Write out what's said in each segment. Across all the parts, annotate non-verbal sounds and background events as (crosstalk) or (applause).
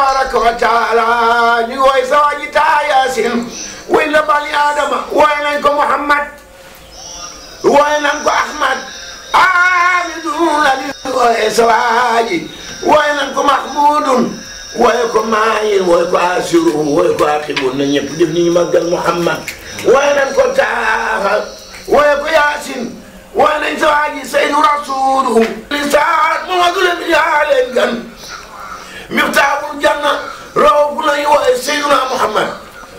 tabaraka wa taala ñu woy sa waji taa yaasin woy na bani adama woy nañ ko muhammad woy nañ ko ahmad abidun ali woy sa waji woy nañ ko mahmudun woy ko maayin woy ko asirun woy ko aqibun na ñëpp def ni ñu màggal muhammad woy nañ ko taaha woy ko yaasin woy nañ sa waji saydu rasuluhu li saat mamadou le bi yaa gan مفتاح الجنة روحنا يو أيوة، سيدنا محمد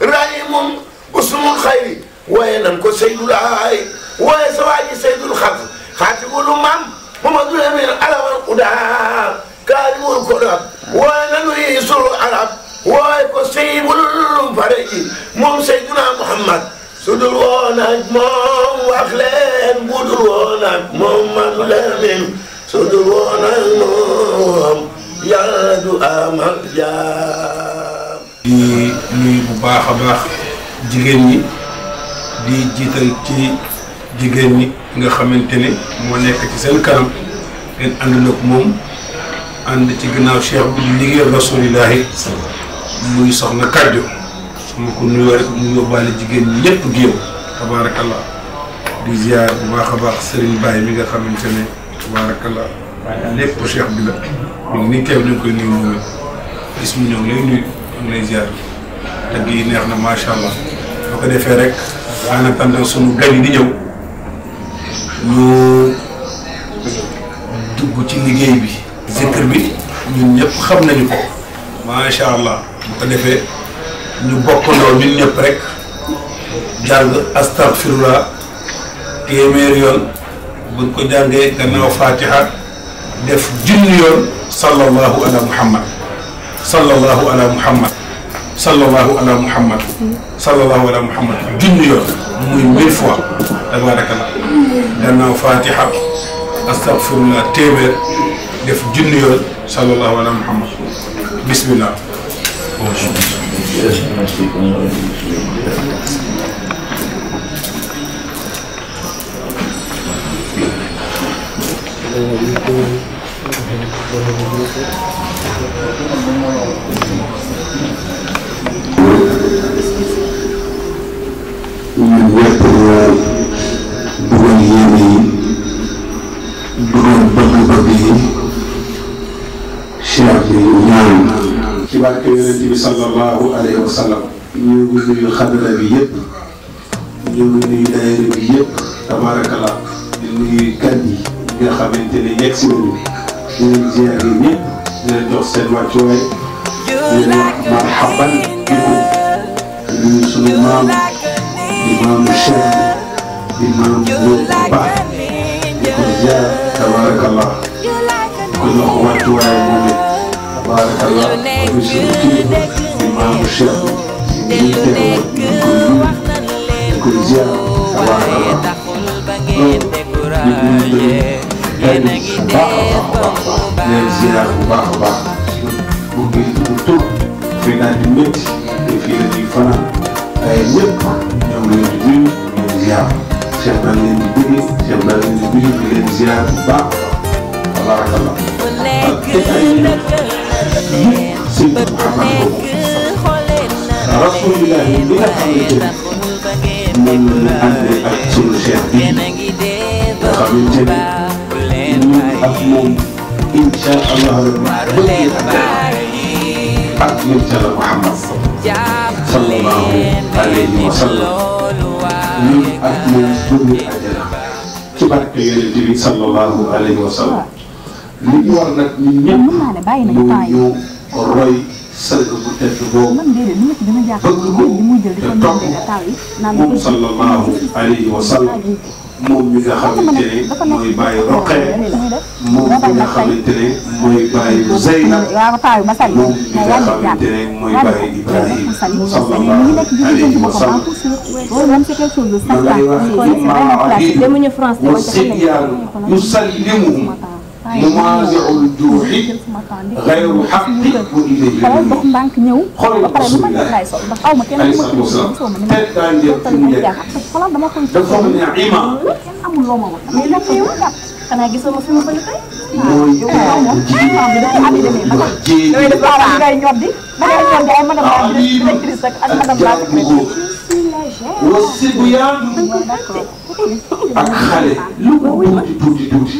رايم اسم الخير وين انكو سيد الهاي وين سواجي سيد الخلف خاتم الامم هم دول من العرب القدام كاتم القدام وين نريسو العرب وين كو سيد الفريق مم سيدنا محمد سدل وانك مم واخلين بدل وانك مم مدل من سدل وانك مم yaa du amal jaam. di nuyu bu baax a baax jigéen ñi di jiital ci jigéen ñi nga xamante ne moo nekk ci seen kanam ngeen àndal ak moom ànd ci gannaaw cheikh bi di liggéeyal muy soxna kàjjo su ma ko nuyoo rek mu yóbbaale jigéen ñi ñëpp géew tabaarakallah di jaar bu baax a baax Serigne Baye mi nga xamante ne tabaarakallah lépp cheikh bi la. ñu ngi teew koy nuyu moom gis mu ñëw lay nuyu am lay ziar yi neex na macha allah boo ko defee rek en attendant sunu gan yi ñëw ñu dugg ci liggéey bi. zikr bi ñun ñëpp xam nañu ko. macha allah bu ko defee ñu bokkandoo ñun ñëpp rek jàng astaghfirullah téeméer yoon buñ ko jàngee gannaaw fatiha. def junni sallallahu ala muhammad sallallahu ala muhammad sallallahu ala muhammad sallallahu ala muhammad junni muy mille fois tabarakallah gannaaw fatiha astaghfirullah téeméer def junni sallallahu ala muhammad bismillah Thank you. ñun ñëpp dugal yéene yi dugal bëgg-bëgg yi cheikh bi ñaan ci barke yonent bi sallallahu alayhi wa sallam ñu ngi nuyu xadra bi yëpp ñu ngi nuyu daayira bi yëpp tabaarakallah di nuyu gan yi nga xamante ne yegg si nañu di leen ziare ñëpp di leen jox seen wàccuwaay di leen wax marhaban bikum di nuyu sunu maam di maamu Cheikh di maamu Lo Ba di ko ziar tabarakallah di ko jox wàccuwaay moom it tabarakallah di sunu kilifa di maamu Cheikh di nuyu teewoon di ko nuyu di ko ziar tabarakallah yéen a ba dee comme bu baax leen ziar bu baax a baax bu ngi bu tëb fii naa di métti te fii la ñuy fanaan waaye ñëpp ñoo ngi leen di nuyu leen ziar Cheikh naa leen di bëgg Cheikh naa leen di nuyu di leen ziar bu baax a baax tabarakallah ak yi nag yëpp sëñ Mouhamad boobu rasulillah bi nga xamante ni moom la ñu àndee ak sunu cheikh bi nga xamante ni ak moom incha allahu bëgg na ak yéen ca la Muhammad sallallahu alayhi wa sallam ñun ak moom bëgg àjjana ci barke yonent bi sallallahu alayhi wa sallam li ñu war nag ñun ñëpp mooy ñu roy sëriñ bu tedd boobu bëgg ko te topp moom sallallahu alayhi wa sallam moom mi nga xamante ne mooy bàyyi roqe moom mi nga xamante ne mooy bàyyi Zeynab moom mi nga xamante ne mooy bàyyi Ibrahima sallallahu alayhi wa sallam ma ngay wax imam Ali mu siyaanu yusallimu munaasiul juuxi xayru xaqi bu ilayhi xoolal dox ndànk ñëw ba pare lu ma neex laay sol ndax aw ma kenn ma ko gisoo ma ni ma xoolal dama koy kenn amul loo ma wax damay lekk yow jàpp xanaa gisoo ma fi ma bëri tey mooy ji mooy def baax ngay ñor di da ngay ñor di ay madame la directrice ak ak madame la secrétaire wa sibu yaa ak xale lu ko tuuti tuuti tuuti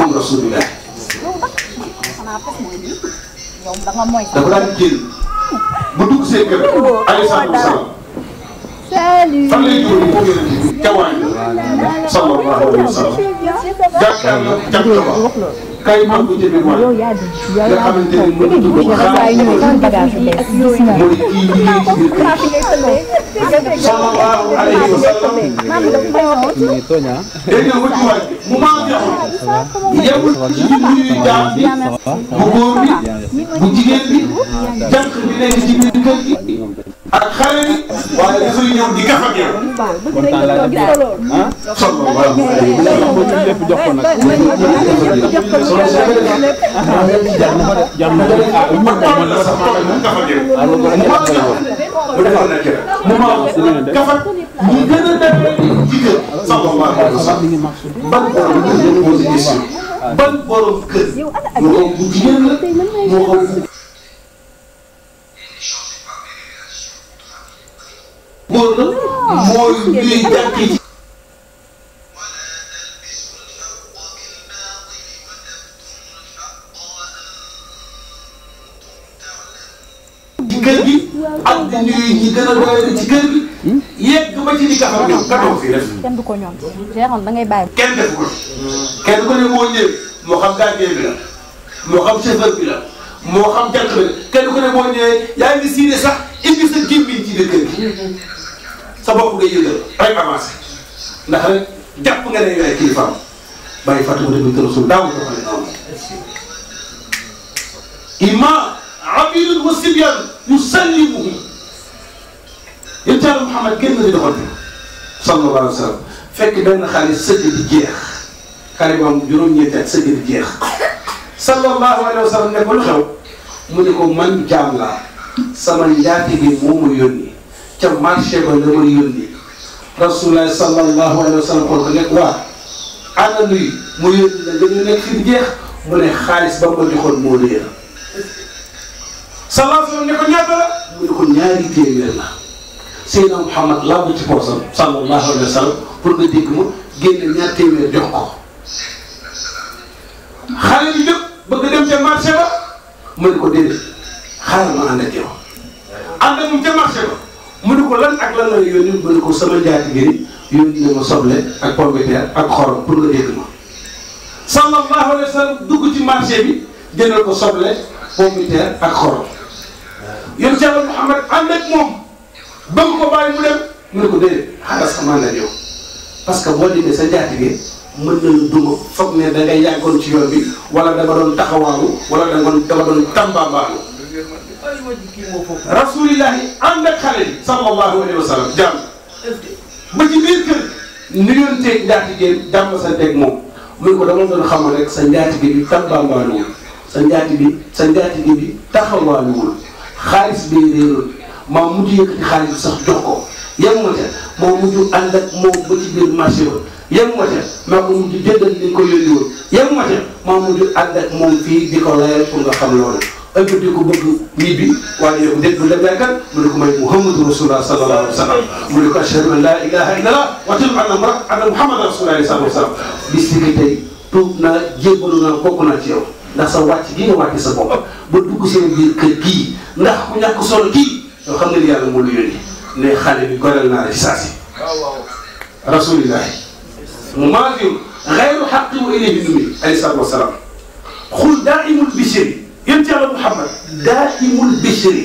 moom rasulullah dafa daan génn bu dugg seen kër alayhi salaatu wasalaam fan lay jógee mu gën a ji jawwaan sallallahu alayhi wa sallam jàkkaarloo jàkkaarloo kay maa ngi ko jëndee mooy nga xamante ne mënut a dugg xaaral ci mooy kii liggéey ci biir kër yi. sallallahu alayhi wa sallam. dégg nga wëccuwaay mu maa jox yemul ci nuyu jaam bi bu góor bi bu jigéen bi jànq bi nekk ci biir kër gi. ak xale bi waaye dafay ñëw di gaf ak yow. kontaan laa def daal ah. sol ko waaw. lépp jox ko nag. jàmm na ko ah man man la sax toog mu gaf ak yow. bu defal na kii rek. mu maaw gaf ak ñi gën a dem jigéen. sol ko waaw. ban borom kër ban borom kër moo xam bu jigéen la moo xam loolu mooy ñuy jàkk ci kër gi ak di nuyu ñi gën a doyale ci kër gi hmm? yegg ba ci li nga xam ne ñoom katoo fi def kenn ko ñoom jeexoon da ngay moo ñëw moo xam gardien bi la moo xam chauffeur bi la moo xam jànq bi la kenn ku ne moo ñëwee yaa ngi siine sax indi sa gémmiñ ci dëkk bi sa bopp ngay yëgal rek avancé ndax rek jàpp nga ne yaay kilifaam bàyyi Fatima tamit kër Rasul daaw nga doxale noonu ima abidun wa sibyan yusallimuhu yéen Thiel Mouhamed génn di doxal bi sallallahu alayhi wa sallam fekk benn xale sëgg di jeex xale bu am juróom-ñeenti at sëgg di jeex sallallahu alayhi wa sallam ne ko lu xew mu ne ko man jaam laa sama njaati bi moo ma yónni. ca yang ba dama yónni rasulullah sallallahu alaihi wasallam sallam kon wah ada ni ana luy mu yónni la dañu nekk fi jeex mu ne xaalis ba ma joxoon moo réer sallallahu alayhi wa sallam ne ko ñaata la mu ne ko ñaari sallallahu alaihi wasallam sallam pour nga dégg ma génne ñaar téeméer jox ko xale yi lépp bëgg dem ca marché ba mu ne ko déedéet xaaral mu ne ko lan ak lan la nga yónni mu ne ko sama njaati bi yónni na ma soble ak pomme ak xorom pour nga dégg ma sallallahu alayhi wa dugg ci marché bi jëndal ko soble pomme de terre ak xorom yéen si yàlla Muhammad ànd ak moom bëgg ko bàyyi mu dem mu ne ko déedéet xaaral sama na yow parce que boo demee sa njaati bi mën nañu dund foog ne da ngay yàggoon ci yoon bi wala da nga doon taxawaalu wala da nga doon dama rasulillahi ànd ak xale yi sallallahu alayhi wa sallam jàmm ba ci biir kër nuyonteeg njaatigéen jàmm sa teg moom mu ne ko dama doon xamal rek sa bi tambambaaluwul sa njaati bi sa njaatigé bi taxawaaluwul xaalis bee réerul maa mujj yëkkati xaalis bi sax jox ko yem ma ca moo mujj ànd ak moom ba biir marché ba ma ca maa mujj jëndal ak moom fii di ko layal pour nga xam loolu ëkkati ko bëgg lii bi waaye yow ndét bu la nekkal mu ne ko may muhammadu rasulullah sallallahu alayhi wa sallam mu ne ko ashhadu an la ilaha illallah wa ashhadu anna ma anna muhammadan rasulullah sallallahu alayhi wa sallam bis ni ki tey tuub naa jébbalu naa bokk naa ci yow ndax sa wàcc gi nga wàcc sa bopp ba dugg seen biir kër gii ndax ku ñàkk solo kii yoo xam ne ni yàlla moo la yónni ne xale bi goreel naa la ci saa si rasulillahi maafium xayru xaqi wa ilayhi numi alayhi salaatu wasalaam xul daaimul bishiri يمتى على محمد دائم البشر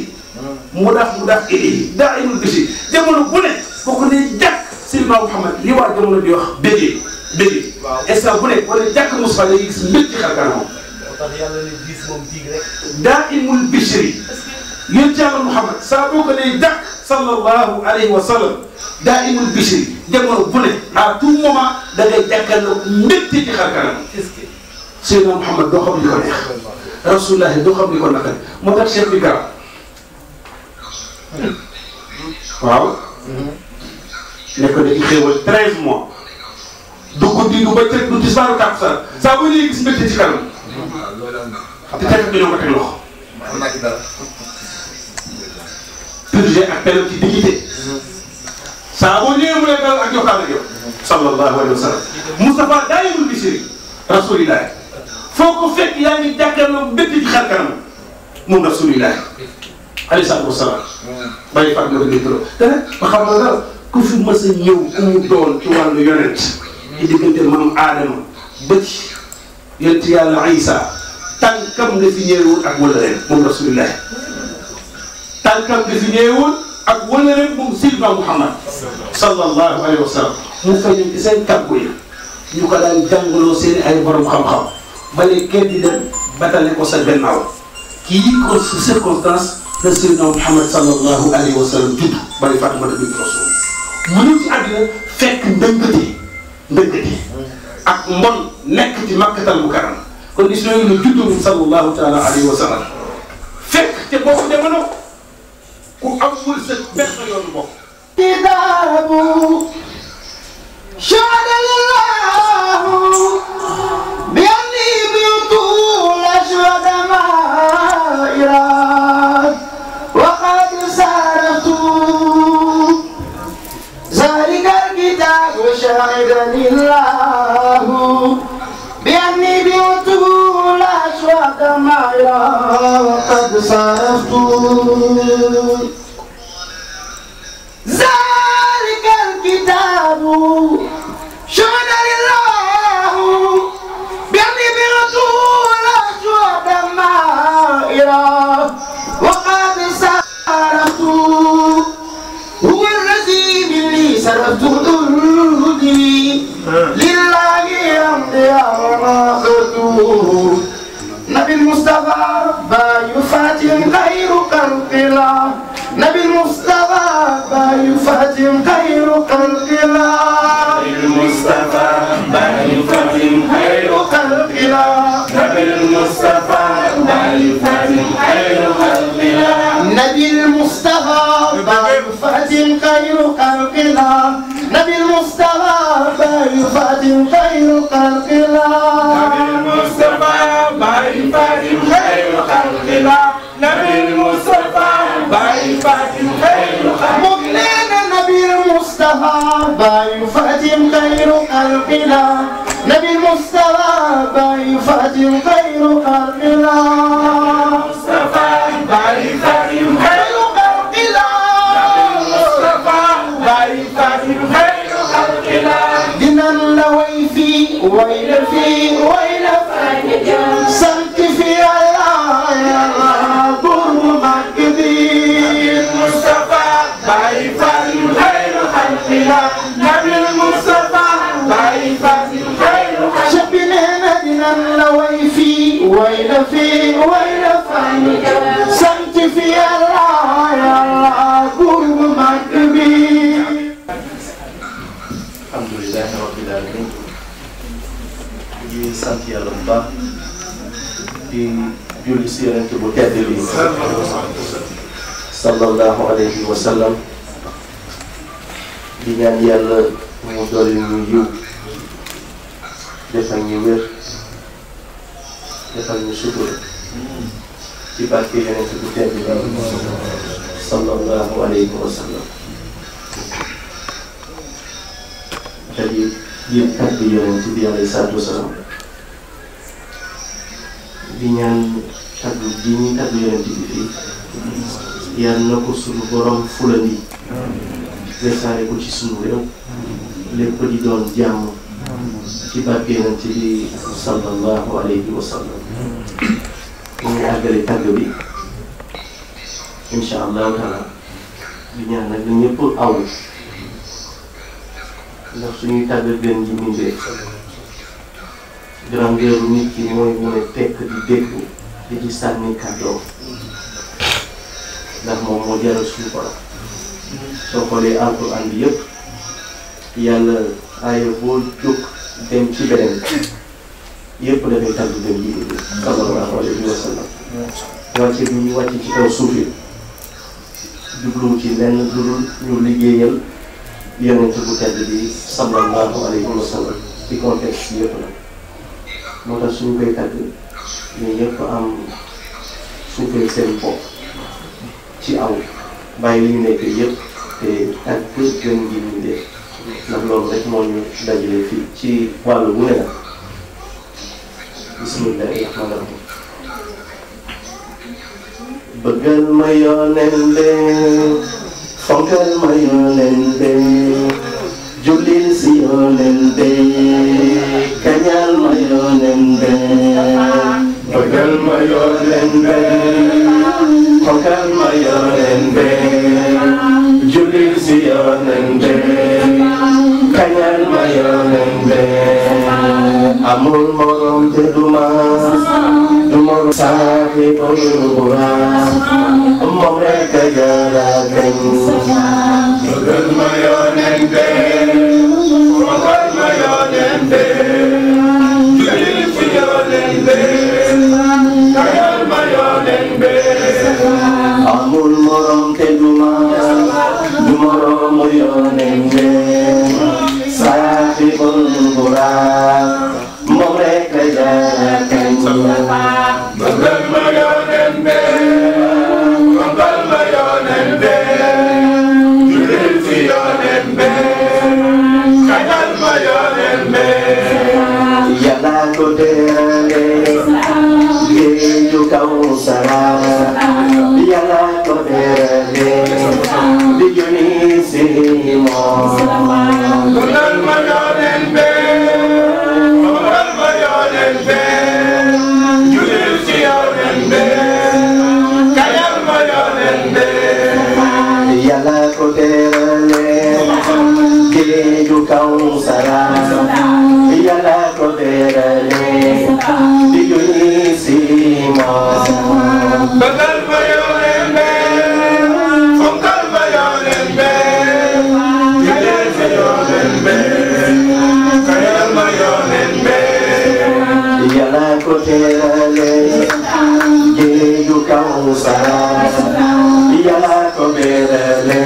مداف مداف إليه دائم البشر جمل بني بكون جاك سلم محمد لوا جمل بيوخ بيجي بيجي إسلام بني بكون جاك مصطفى ليكس بيجي خلقانه دائم البشر يمتى على محمد سابوك لي جاك صلى الله عليه وسلم دائم البشر جمل بني عطوم ما دائم جاك مصطفى ليكس بيجي خلقانه سيدنا محمد دخل يوريخ rasulullahi doo xam li ko naqari moo tax cheikh bi garab waaw nekk na ci xéewal treize mois du guddi du bëccëg du tisbaaru takkusaan saa boo ñëwee gis mbégte ci kanam te fekk bi ñoo ko teg loxo purgé ak pelam ci dignité saa boo ñëwee mu lay dal ak joxaat ak yow sallallahu alayhi wa sallam Moustapha daayimul bisiri rasulillahi فوق فك يا من تكلم بدي تخرجنا مو رسول الله عليه الصلاة والسلام باي فرق ما بيني ترو ترى ما خبرنا كيف ما سنيو أم دون توان يونت إذا كنت مم عالم بدي ينتهي على عيسى تنكم لفينيو أقولين مو رسول الله تنكم لفينيو أقولين مو سيدنا محمد صلى الله عليه وسلم مو فين كسين كبوي يقال أن تنقلوا سين أي برم خم خم bale kenn di dem batale ko sa gannaaw kii ko sa circonstance la Seydina Muhammad sallallahu alayhi wa sallam judd bale Fatimata bint Rasul mu ñëw ci àddina fekk ndëngate ndëngate ak mbon nekk ci makkatal mukarram kon Ismaïl la judd moom sallallahu taala alayhi wa sallam fekk te boo ko demoonoo ku am wërsëg benn yoonu bokk. yang kita barke jadi sallallahu alaihi wasallam ini agar kita jadi tàgg bi incha allahu taala di ñaan ini tak ñëpp aw ndax suñuy tàgg benn ji mindee grandeur nit tek di déglu di ci sànni kàddoom mau moom super. jaral suñu borom soo aaya boo dem ci beneen yëpp dafay tàggu dem yii sallallahu alayhi wa sallam wàcce bi ñuy ci kaw suuf yi jubluwul ci lenn lu dul ñu liggéeyal yonent bu tedd bi sallallahu alayhi wa sallam ci contexte yëpp la moo tax suñu koy am suufee seen bopp ci aw bàyyi li ñu nekk yëpp te tàgg gën gi ñu dee loolu rek moo ñu dajale fii ci wàllu wu ne la bismillah rahmaan rahim bëggal ma yoneen de fonkal ma yoneen de jullil si yoneen de kañal ma yoneen de bëggal ma yoneen de fonkal ma yoneen de jullil si yoneen de kañal ma yonent be amul morom te duma du morom saafi buyubura moom rek a jara kañ bëggal ma yonent be fonkal ma yonent be julil fi yonent be kañal ma yonent be amul morom te duma du morom yonent be يحببون الغراب مبرك جاك المبرك مبرك مليون مبرك مليون جبريل في يون خجل مليون يلا كتير يجو كوسرا يلا كتير بجنيسي مو ko teelale géeju Kawsara yàlla ko beerale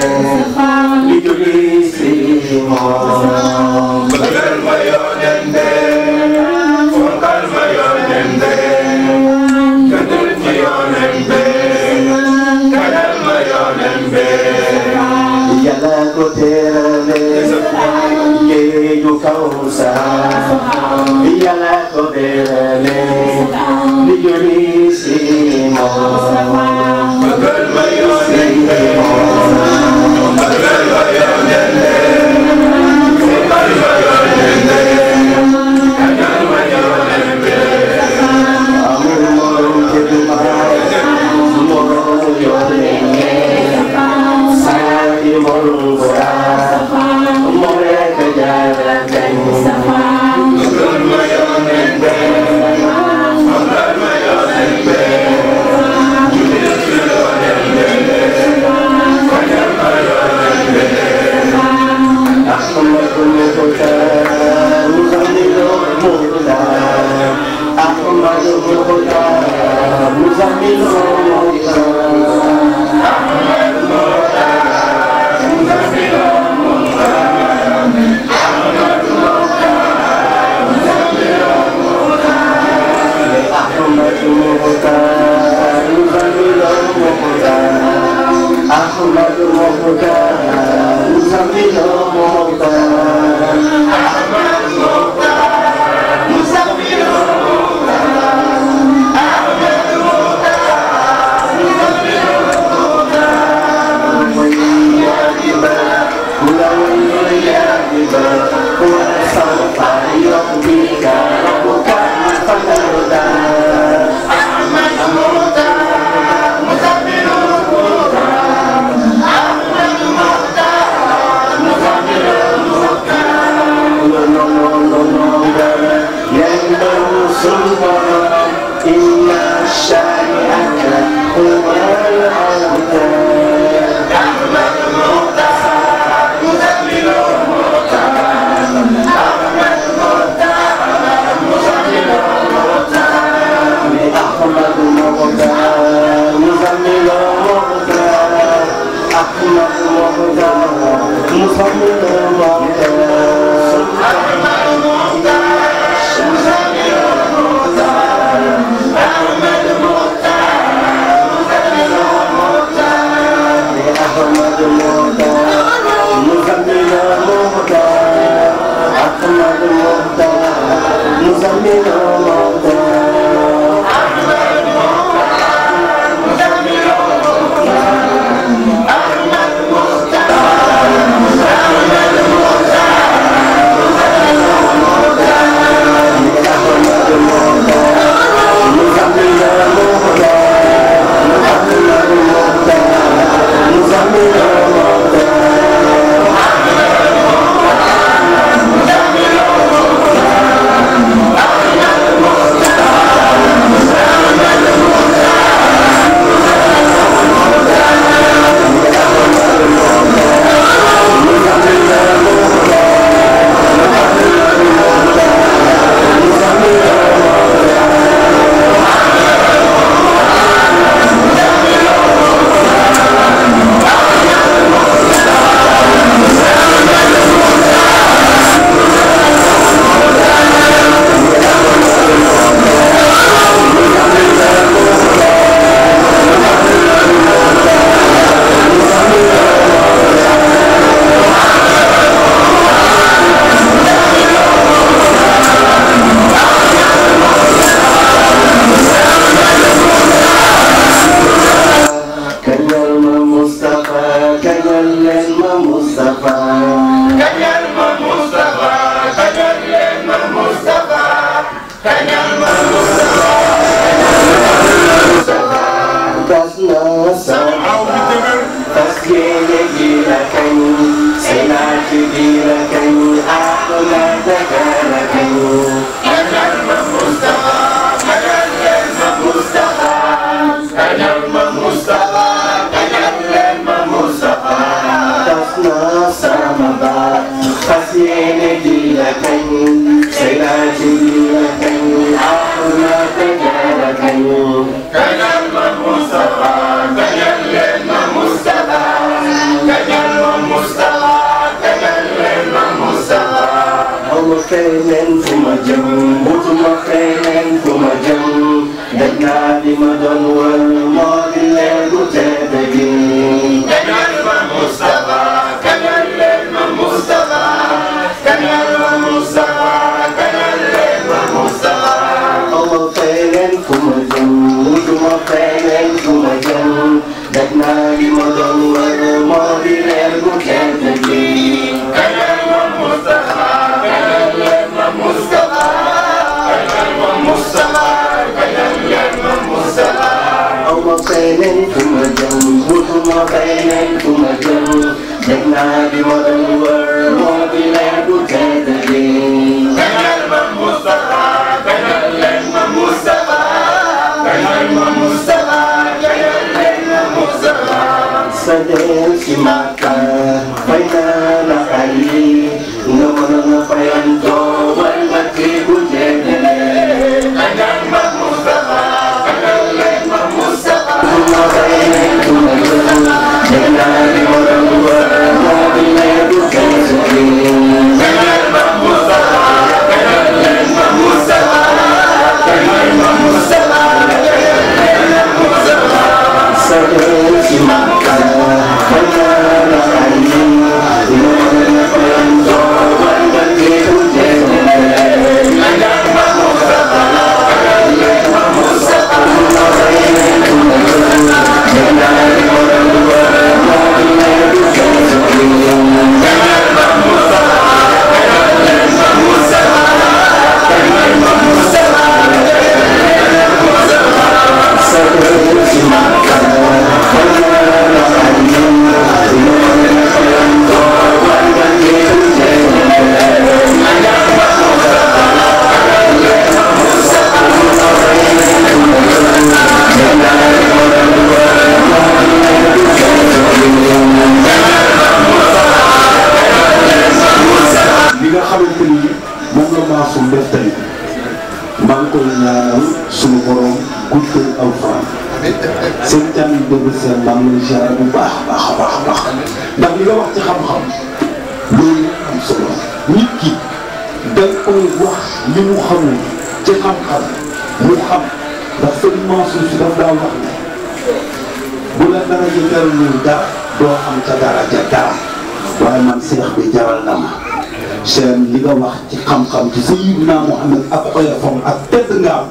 li jóge si moom bëggal ma yonent bi fonkal ma yonent bi gëddal ma yonent bi kanal ma yonent bi yàlla ko teelale géeju Kawsara yàlla بجليسهما Amen. thankful, my devil. Then I give more than seen jàng déglu seen daan nañu ziare baax a baax a baax a baax ndax li wax ci xam-xam loolu am solo nit ki da wax li mu ci xam-xam mu xam ndax sëriñ Mansour daf daa wax ne bu la dara waaye man seex bi jaral na ma. seen li nga wax ci xam-xam ci Sayyidina Muhammad ak xoyafam ak tedd nga am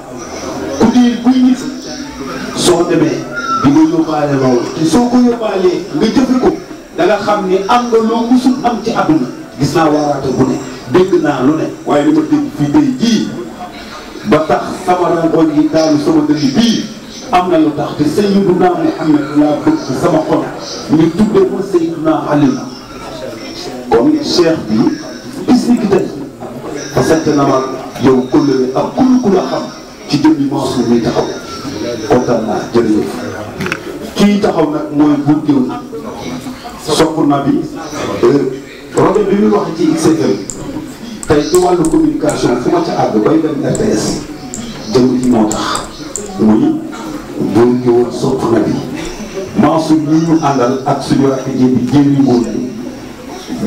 ku diir buy nit soo demee. di nga yóbbaale loolu te soo ko yóbbaalee nga jëfe ko da xam ni am nga loo musul am ci àdduna gis naa waaraate bu ne dégg naa lu ne waaye li ma dégg fii tey jii ba tax sama rangoñ yi daanu sama dënn bii am na lu tax te Sayyiduna Muhammad laa bëgg sama xol bi bis ni ki tey te na ma yow kóllëre ak kullu xam ci jëmmi Mansour mi taxaw kontaan naa jërëjëf taxaw nag mooy buur jëw sopp na bi euh, robe bi muy wax ci XFM tey ci wàllu communication fu ma ca àgg bay dem RTS jëm ci moo tax muy buur jëwoon sopp na bi Mansour ñi ñu àndal ak suñu rakk ji bi jéeri mbóor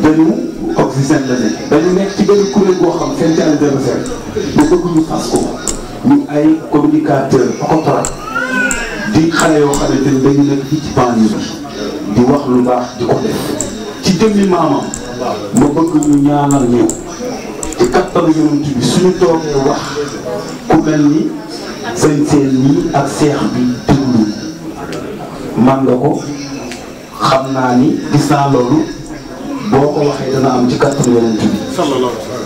dañu oxygène la dañu nekk ci benn kuréel boo xam seen ci intermédiaire bu bëgg ñu fas ko ñu ay communicateur okotorat xale yoo xamante ni dañu nekk fii ci banlieue bi di wax lu baax di ko def ci jëmmi maamam ma bëgg ñu ñaanal ñëw ci kattanu yonent bi suñu toogee wax ku mel ni seen seen nii ak seex bi déglu man nga ko xam naa ni gis naa loolu boo ko waxee dana am ci kattanu yonent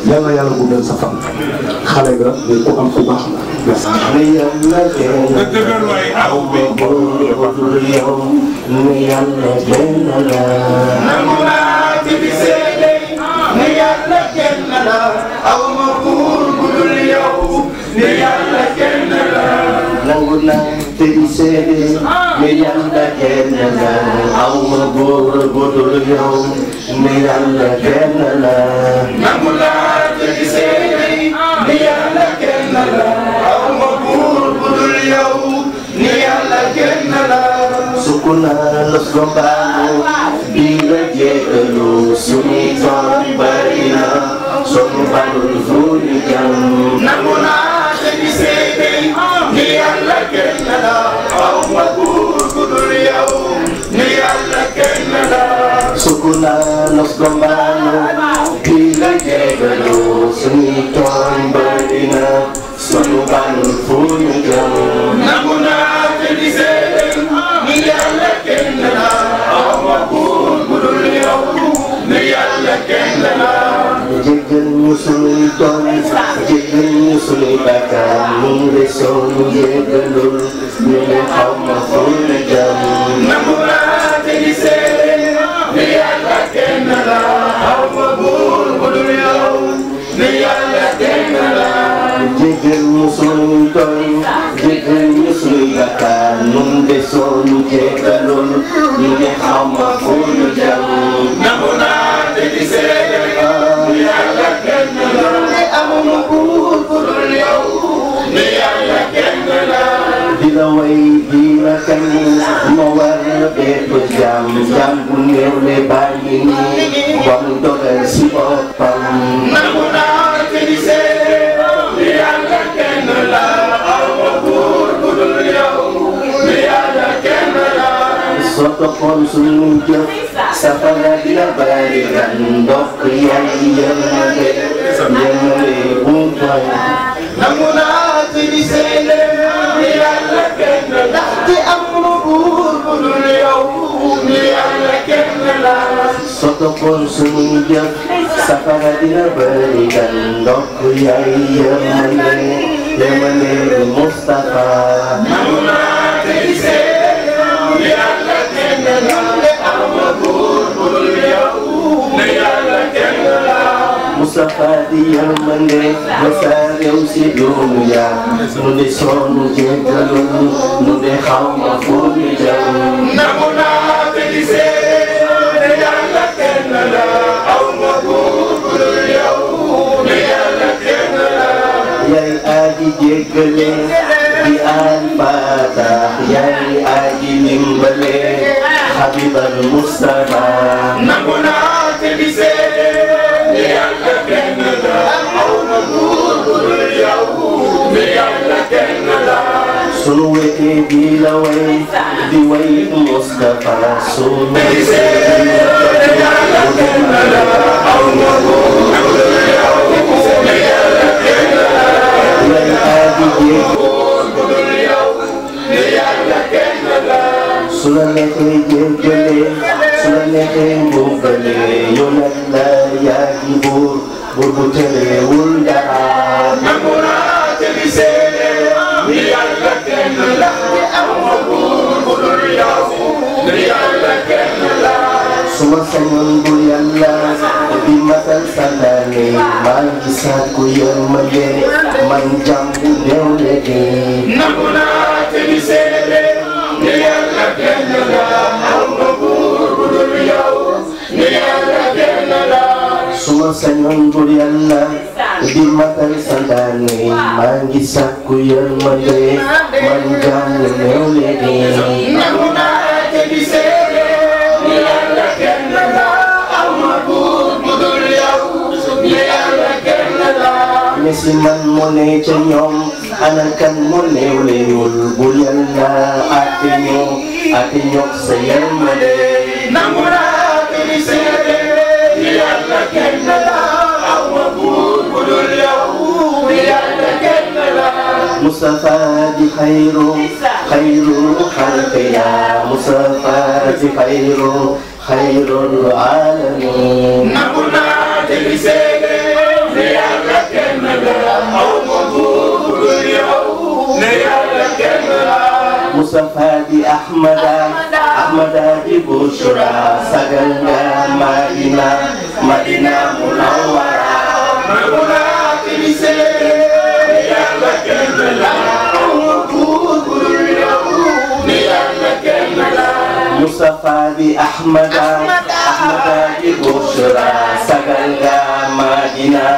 bi yàlla yàlla guddal sa fan xale nga mais ku am ku baax Yàlla kenn la ku nas ko baalu di la jégalu suñuy tool bari na sunu balul fuñu jàmm nangu naa te ñu seede ni yàlla kenn la aw ma buur ku dul yow ni yàlla kenn la suku naa nas ko baalu di la jégalu suñuy tool bari na sunu balul fuñu jàmm jéggal ñu sunuy tooñ jéggal ñu sunuy bakkaar ñu ngi soog ñu jéggalul ñu ne xaw ma ful na jàmm. nangu naa te di seede ni yàlla kenn la xaw ma buur bu dul yow ni yàlla kenn la. jéggal ñu sunuy tooñ jéggal ñu sunuy bakkaar ñu ngi soog ñu jéggalul ñu ne xaw ma la way di la moo war bépp jàmm jàmm bu néew le baa ngi nii ba mu dogal si boppam nangu naa félicité li yàlla kenn la aw ma buur bu dul yow li kenn la soo toppoon suñu jëf safara dina bari gan ndox yaay yërmande yërmande bu mu nangu naa félicité ataupun semenjak Sakaradina berikan iya kiai ya Yemene Mustafa Mustafa di Yemene besar yang si dunia Nude sonu jekalun Nude hawa fulmi jauh jéggale di alfataax yaay aji ndimbale xabibal mustafa nangu naa te di seede ni yàlla kenn la aw ma buur bu dul yow ni yàlla kenn la sunu wetee di la way di way mustafa sunu wetee di la way di way mustafa su ma sañoon bu yàlla bi matal sàllaane maa ngi sàkku yoon ma ngeen man jàmm néew de dee. nangu naa te di seede ni yàlla kenn la am nga buur bu dul yow ni yàlla kenn la. suma sañoon bur yàlla bi matal sàllaane maa ngi sàkku yoon ma ngeen man jàmm néew de dee. mi si man mu ne ca ñoom ana kan mu néew léewul bu yal na ati ñu ati ñoog sa yërmande nangu na ati mi si di yàlla kenn la aw ma buur bu dul yow di yàlla kenn la Mustafa di xayru xayru xalqi yaa Mustafa di xayru xayrul alamin nangu na ati mi si موجود كل مصفادي أحمد أحمد ببشرى سجلنا مدينة مدينة منورة مولاتي بسيرة ليالي كاملة موجود مصفادي أحمد أحمد ببشرى سجلنا مدينة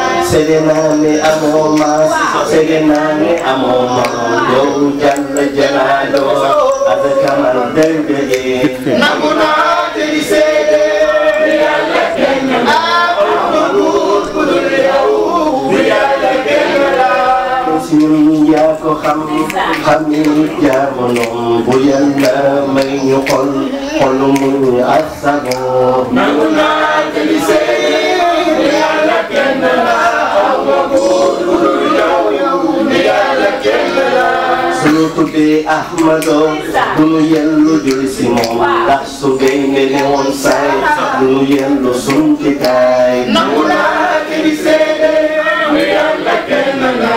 sege naa ne amoo maas sege naa ne amoo kamal day bëggee nangu naa te di seede yàlla kenn la dul yow yàlla kenn la suñu yaa ko xam xam bu yàlla may ñu xol xolu muy sunu tuddee Ahmado du yellu julli si moom ndax su ne woon saay du yellu sunu tikaay nangu naa seede ni yàlla kenn la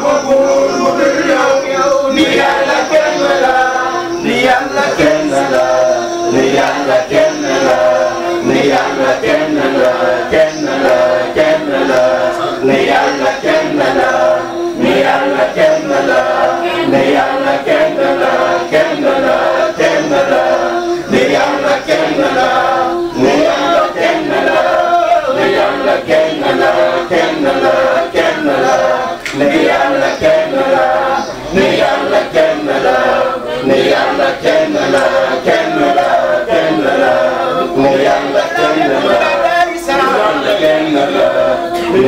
mu dul yow ni yàlla kenn la ni yàlla kenn la ni yàlla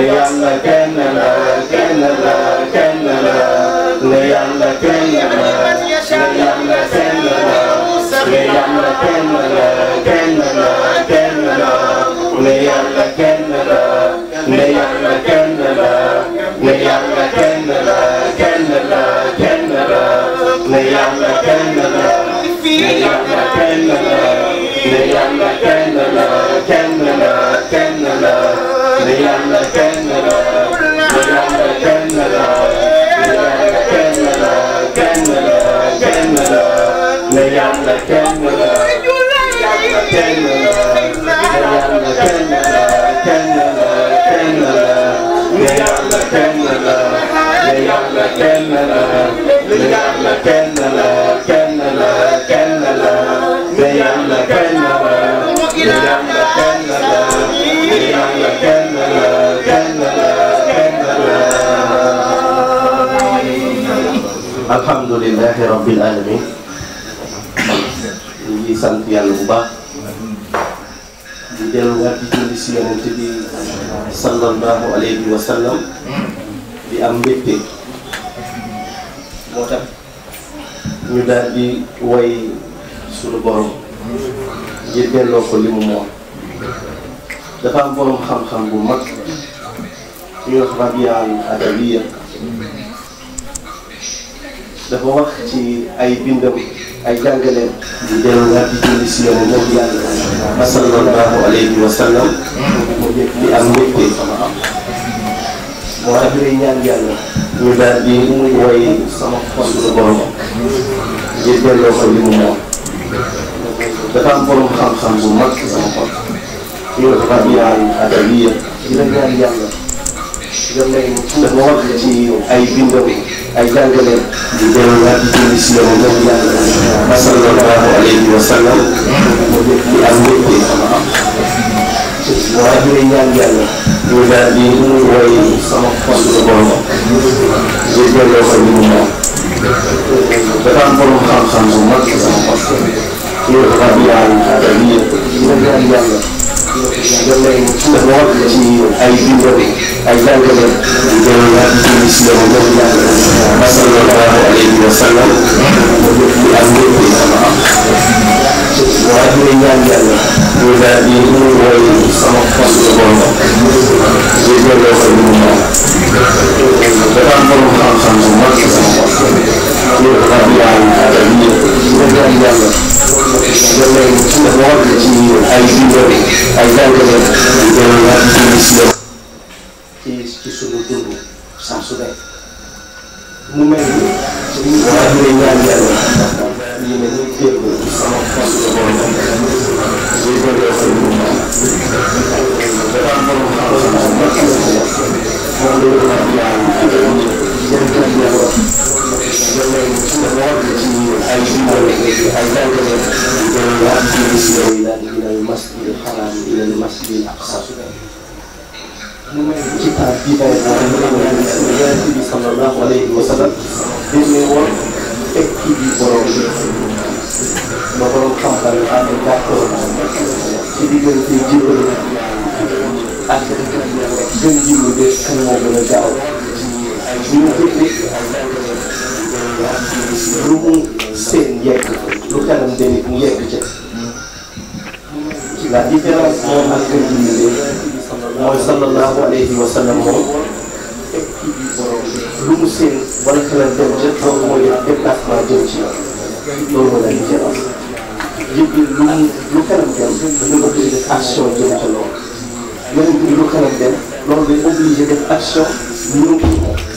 ya Allah alhamdulilahi rabbil alamin ñu ngi sant yàlla bu baax di delluwaat di julli alayhi wa sallam am mbégte moo tax way sunu borom ngir delloo ko li mu moom dafa am borom xam-xam bu mag Rabia al Adawiya dafa wax ci ay bindam ay jàngaleen di delluwaat di julli si yow moom yàlla sallallahu alayhi wa sallam mu njëkk am mbégte moo tax lay ñaan yàlla ñu daal di muy woy sama xol la borom di delloo li mu moom dafa am xam-xam bu sama xol ñu ne ko Rabial Adawiya di la wax ci ay bindam ay jàngaleen juga mengerti kondisi yang Allah yang Rasulullah Alaihi Wasallam diambil di wajibnya yang tidak dimulai sama Rasulullah juga dosa dunia dalam perumahan sama Rasulullah itu kami yang ada di negara yang dem nañ ci lool ci ay bindam ay jàngaleen di gën a julli si yow ngeen jàng sallallahu alayhi wa sallam ba def li ak lépp waa dina ñaan yàlla ñu daal di ñu mooy sama xol la bon di delloo ko lu mu mën dafa am borom xam-xam bu mag sama xol ñu xam yàlla ñu daal yàlla wannan tunda mawakaci aiki ne a zan gaba idan ya fi misiyar ki sunu dundu samsu bai mu mai ne su yi kuma ne ya yi yawa yi ne ne ke ko sama kasu da ba wani zai ba da wasu yi ma da ba mu ma wasu ma ma kuma da ya yi إلى المسجد الحرام إلى المسجد الأقصى kitab bi day yonent bi sallallahu alayhi wa sallam dine woon teg ci bi borom ba borom xam-xam yi am d'accord ci diggante jibal ak gën jiwu de kan moo gën a gaaw ñu ko yaa ngi lu mu seen yegg lu kanam demit mu yegg ca la différence moom ak kër gi ñu mooy sallallahu alayhi wa sallam moom lu mu seen wala xelal dem ca loolu mooy déplacement jëm ci loolu la différence jéggi lu mu lu kanam dem da nga obligé def action jëm ca loolu yeneen bi lu kanam dem loolu day obligé def action ñëw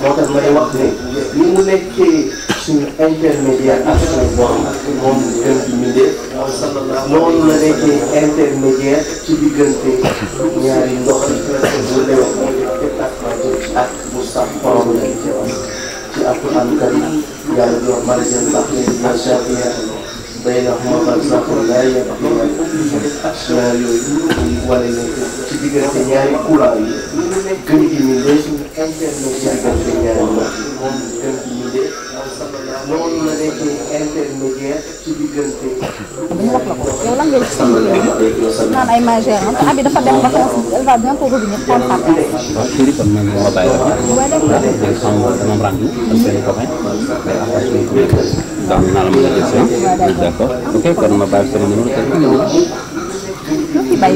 moo tax wax ne ni mu nekkee suñu intermédiaire ak suñu borom moom gën di mindee noonu la nekkee intermédiaire ci diggante ñaari ndox bu lew ak bu sax borom la ci alquran karim yàlla di wax marjan saxni ma shafiya baynahuma barzakh la yabghiyani ñaar wala ci ñaari yi di internaute yi Sénégal yi noonu non nekkee intermédiaire ci diggante. ñu wax la ko yow lan ngay gis abi dafa dem vacances elle va bientôt revenir prendre sa place. waaw chéri kon man ma bàyyi la. waaye dëgg la jël sama sama rendu ak seen copain. mais après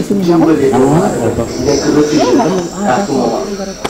su ñu ko donc naa la mën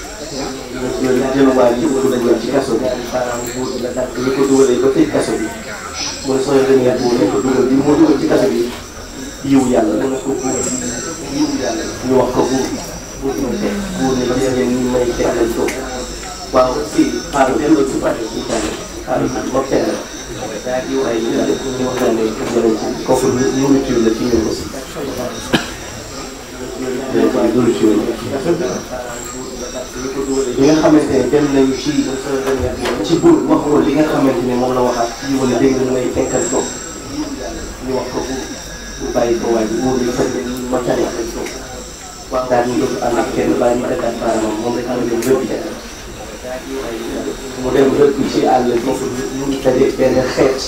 yow jëluwaay yi yëpp dañu ci kaso bi ñu ko dugalee ba tëj kaso bi mu ne sooy rëñeet boo ne ko dugal bi moo dugal ci kaso bi yiw yàlla la. ñu wax ko buur buur ñu teg buur ne la ngeen ñu may teg lañ ko waaw fii xaaral benn ci pare ci tànn xaaral ma teg la daal di waaye ñu def ñu wax ne ñu ci kooku ñu ngi tuur la ci ñun aussi. li nga xamante ne dem nañu ci ci bul wax ko li nga xamante ne moom la waxaat fii wala dégg nga mooy tenkal toog ñu wax ko bu bàyyi ko waaj bu ñu fa ma tane wax daal ñu def ànd ak kenn bàyyi ñu dëkkaat baaraamam moom rek am dem rëbb ja mu dem rëbb ci àll foofu mu ngi tadee benn xeet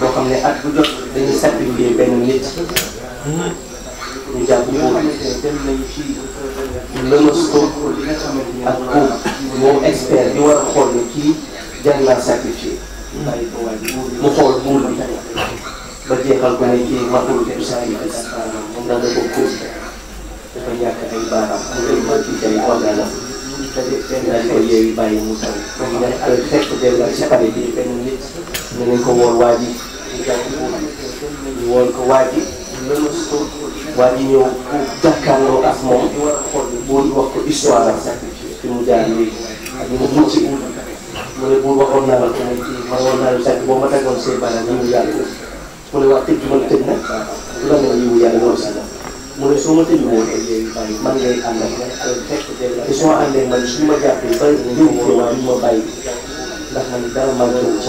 boo xam ne at bu jot dañuy sacrifier benn nit ñu jàpp ko dem nañu ci lëmasoo ak góob moom expert bi war a xool ne kii jar naa sacrifié mu xool buur bi ba jeexal ko ne kii matul du sacrifice ndax dafa góob dafa ñàkk ay baaraam mu koy mën ci jëli organam dañ ko yeewi bàyyi mu taw comme dañ koy fekk delluwaat si pare bi benn nit ne nañ ko woon waa ji ñu woon ko waa ji waa ji ñëw jàkkaarloo ak moom bul wax ko histoire am fi mu jaar léegi ak li mu mën si ut mu ne bul waxoon naa la ko ne kii ma waxoon naa la sànq boo ma tàggoon seen baaraam ñu mu yàlla ko mu ne wax tëj ju ma la tëj nag du la mel yiwu yàlla loolu si la mu ne soo ma tëj woon man ngay àndal te soo àndee man suñu ma jàppee bari na ñëw ko waaye duñ ma bàyyi ndax man dara maa ngi ci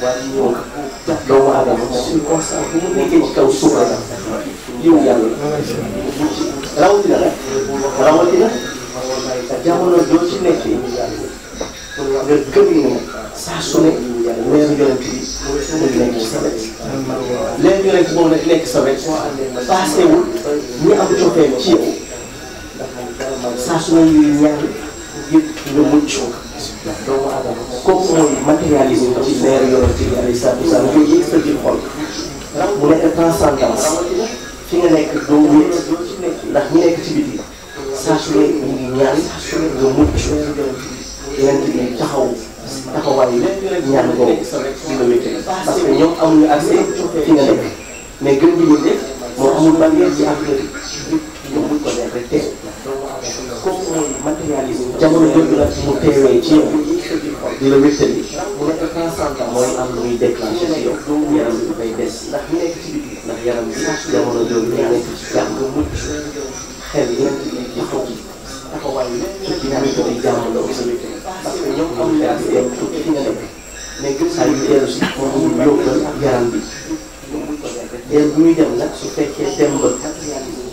waaye ñoom doomu aadama suñu constat bu mu nekkee ci kaw suuf rek yow yàlla rawatina nag rawatina jamono joo ci nekkee nga gëm ni saa su ne weeru yonent bi mu nekk sa wet leeru yonent boobu nag nekk sa wet paasewul ñi am cofeel ci yow saa su ne ñuy ñaan yëpp nga mucc doomu aadama kooku mooy matérialisme ci leeru yonent bi alayhi salaatu wasalaam nga yëg sa biir xol mu nekk transcendance ci nga nekk doo wéet ndax ñi nekk ci biti saa su ne ñu ñaan nga mucc yonent bi taxaw yi ñaan boobu ñu la wéete parce que ñoom amuñu accès fi nga nekk mais gën di wéete moom amul bangeer ci àdduna bi yow buñ ko def rek teew kooku mooy matérialisme jamono jooju nag mu teewee ci yow di la wéttali mooy am lu muy déclenché ci yow yaram bi dafay des ndax yaram bi jamono jooju nga nekk ci jàmm xel yéen di ko ji taxawaay yi ci dinamique bi jàmm la aussi parce que ñoom am xel bi dem tukki fi nga nekk mais gën saa yu dellu si moom ñu yóbbal yaram bi dem bu muy dem nag su fekkee dem ba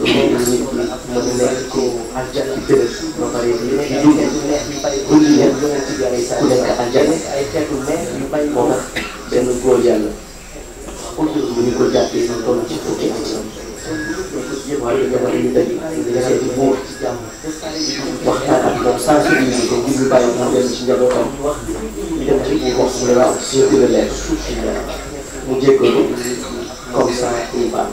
lu mel ni mu nekk ku àjjana tëral ba pare di dugg ku nekk ku nekk àjjana moo tax benn góor yàlla autour bu ñu ko jàppee ñu toll ci fukki at waaye jamono yu bëri ñu defee di buur waxtaan ak moom sensibiliser ko ngir ñu bàyyi mu dem ci njabootam ñu dem ci buur wax mu ne waaw surtout le maire mu jéggalu comme ça ñu baax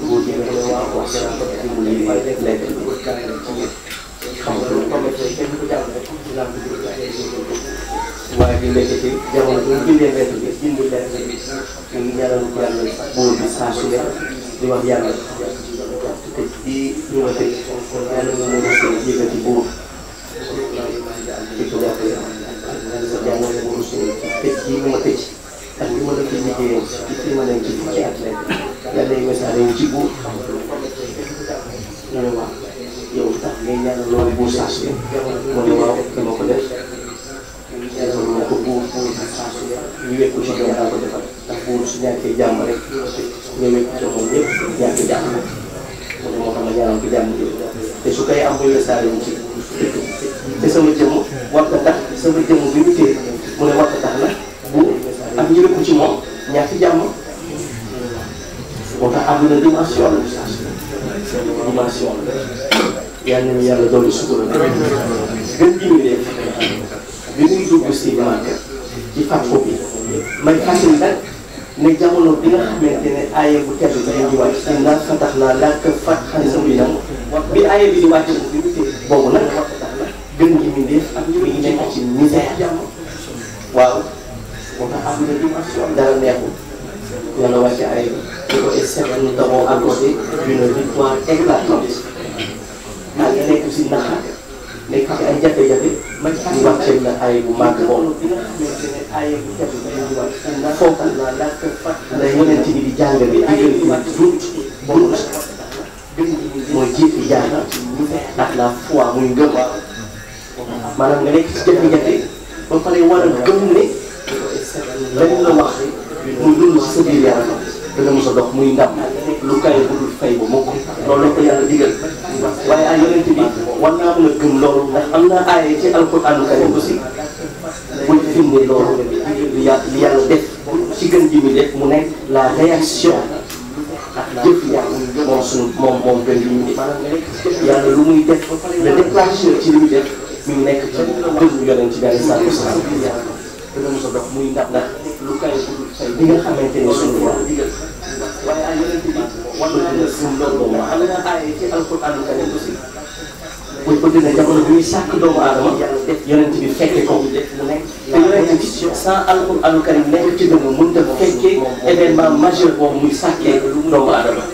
boo déggee ne waaw wax dëgg yàlla def mu lii waaye def lekk bi xam nga loolu commerçant kenn du ko jàng rek ci làmb bi waaye bi nekk ci jamono bi mu bindee lettre bi bind lettre bi ñu ñaanal ko yàlla boo bi saa su ne di wax yàlla te ci ñu ma tëj yàlla nga mën a seen yëkkati buur ci ko lekk sa jàngal nga mën a seen tëj yi ñu ma tëj ak li ma la fi liggéeyam ci ci ma leen ci ci at lekk yàlla yi wasaare yi ci buur nga ne waaw yow tax ngay mau loolu mau ke su ne ma ne waaw dama ko def yàlla ma ko buur buur saa su ne ñu ke jam, yow daa ko defal ndax buur su ñàkkee jàmm rek nga wekku ci moom ñëpp ñàkk jàmm mu ne moo xam sama sama am na dimension la saa su nekk dimension la yal nañu yàlla dolli sutura gën ji bi bi muy dugg si Màkka ci fàkku bi may fàttali nag ne jamono bi nga xamante ne aaye bu tedd bi dañuy wàcc si ndax fa tax naa laaj ko fat xan sa biir bi aaye bi di wàcc bi mu tee boobu nag wax tax na gën ji mi def ak ñu ngi nekk ci misère waaw moo tax am na dimension dara neexul yàlla wàcc aaye bi et cette année, nous avons accordé une victoire éclatante. malgré nekk si naxaat nekk ci ay jafe-jafe ñu wàcce la ay bu màgg loolu foofu la yeneen ci di jàngale diggante doute bon mooy jiitu jaana ak la foi muy gëm maanaam nga nekk ci jafe-jafe ba pare war a gëm ne lañ la wax muy dund sa biir yaram dana mos a dox muy ndam lu kawe bu dul fay ba mukk loolu la ko yàlla waaye ay a gëm loolu ndax am ci alquraanu karim aussi def mu nekk la réaction ak jëf yàlla moom suñu moom def yàlla lu ci li muy def mu nekk ci dund yonent bi alayhi salaatu wasalaam dana mos a dox muy ndab ndax lu kay say bi nga xamante ne suñu borom digal waaye ay yeneen bi war naa leen suñu doomu xam nga ay ci alxuraanu karim aussi muy bëgg na jamono bi muy sàkk doomu aadama yàlla def yonent bi fekke ko mu nekk te yonent bi sans alxuraanu karim nekk ci dëmm mënut a fekkee événement majeur boobu muy sàkkee doomu aadama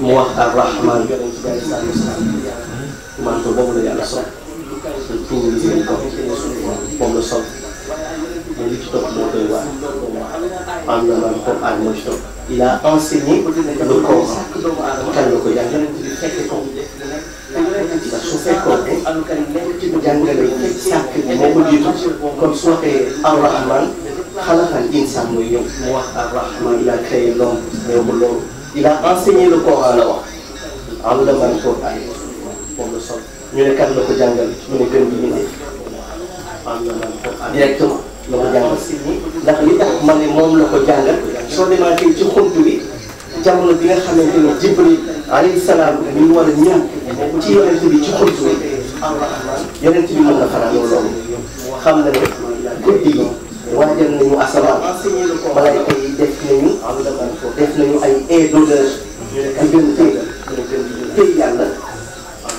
mu wax arrahman yonent bi alayhi salaatu wasalaam manto boobu la yàlla soxla pour ñu seen ko moom la sol man li ci topp moo koy waar am na maanaam il a enseigné le Coran kan la ko jàngal ndax su fekkoon ne jàngale sàkk ko jiitu mu a créé a ne ko jàngal directement la ko jàngal ndax li tax ma ne moom la ko jàngal soo demaatee ci xunt bi jamono bi nga xamante ne Jibril alayhi salaam mi war a ñëw ci yonent bi ci xunt bi yonent bi mën na xanaa loolu xam na ne guddi yi waajal nañu asamaan malaayka yi def nañu def nañu ay air d'odeur diggante tey yàlla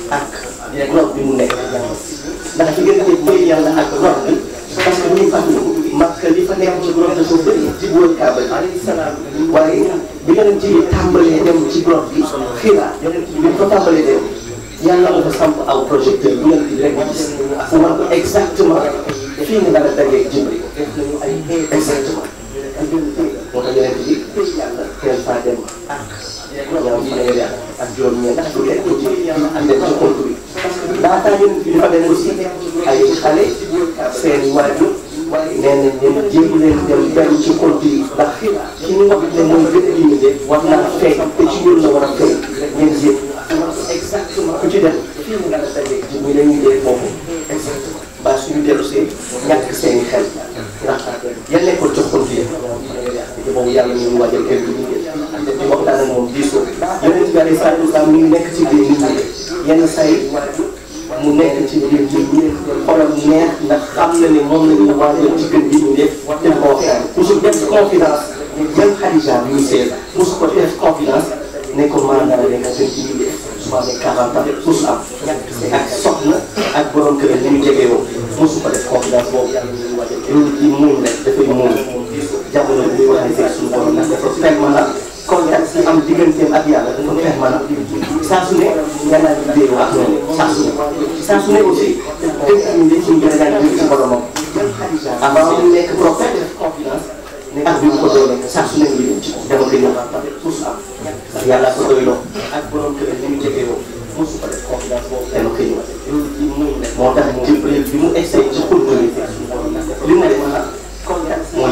ak rob bi mu nekk yang ndax diggante mooy tu, ak ror bi yang dia ñuy fàttali yang li fa nekk ci borom dafa dia ci wóor kaaba bi waaye dia yeneen dia tàmbalee dia ci dia yang xiraa bi ko tàmbalee dem dia dafa samp dia projecteur bu ngeen di rek gis mu wax ko exactement yang nga dara dajee jëmri exactement moo tax yeneen yang kenn di yang ñaam yang yàlla ak juróom ñeent bu lekk ci yang ci xol bi laataa yéen ñu fa dem aussi ay xale seen waajur nee nañ leen jéem leen dem dem ci compte yi ndax ki ñu wax ne mooy gën a limité war naa feeñ te ci ñun la war a feeñ ngeen jéem ku ñu leen ñu dee foofu ba yu dellu see ñàkk seen i xel ndax yan nekkoon jox ko te boobu yàlla ñu wàjjal kenn te di waxtaan ak moom diisoo yonent bi alayhi salaatu wasalaam mu nekk ci biir nit ñi yenn say mu nekk ci biir nit ñi xolam neex ndax xam na ne moom la ñu waajal ci kër gi ñu nekk te ko waxtaan musul def confidence jël Xadija bi ñu seet musu ko def confidence ne ko maa dara nekk seen ci biir su amee 40 ans musu am ak soxna ak borom kër li ñu jege woon musu ko def confidence boobu loolu ci muñ rek dafay muñ jamono bi ñu waxee suñu borom ndax dafa permanent contact bi am digganteem ak yàlla dafa permanent saa su a daan jëm ci boromam avant mu nekk ne ak bi mu ko doonee saa ne ngi dem ci dama ko ñëw ndax yàlla ko doy loo ak borom kër ni mu jegee woo mosu ko def moo tax Jibril bi mu essayé ci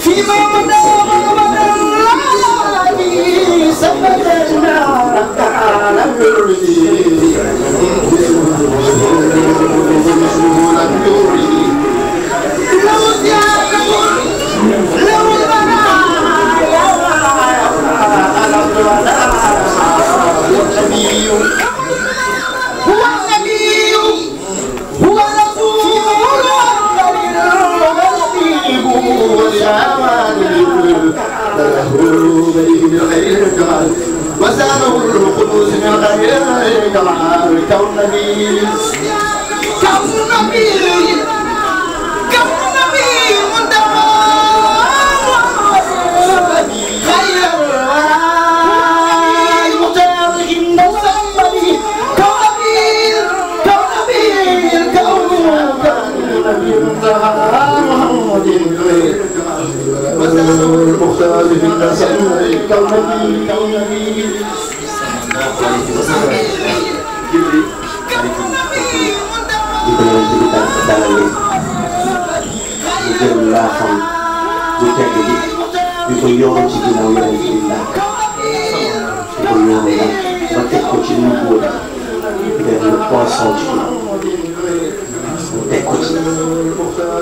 فيما مدى غدا لا بي سبدا الجواد له بريء من غير الجواد وسامه القدوس من غير المختار في النسب كالنبي di ko yóbbu ci ginnaaw yeneen ci làkk di ko yóbbu nag ba teg ko ci lu góor di def le poisson ci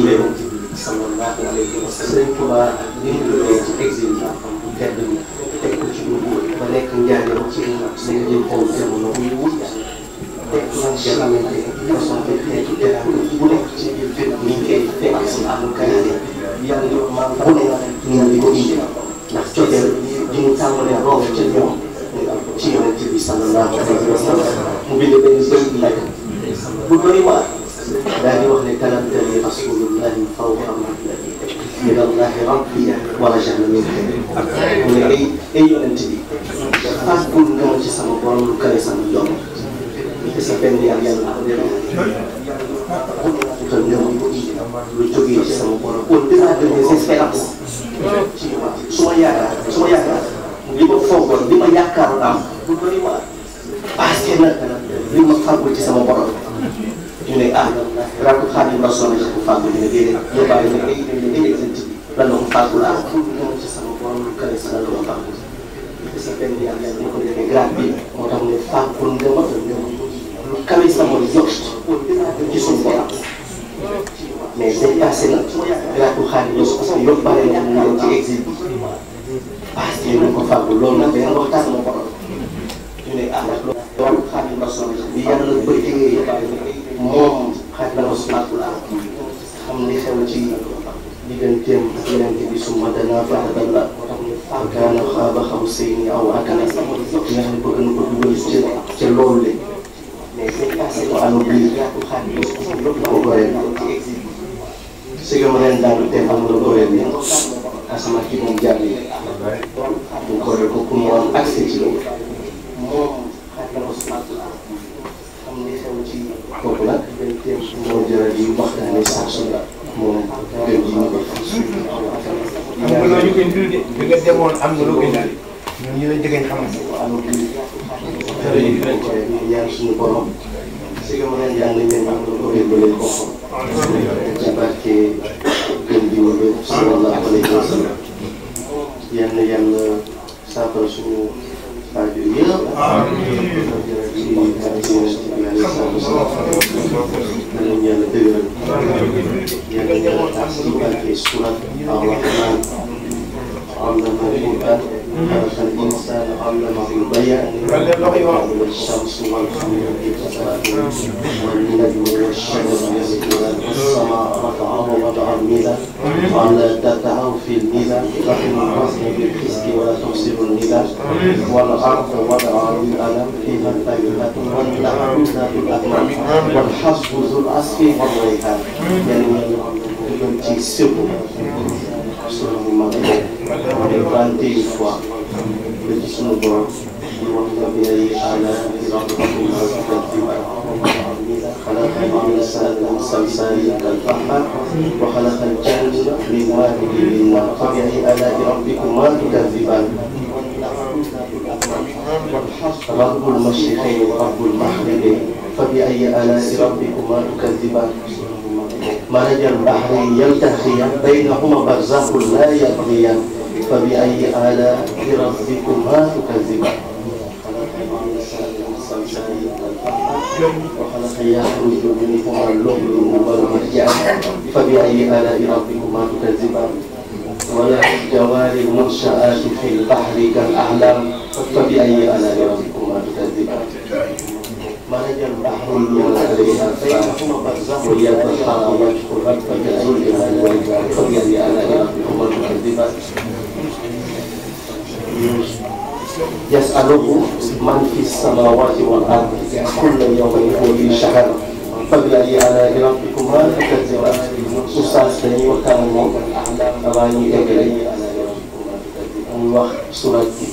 réew sallallahu alayhi wa sallam Sëriñ Tuubaa ak li mu liggéey ci exil bi bu tedd bi teg ko ci lu ba nekk njaaram ci li nga jëm kaw jamono teg ko ci xamante تحسيبا سورة الرحمن علم الإنسان علم البيع والشمس والقمر بتساوي والسماء رفعه وضع الميزان ولا تدعوا في الميزان لكن والأرض وضعها للألم فيها ذو العسف والريحان ينوي petit second, son mari, vingt et une fois, le disnobor, وقضي على خلق الإنسان من صلصال كالفحم وخلق الجن من واحد من مرقبه آلاء ربكما تكذبان رب المشرقين ورب المغربين فبأي آلاء ربكما تكذبان مرج البحر يلتقيان بينهما برزخ لا يبغيان فبأي آلاء ربكما تكذبان اللؤلؤ فبأي آلاء ربكما تكذبان ولا الجوار المنشآت في البحر كالأعلام فبأي آلاء ربكما تكذبان مرج يسأله من في السماوات والأرض كل يوم هو في شهر فبأي آلاء ربكما تكذبان أستاذ dañuy waxtaan ak moom avant ñuy eggale muy wax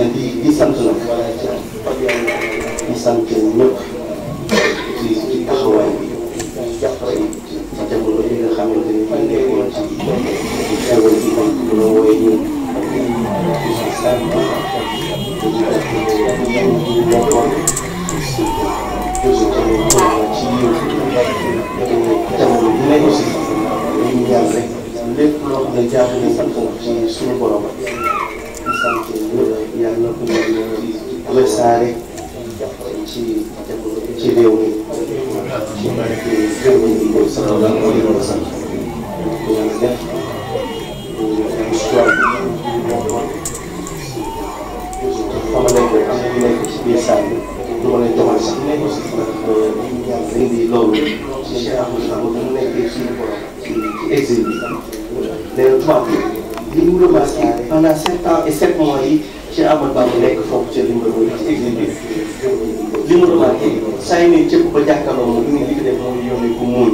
di di sant nag wala ci am di sant ñëpp ci ci taxawaay bi ci jàppale ci jamono yi nga xamante ni ñu nekkoon ci xewal bi am ñu wooye ñu ci jamono bi nekk aussi ñu ñaan rek lépp loo xam ne jàpp nañ ko ci suñu borom di sant yàlla ko yàlla wesaare ci ci réew mi ci barke réew mi ko sallallahu alayhi wa sallam ko yàlla def xam nga nekk am na nekk ci biir saal bi du ma lay joxal sax nekk ndax indi loolu ci Cheikh Ahmadou Bamba mu nekkee suñu borom qui exilent les trois li mu remercié pendant sept ans et sept mois yi ci Amadou Ba mu nekk foofu ca li mu doon ci exil bi li mu remarqué saa yu ne cëpp ba jàkkaarloo moom li mu li ko def moom yónnee ko muuñ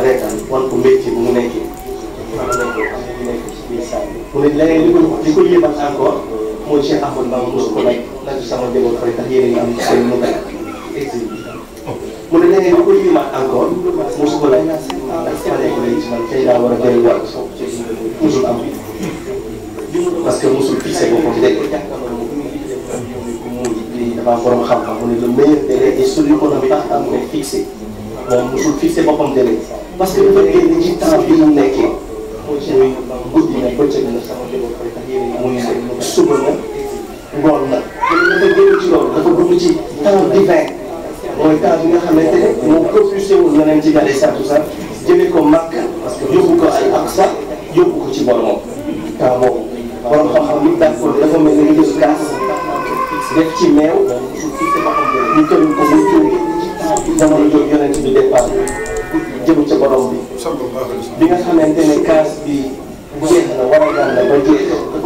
reetaan wan ko métier bu mu nekkee mu ne leneen li ko li ko yëbal encore mooy Cheikh Amadou Ba mu ko laaj lan sama njaboot fay tax yéen a ngi am seen mu exil mu ne léegi ñu koy limaat encore mu suba la man tey daa war a jëriñ wàllu sow musul am parce que musul fixé boppam dégg dafa borom xam-xam mu ne le meilleur délai est celui qu'on n'a pas encore fixé moom musul fixé boppam délai parce que dafa génn ci temps bi mu nekkee muy guddi na bëccëg na muy suba na ngoon na dafa génn ci loolu dafa dugg ci temps divin mooy cas bi nga xam ne moom propulsé wul na leen ci gàllankoor sant sant jëlee ko Makka parce ko ay Aqsa yóbbu ci boromam. cas boobu borom xam-xam yi d'accord dafa ci meew ñu tëral ko muy tuuti jamono jooju yonent bi départ jëm ca borom bi. nga xamante ne kaas bi jeex na war a gàllankoor ba jeex.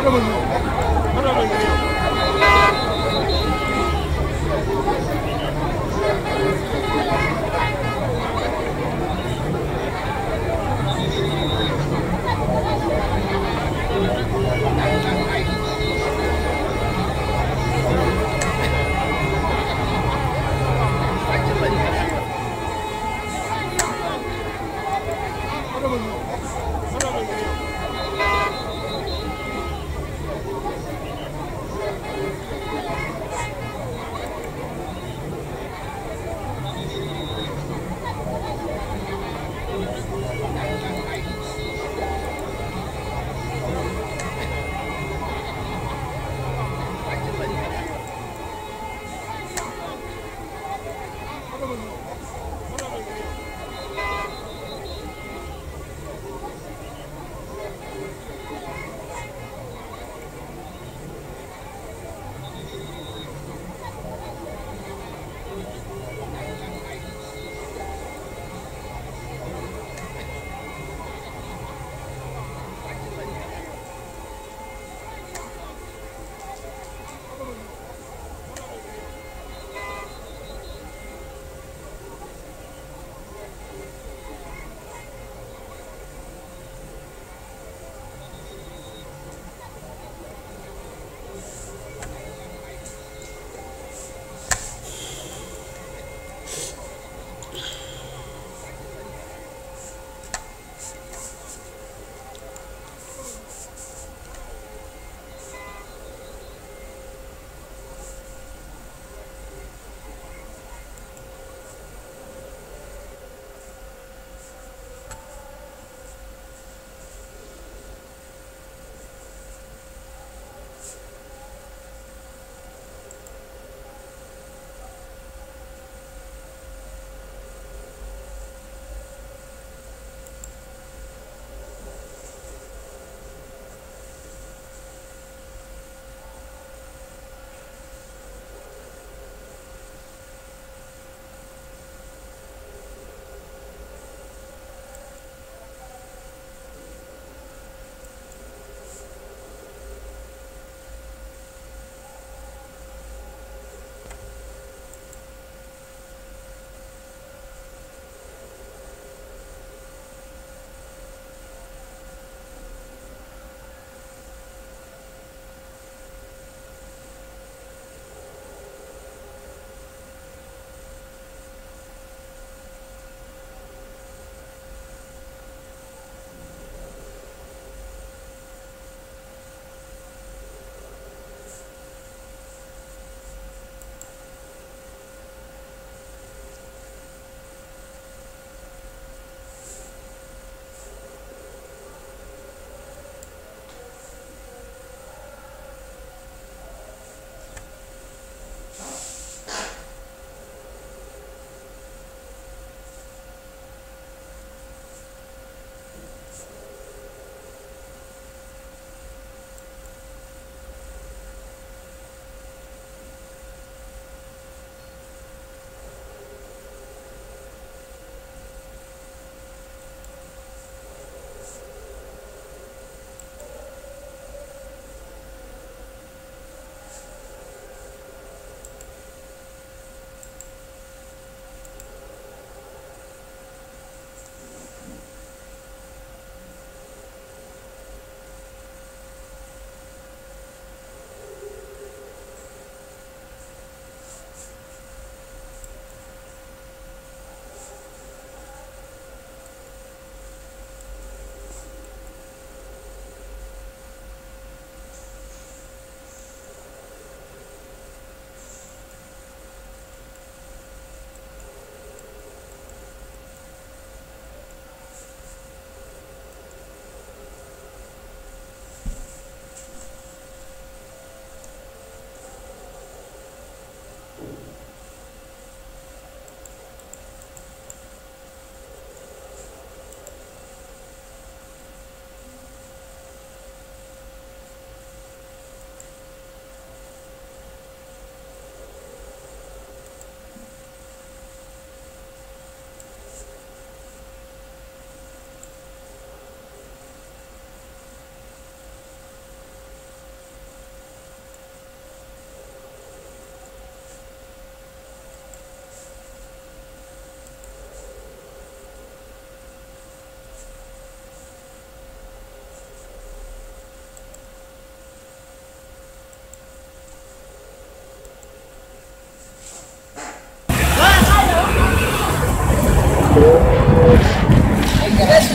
여러분, 여러분. Thank you.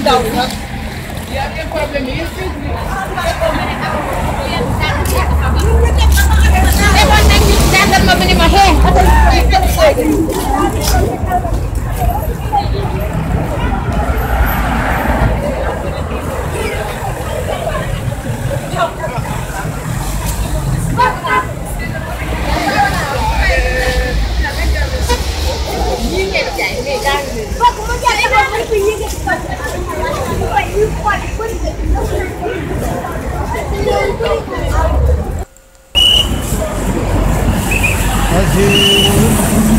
down with us. You have a problem here? Everyone thank you stand up mabili mahe. Bak bunu gel. Bak bunu gel. Bak bunu gel. أزير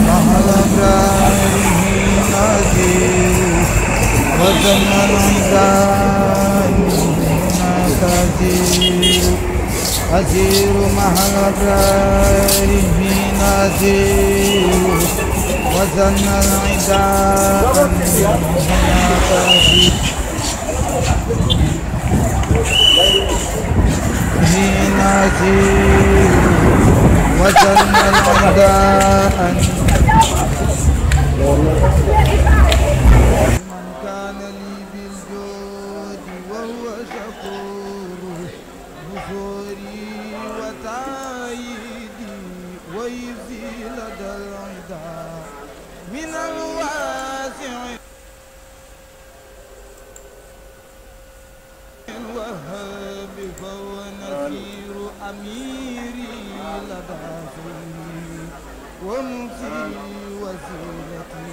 مهربائه نزير وزن العداء من الناس وذرنا الأعداء من كان لي بالجود وهو شكور بخوري وتأييدي ويفي لدى العدا من الواسع الوهاب فهو نسير أميري لباسي ومصري وسيلتي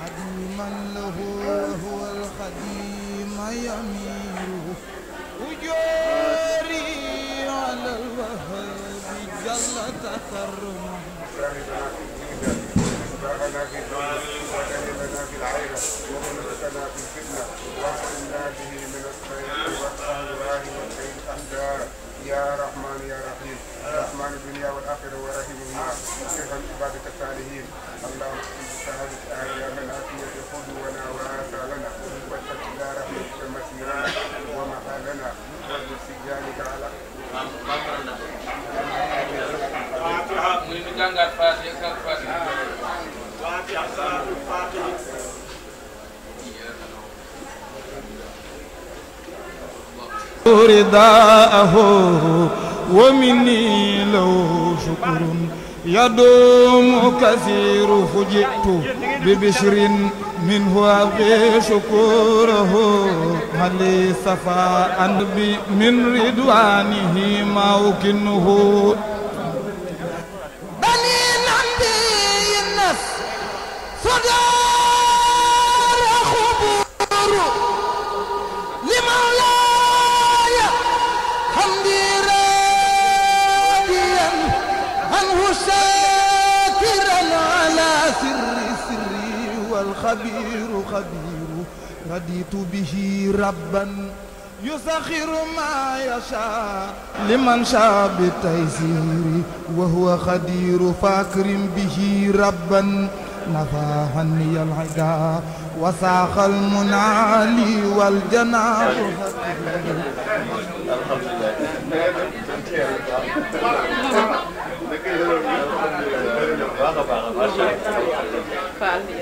خديما له هو القديم يميره وجاري على الوهاب جل تكرمه وبلغنا في الدنيا وكلمنا في العيلة وملكنا في الفتنة واحسن به من الخير والأهل والعين والأحجار يا رحمن يا رحيم رحمن الدنيا والآخرة ورحيم الناس ارحم عبادك الصالحين اللهم استهدف أهل من عافية قدونا وآثارنا واتق إلى رحمتك مسيرنا ومحالنا واجعل سجانك على فاتحة من جنگات فاتحة رداءه ومني له شكر يدوم كثير فجئت ببشر منه أبي شكره هل صفاء من رضوانه ما أكنه بني نبي النفس صدق خبير خبير رديت به ربا يسخر ما يشاء لمن شاء بالتيسير وهو خدير فاكرم به ربا نفى عني العدا وساخ المنعالي والجناح الحمد لله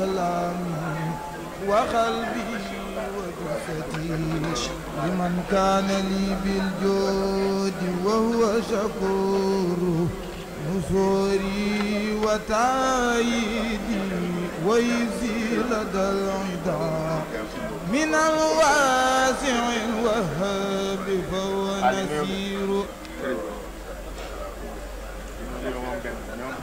وكلامي وقلبي وجثتي لمن كان لي بالجود وهو شكور نصوري وتعيدي ويزي لدى العدا من الواسع الوهاب فهو نسير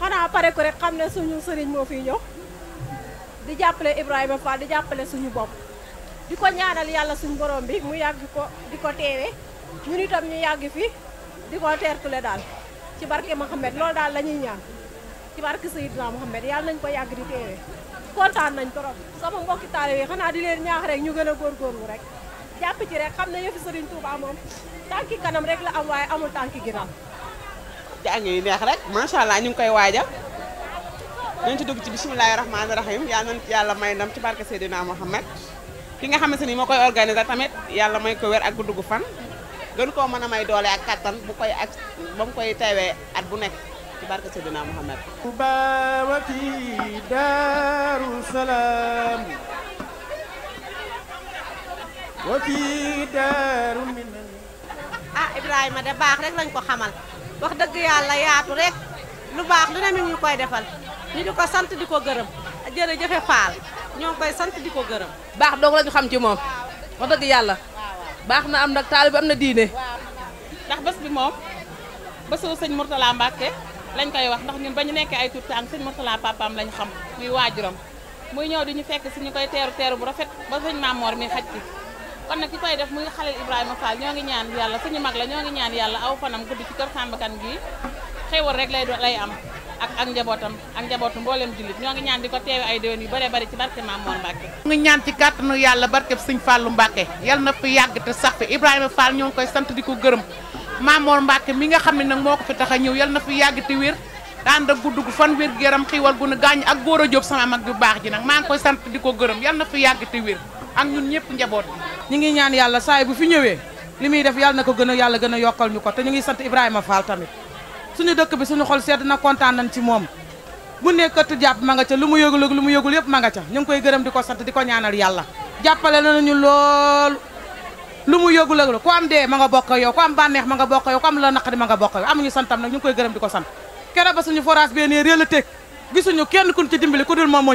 xanaa pare ko rek xam ne suñu sëriñ moo fiy ñëw di jàppale Ibrahima Fall di jàppale suñu bopp di ko ñaanal yàlla suñu borom bi mu yàgg ko di ko teewe ñun itam ñu yàgg fi di ko teertule daal ci barke Mouhamed lool daal la ñuy ñaan ci barke Seydina Mouhamed yàlla nañ ko yàgg di teewe kontaan nañ trop sama mbokki taalibe yi xanaa di leen ñaax rek ñu gën a góorgóorlu rek jàpp ci rek xam ne yëfi sëriñ Touba moom tanki kanam rek la am waaye amul tanki ginnaaw jangi neex rek sha allah ñu koy waja nañ ci dugg ci bisimilahi rahmaani rahim Ya nañ yàlla may ndam ci barke sayyidina muhammad ki nga xamanteni mo koy organiser tamet yalla may ko wër ak gudd fan gën ko mëna may doole ak katan bu koy ak bam koy tewé at bu nek ci barke Seydina Mohamed baawati darus salam wa fi daaru min ah Ibrahima de baax rek lañ ko xamal wax deug yalla yaatu rek lu baax lu ne ñu koy defal ñu diko sant diko ko gërëm jërëjëfe faal ñoo koy sant diko ko bax dog lañu xam ci mom wax deug yalla bax na am nak talib am na diine ndax bés bi mom bésu señ murtala Mbacke lañ koy wax ndax ñun bañu ñu nekkee ay tur tànk sëñ Mourtala papaam lañ xam muy wajuram muy ñëw di ñu fekk si ñu koy teeru teeru bu rafet ba señ mamor mi xajj kon nak ki koy def muy Khalil Ibrahima Fall ñogi ngi ñaan yalla suñu mag la ñogi ñaan yalla aw fanam gudd ci kër sambakan gi xewal rek lay lay am ak ak njabotam ak njabotu mbollem julit ñogi ñaan di ko ay deewen yu bare bari ci barke Maam Mor Mbacke ñogi ñaan ci kàttanu yalla barkeb suñu fallu Mbacke yal na fi yag te sax fi Ibrahima Fall ñong koy sant diko ko gërëm Maam Mor Mbacke mi nga xamni nak moko fi taxa ñew yalla na fi yag te wér daanda gudd gu fan wir gu yaram gu na gañ ak goro a sama mag bu baax ji nak maa ngi koy sant diko yalla na fi yag te ak ñun ñepp njaboot ñi ngi ñaan yalla saay bu fi ñëwé limi def yalla nako gëna yalla gëna yokal ñuko a yokkal te ñu ngi sant Ibrahima Fall tamit suñu dëkk bi suñu xol sét na kontaan nañ ci moom bu nekkati japp ma nga ca lu mu yëgul ak lu mu yëgul yëpp ma nga ca ñu ngi koy gëreem di sant diko ñaanal yalla jappalé na ñu lool lu mu yëgul ak ko am dé ma nga bokk yow ko am bànneex ma nga bokk yow ko am la naqari ma nga bokk yow ñu santam nak ñu koy gëreem di sant kéra ba suñu forage bee réel gisuñu kenn kun ci dimbali ku dul moom moo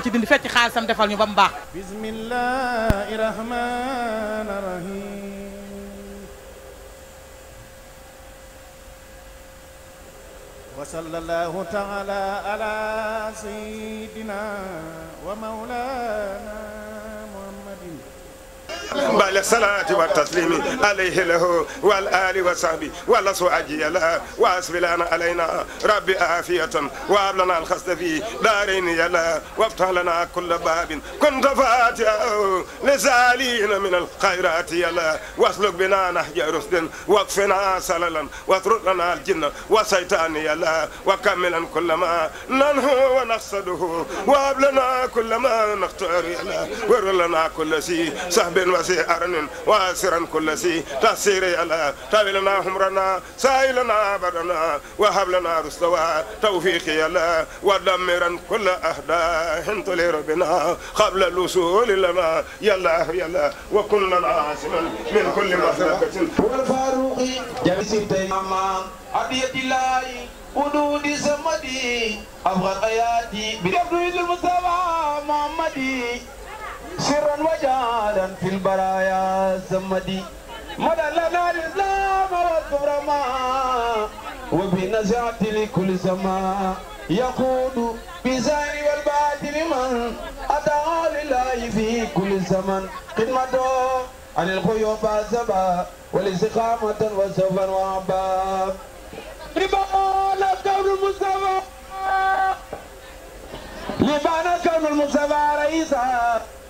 rahim wa sallallahu taala ala sayyidina wa maulana بعد الصلاة والتسليم عليه له والآل وصحبه والأسوء يلا وأسب لنا علينا ربي آفية وابلنا الخصد في دارين يلا وافتح لنا كل باب كنت فاتحه لزالين من الخيرات يلا واسلق بنا نهج رشد واقفنا سللا واطرد لنا الجن وسيطان يلا وكملا كل ما ننهو ونقصده وابلنا كل ما نختار يلا ورلنا كل شيء صحب سي أرن واسرا كل سي تسير على تابلنا حمرنا سائلنا بدنا وهب لنا رستوى توفيقي على ودمرا كل أهدا انت لربنا قبل الوصول لنا يلا يلا وكن لنا عاصما من كل مسلكة والفاروق جميس التيمام أبيت الله ودود سمدي أبغى محمدي سرا وجالا في البرايا الزمدي مدى لنا الإسلام والكرماء وبنزعة لكل زمان يقود بزار والباطل من أتى لله في كل زمن خدمته عن الخيوب عزبا والاستقامة وسوفا وعبا لبان كون المصطفى لبان كون المصطفى رئيسا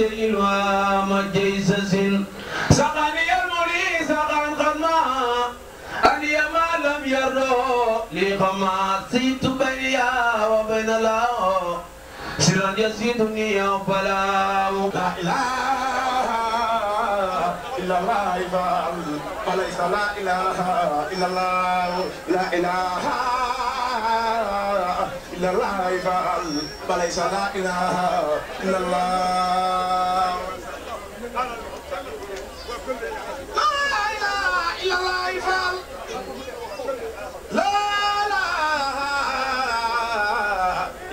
الإلوام جيسس سقني المري سقن قدما أني ما لم يروا لقما سيت بيا وبين الله سرا يزيدني وبلا لا إله إلا الله وليس لا إله إلا الله لا إله لا يفعل فليس لا إله إلا الله لا إله إلا الله يفعل لا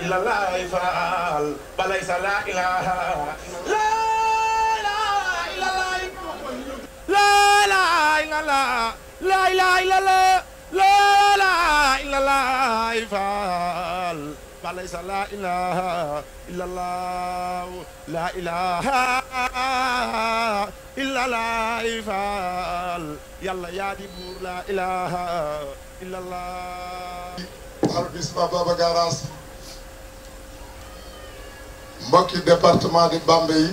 إله إلا الله يفعل فليس لا إله لا لا لا إلا الله لا إله إلا الله لا لا إلا الله يفعل فليس لا إله إلا الله لا إله إلا لا إفعل يلا يا دبور لا إله إلا الله xarit Isma Baba Garaas mbokki département de Bambey yi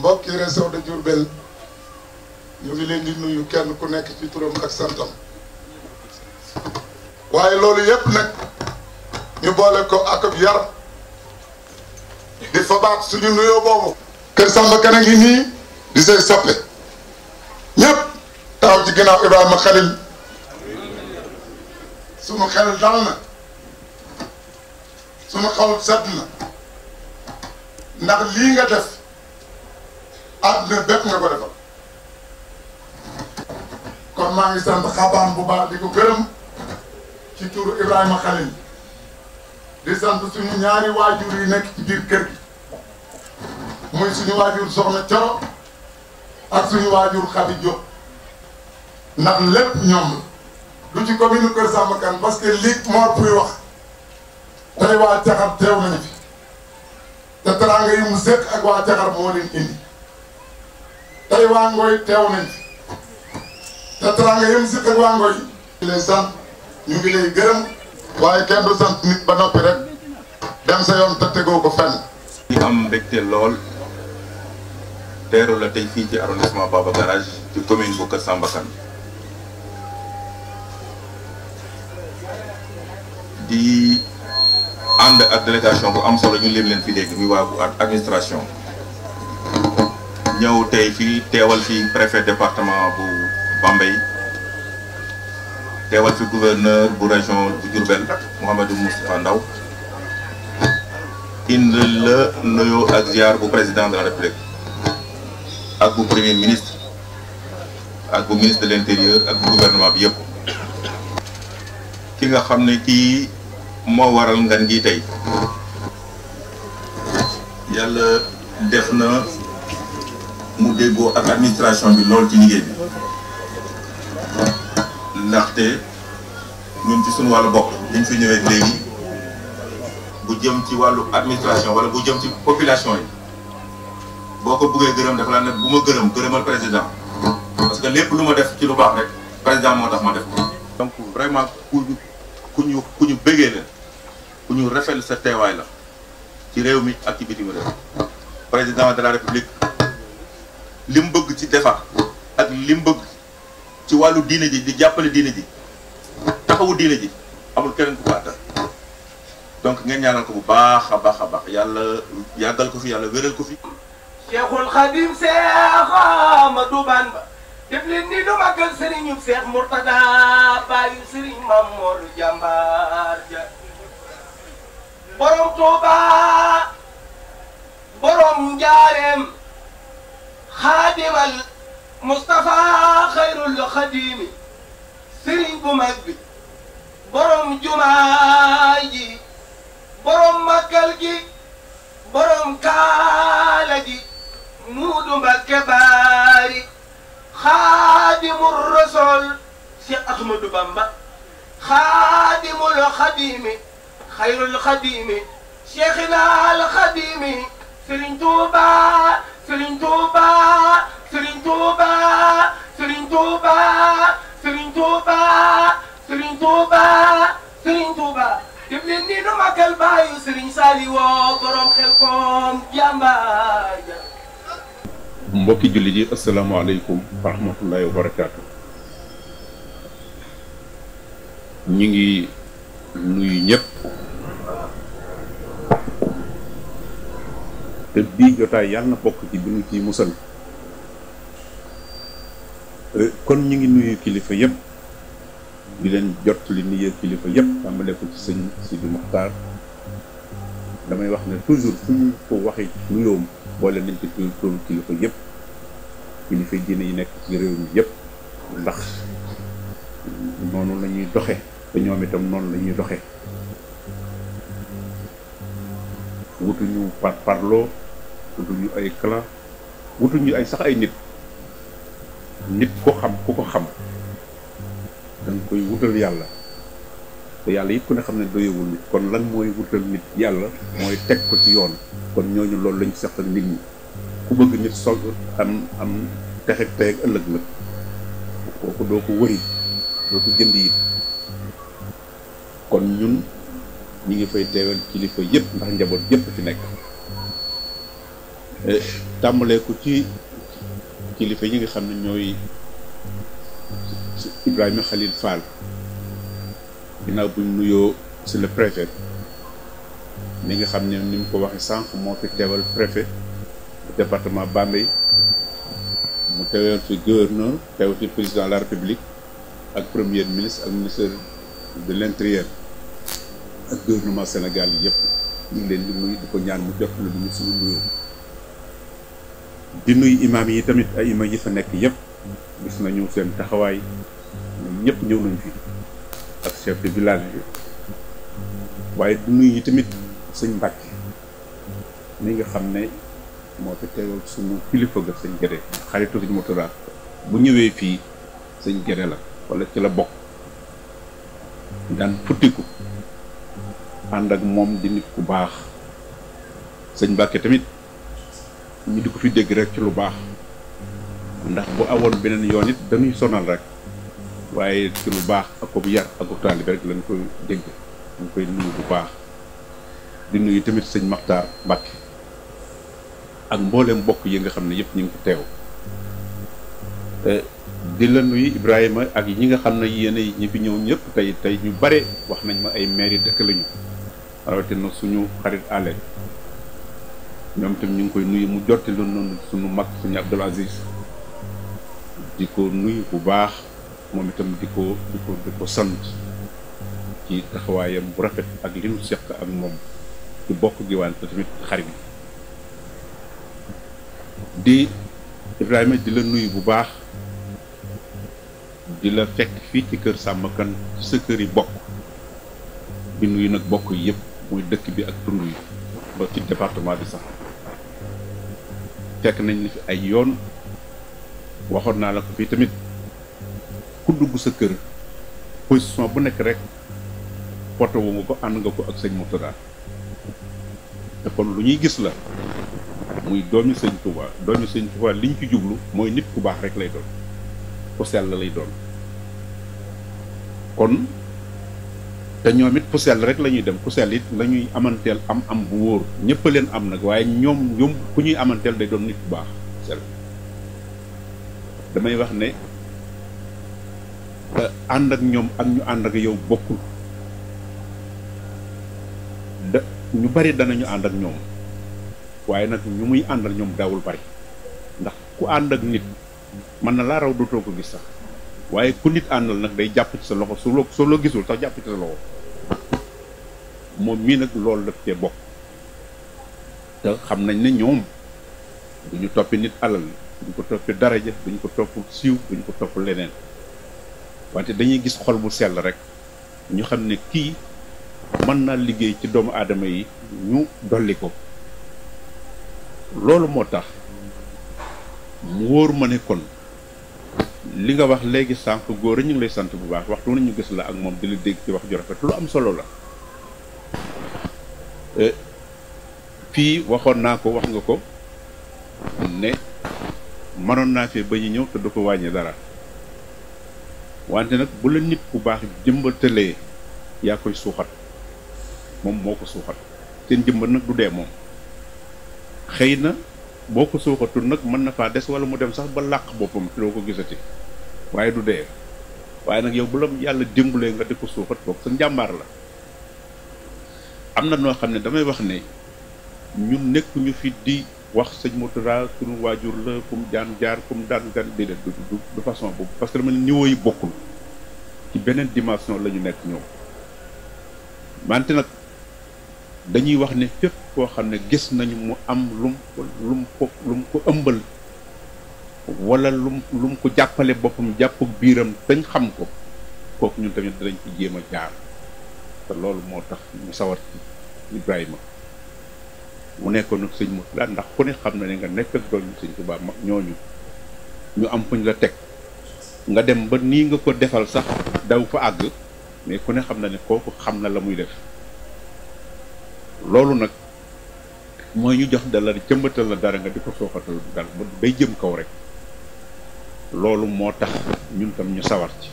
mbokki région de Diourbel ñu ngi leen di nuyu kenn ku nekk ci turam ak santam waaye loolu yépp nag ñu boole ko ak ak yar di fa baax suñu nuyoo boobu. kër Samba Kane ngi nii di say soppe ñëpp taxaw ci ginnaaw Ibrahima Khalil sunu xel dal na sunu xol sedd na ndax lii nga def àdduna bépp nga ko defal kon maa ngi sant xabaan bu baax di ko gërëm ci turu Ibrahima Khalil. di sant suñu ñaari waajur yi nekk ci biir kër gi muy suñu waajur soxna Coro ak suñu waajur Khady Diop ndax lépp ñoom la du ci commune Kër Samba Kane parce que lii Mor Pouye wax tey waa Caxar teew nañu te teraanga yi mu ak waa Caxar moo leen indi tey waa Ngoy teew nañu te teraanga yi mu ak waa Ngoy ñu sant ñu ngi lay gërëm. waaye kenn du sant nit ba noppi rek dem sa yoon te tegoo ko fenn. ñu am mbégte lool teeru la tey fii ci arrondissement Baba Garage ci commune bu Kër Samba Kane di ànd ak délégation bu am solo ñu lim leen fi léegi muy waa bu administration ñëw tey fii teewal fii préfet département bu Bambey. suis votre gouverneur la région du Diourbel Mohamed Moustapha Ndaw indil la le président de la république ak bu premier ministre ak bu ministre de l'intérieur ak le gouvernement bi yëpp ki nga xam ne kii moo waral ngan gi tey yàlla le na mu déggoo ak administration bi ci ndaxte ñun ci suñu wàll bopp liñ si ñëwee léegi bu jëm ci wàllu administration wala bu jëm ci population yi boo ko bëggee gërëm dafa laa ne bu ma gërëm gërëmal président parce que lépp lu ma def ci lu baax rek président moo tax ma def ko. donc vraiment ku ku ñu ku ñu bëggee la ku ñu rafetlu sa teewaay la ci réew mi ak ci bitim président de la république li mu bëgg ci defar ak li mu bëgg. ci walu diine ji di jappale diine ji taxawu diine ji amul keneen ku ko attan donc ngeen ñaanal ko bu baax a baax a baax yàlla yàggal ko fi yàlla wéral ko fi cheikhul xadim cheikh amadou ban ba def leen ni lu màggal sëriñu cheikh murtada bàyyi sëriñ mamoor jàmbaar ja borom tuuba borom njaareem xaadimal مصطفى خير الخديم سيب مجد بروم جمعي بروم مكالجي بروم كالجي نود مكباري خادم الرسول سي أحمد بامبا خادم الخديم خير الخديم شيخنا الخديم سيرين توبه Serigne Touba Serigne Touba Serigne Touba Serigne Touba Serigne Touba Serigne Touba dem leen nii nu màggal baayu Serigne mbokki jullit yi asalaamaaleykum wa rahmatullahi wa ñu ngi nuyu ñëpp te bii jotaay yàlla na bokk ci bi ñu ciy musal euh, kon ñu ngi nuyu kilifa yëpp di leen jot li nuyee kilifa yëpp tàmbale ci sëñ Sidi Muxtaar damay wax ne toujours fu ñu ko waxee nuyoom boole nañ ci turu kilifa yëpp kilifa diine yi nekk ci réew mi yëpp ndax noonu la doxe te ñoom itam noonu la doxe wutuñu par parloo wutuñu ay clan wutuñu ay sax ay nit nit ko xam ku ko xam da nga koy wutal yàlla te yàlla yëpp ku ne xam ne doyewul nit kon lan mooy wutal nit yàlla mooy teg ko ci yoon kon ñooñu loolu lañ seqal nit ñi ku bëgg nit sol am am texe tey ak ëllëg la kooku doo ko wëri doo ko jënd yi kon ñun ñi ngi fay teewal kilifa yëpp ndax njaboot yëpp fi nekk Eh, tàmbalee ko ci kilifa yi nga xamné ñoy ñooy Ibrahima Khalil Fall ginnaaw bu ñu nuyoo le préfet ni nga xamné ne ni ko waxe sank mo fi teewal préfet département Bambey mu teewal fi gouverneur teew fi président de la république ak premier ministre ak ministre de l'intérieur ak gouvernement Sénégal yépp ñu leen di nuyu di ko ñaan mu jot lu ñu suñu di nuyu imaam yi tamit ay imaam yi fa nekk yëpp gis nañu seen taxawaay ñëpp ñëw nañ fii ak chef de village bi waaye di nuyu yi tamit sëñ Mbàkke mi nga xam ne moo fi teewal suñu kilifa ga sëñ Gédé xaritu sëñ Mourtada bu ñëwee fii sëñ Gédé la walla ci la bokk daan futtiku ànd ak moom di nit ku baax sëñ Mbàkke tamit ñu di ko fi dégg rek ci lu baax ndax bu awoon beneen yoon it dañuy sonal rek waaye ci lu baax ak ko bu yar ak ko taalibe rek lañ ko dégg dañ koy nuyu bu baax di nuy tamit sëñ Maxtaar Mbàkke ak mbooleem mbokk yi nga xam ne yëpp ñu ngi ko teew di la nuyu Ibrahima ak ñi nga xam ne yéen ñi fi ñëw ñëpp tey tey ñu bare wax nañ ma ay maire dëkk lañu rawatina suñu xarit àlle ñoom tam ñu ngi koy nuyu mu jotti lu suñu mag suñu Abdoul Aziz di ko nuyu bu baax moom itam di ko di ko di ko sant ci taxawaayam bu rafet ak li nu seq ak moom ci bokk gi wante tamit xarit di Ibrahima di la nuyu bu baax di la fekk fii ci kër Sàmm Kan yi bokk bi nuyu nag bokk yi yëpp dëkk bi ak tund yi ci département bi sax fekk nañ la fi ay yoon waxoon naa la ko fii tamit ku dugg sa kër position bu nekk rek porte wu nga ko ànd nga ko ak sëñ Mourtada te kon lu ñuy gis la muy doomi sëñ Touba doomi sëñ Touba liñ ci jublu mooy nit ku baax rek lay doon ku lay doon kon te ñoom it ku sell rek la ñuy dem ku sell it la ñuy amanteel am am bu wóor ñëpp leen am nag waaye ñoom ñoom ku ñuy amanteel day doon nit bu baax sell damay wax ne ànd ak ñoom ak ñu ànd ak yow bokkul da ñu bari danañu ànd ak ñoom waaye nag ñu muy àndal ñoom daawul bari ndax ku ànd ak nit man na laa raw dootoo ko gis sax waaye ku nit àndal nag day jàpp ci sa loxo su loo su loo gisul sax jàpp ci sa loxo moom mii nag loolu daf cee bokk te xam nañ ne ñoom du ñu toppi nit alal duñu ko toppi daraja duñu ko topp siiw duñu ko topp leneen wante dañuy gis xol bu sell rek ñu xam ne kii mën naa liggéey ci doomu aadama yi ñu dolli ko loolu moo tax mu wóor ma ne kon li nga wax léegi sànq góor ñu ngi lay sant bu baax waxtu nañu gis la ak moom di la dégg ci wax ju rafet lu am solo la euh, fii waxoon naa ko wax nga ko ne mënoon naa fee ba ñu ñëw te du ko wàññi dara wante nag bu la nit bu baax jëmbatalee yaa koy suuxat moom moo ko suuxat seen jëmbat nag du dee moom xëy na boo ko suuxatul nag mën na faa des wala mu dem sax ba làq boppam ci doo ko gisati waaye du dee waaye nag yow bu la yàlla dimbalee nga di ko suuxat boog sa njàmbaar la am na noo xam ne damay wax ne ñun nekk ñu fi di wax sëñ Mourtada sunu waajur la fu jaan jaar fu mu daan gan déedéet du du du façon boobu parce que dama ne niveau yi bokkul ci beneen dimension lañu nekk ñoom wante nag dañuy wax ne fépp koo xam ne gis nañu mu am lum ko lu ko ko ëmbal wala lum lum ko jàppale boppam jàpp biiram dañ xam ko kooku ñu tamit danañ ci jéem a jaar te loolu moo tax ñu sawar ci Ibrahima mu nekkoon ak sëñ Murtada ndax ku ne xam na ne nga nekk ak doon sëñ Tuubaa mag ñooñu ñu am fuñ la teg nga dem ba nii nga ko defal sax daw ko àgg mais ku ne xam na ne kooku xam na la muy def loolu nag mooy ñu jox dala jëmbatal la dara nga di ko suuxatal bu dal ba day jëm kaw rek loolu moo tax ñun tam ñu sawar ci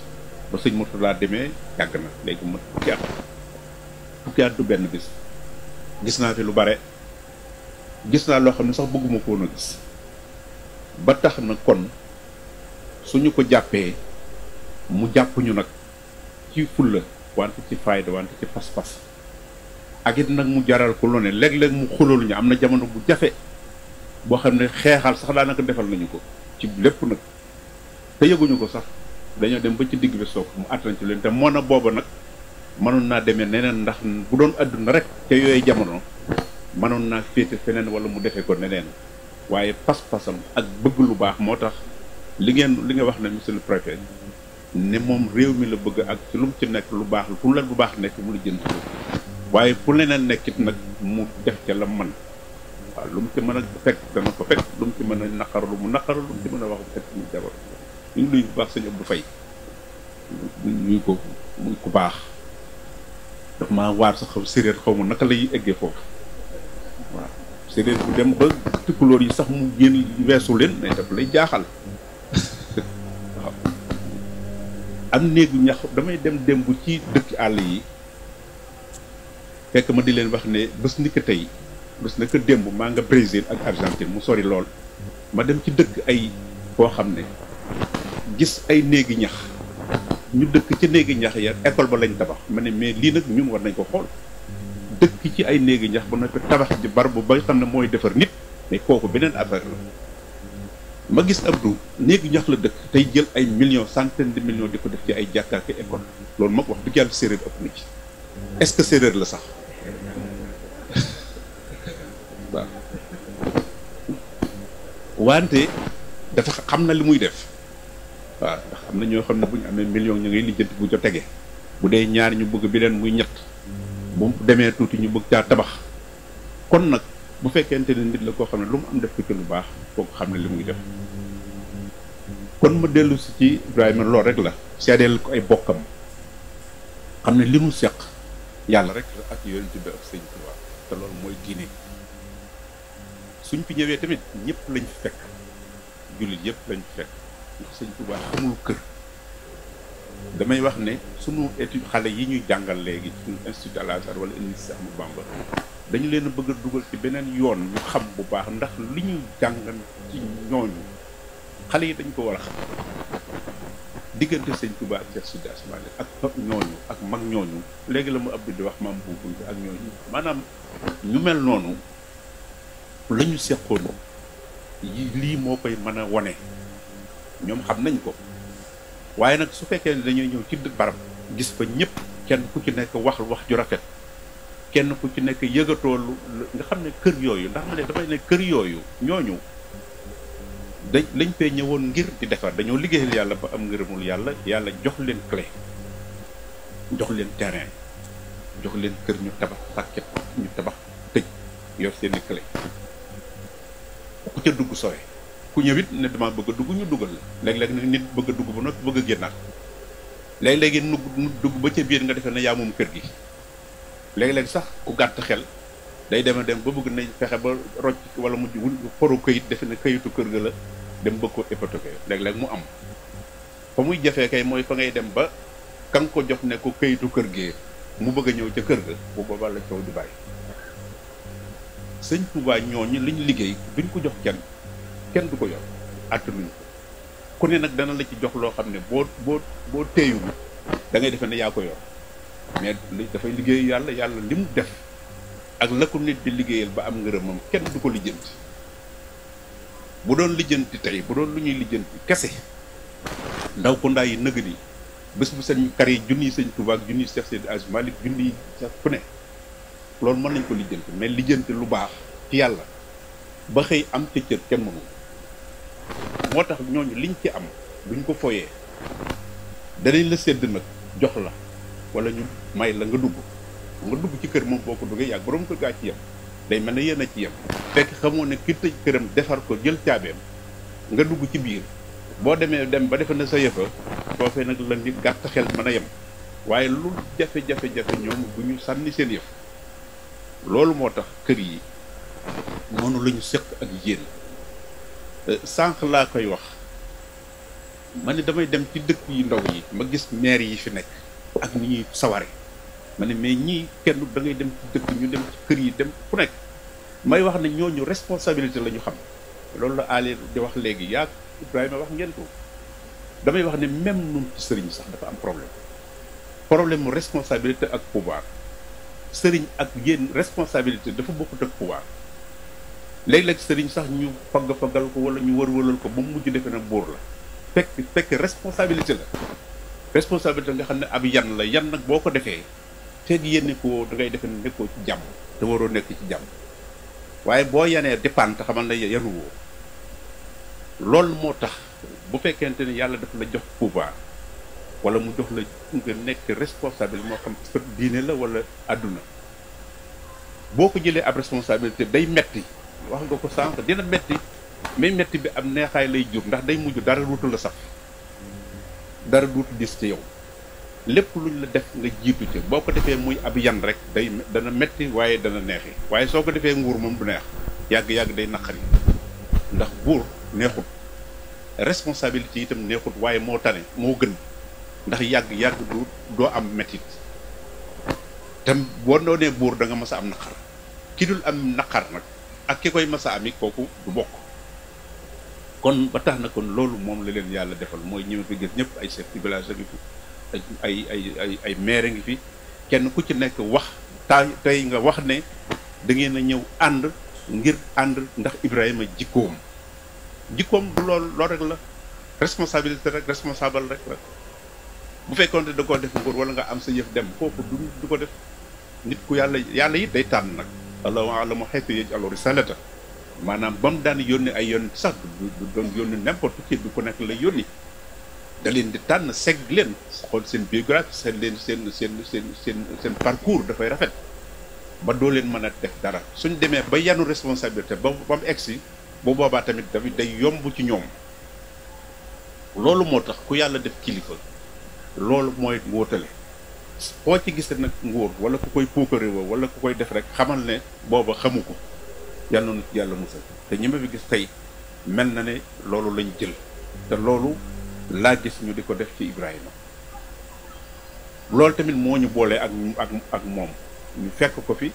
ba sëñ laa demee yàgg na léegi ma fukki at fukki du benn bis gis naa fi lu bare gis naa loo xam ne sax bëgguma ko woon a gis ba tax na kon suñu ko jàppee mu jàpp nag ci fulla wante ci fayda wante ci pas-pas ak it nag mu jaral ko lu ne léeg-léeg mu xulal am na jamono bu jafe boo xam ne xeexal sax daanaka defal nañu ko ci lépp nag te yëguñu ko sax dañoo dem ba ci digg bi soog mu attan ci leen te moo na booba nag mënoon naa demee neneen ndax bu doon àdduna rek te yooyu jamono mënoon naa féete feneen wala mu defee ko neneen waaye pas-pasam ak bëgg lu baax moo tax li ngeen li nga wax ne monsieur le préfet ne moom réew mi la bëgg ak ci lu mu ci nekk lu baax fu la lu baax nekk mu waaye fu leneen nekkit nag mu def ca la man waaw lu mu ci mën a fekk dana ko fekk lu mu ci mën a naqaralu mu naqar lu mu ci mën a wax fekk mu jabar ñu ngi luy bu baax sëñ Abdou Faye ñuy ko muy ku baax daf ma waar sa xaw séréer xaw ma naka lay eggee foofu waaw séréer bu dem ba tukulóor yi sax mu génn weesu leen mais daf lay jaaxal (laughs) waaw am néegu ñax damay dem dem bu ci dëkk àll yi fekk ma di leen wax ne bés ni ko tey bés na ko démb maa nga Brésil ak Argentine mu sori lool ma dem ci dëkk ay koo xam ne gis ay néegi ñax ñu dëkk ci néegi ñax ya école ba lañ tabax ma ne mais lii nag ñun war nañ ko xool dëkk ci ay néegi ñax ba na tabax ci bar bu ba xam ne mooy defar nit mais kooku beneen affaire la ma gis Abdou néegi ñax la dëkk tey jël ay millions centaines de millions di ko def ci ay jàkkaar ak école loolu moom wax du yàlla séeréer ëpp na ci est la sax waaw wante dafa xam na li muy def waaw ndax am na ñoo xam ne bu ñu amee million ñu ngay lijjanti bu ca tege bu dee ñaar ñu bëgg bi leen muy ñett bu demee tuuti ñu bëgg caa tabax kon nag bu fekkente ne nit la koo xam ne lu mu am def ko ci lu baax kooku xam ne li muy def ma dellu si ci Ibrahima lool rek la seedeel ko ay bokkam xam ne li mu seq yàlla rek ak yonent bi ak sëñ Tuubaa te loolu mooy diine suñ fi ñëwee tamit ñépp lañ fi fekk jullit yëpp lañ fi fekk ndax sëñ baax amul kër damay wax ne sunu étude xale yi ñuy jàngal léegi suñu institut Al Azhar wala université Ahmadou Bamba dañu leen a bëgg a dugal ci beneen yoon ñu xam bu baax ndax li ñuy jàngal ci ñooñu xale yi dañ ko war xam diggante sëñ Touba ak Cheikh Sidi Asmaani ak ñooñu ak mag ñooñu léegi la mu abdi di wax maam buubul bi ak ñooñu maanaam ñu mel noonu la ñu seqoon lii moo koy mën a wane ñoom xam nañ ko waaye nag su fekkee ne ñëw ci barab gis fa ñëpp kenn ku ci nekk wax wax ju rafet kenn ku ci nekk yëgatoolu nga xam ne kër yooyu ndax ma ne damay ne kër yooyu ñooñu dañ dañ fee woon ngir di defar dañoo liggéeyal yàlla ba am ngërëmul yàlla yàlla jox leen clé jox leen terrain jox leen kër ñu tabax sàkket ñu tabax tëj yor seen i clé ku ca dugg sooy ku ñëw it ne dama bëgg dugg ñu dugal la léeg-léeg nag nit bëgg a dugg ba noppi bëgg a génnaat léeg-léegi nu dugg ba ca biir nga defee ne yaa moom kër gi léeg-léeg sax ku gàtt xel day dema dem ba bëgg nañ fexe ba rocc wala mujj wul foro këyit defe na kayitu kër ga la dem bëgg ko hypothéquer léeg-léeg mu am fa muy jafee kay mooy fa ngay dem ba ka nga ko jox ne ko kayitu kër gee mu bëgg a ñëw ca kër ga bu boobaa la coow di bàyyi sëñ Touba ñooñu liñ liggéey duñ ko jox kenn kenn du ko yor attanuñ ko ku ne nag dana la ci jox loo xam ne boo boo boo téeyu da ngay defe ne yaa ko yor mais dafay liggéey yàlla yàlla li mu def ak la ko nit di liggéeyal ba am moom kenn du ko lijjanti bu doon lijjanti tey bu doon lu ñuy lijjanti kese ndaw ko ndaa yi nëgë ni bés bu seen kar yi junniy sëñ Tuubaa ak junniy Seex Seydi Aj Malik junniy Seex ku ne loolu mën nañ ko lijjanti mais lijjanti lu baax ci yàlla ba xëy am ca cër kenn mënu moo tax ñooñu liñ ci am duñ ko fooyee danañ la sedd nag jox la wala ñu may la nga dugg nga dugg ci kër moom boo ko duggee yàgg borom kër gaa ci yem day mën a yéen a ci yem tekk xamoo ne ki tëj këram defar ko jël caabeem nga dugg ci biir boo demee dem ba defe na sa yëfa foofee nag la nit gàtt xel mën a yem waaye lu jafe-jafe-jafe ñoom bu ñu sànni seen yëf loolu moo tax kër yi noonu la ñu sëq ak yéen euh, sànq laa koy wax ma ni damay dem ci dëkk yi ndaw yi ma gis maire yi fi nekk ak ni saware ma ne mais ñii kenn da ngay dem ci dëkk ñu dem ci kër yi dem ku nekk may wax ne ñooñu responsabilité la ñu xam loolu la aale di wax léegi yaa Ibrahima wax ngeen ko damay wax ne même nun ci sëriñ sax dafa am problème problème mu responsabilité ak pouvoir sëriñ ak yéen responsabilité dafa bokkut ak pouvoir léeg-léeg sëriñ sax ñu fagg faggal ko wala ñu wërwëlal ko ba mu mujj defee na buur la fekk fekk responsabilité la responsabilité nga xam ne ab yan la yan nag boo ko defee feeg yéene ko woo da ngay defe ne nekkoo ci jàmm te waroo nekk ci jàmm waaye boo yenee dépend te xamal na yanu woo loolu moo tax bu fekkente ne yàlla dafa la jox pouvoir wala mu jox la nga nekk responsable moo xam sa diine la wala àdduna boo ko jëlee ab responsabilité day metti wax nga ko sànq dina metti mais metti bi am neexaay lay jur ndax day mujj dara duutu la sax dara duutu dis ci yow lépp lu ñu la def nga jiitu ci boo ko defee muy ab yan rek day dana metti waaye dana neexi waaye soo ko defee nguur moom du neex yàgg-yàgg day naqari ndax buur neexut responsabilité itam neexut waaye moo tane moo gën ndax yàgg-yàgg du doo am mettit te boo doonee buur da nga mas a am naqar ki am naqar nag ak ki koy a ami kooku du bokk kon ba tax na kon loolu moom la leen yàlla defal mooy ñi ma gis ñëpp ay chefs de village ak ay ay ay ay maire ngi fi kenn ku ci nekk wax tay tey nga wax ne da ngeen a ñëw ànd ngir ànd ndax Ibrahima jikkoom jikkoom du lool lool rek la responsabilité rek responsable rek la bu fekkoon te da koo def nguur wala nga am sa yëf dem kooku du du ko def nit ku yàlla yàlla it day tànn nag allahu alamu xaytu yajalu risalata maanaam ba mu daan yónni ay yoon sax du doon yónni n'importe qui du ko nekk la yónni da leen di tànn segg leen xool seen biographie seen leen seen seen seen seen seen parcours dafay rafet ba doo leen mën a def dara suñ demee ba yanu responsabilité ba ba mu egsi bu boobaa tamit dafay day yomb ci ñoom loolu moo tax ku yàlla def kilifa loolu mooy ngóotale koo ci gis nag nguur wala ku koy puukaréwa wala ku koy def rek xamal ne booba xamu ko yal na nu yàlla musal te ñi ma fi gis tey mel na ne loolu lañ jël te loolu laa gis ñu di ko def ci Ibrahima loolu tamit moo ñu boole ak ak ak moom ñu fekk ko fi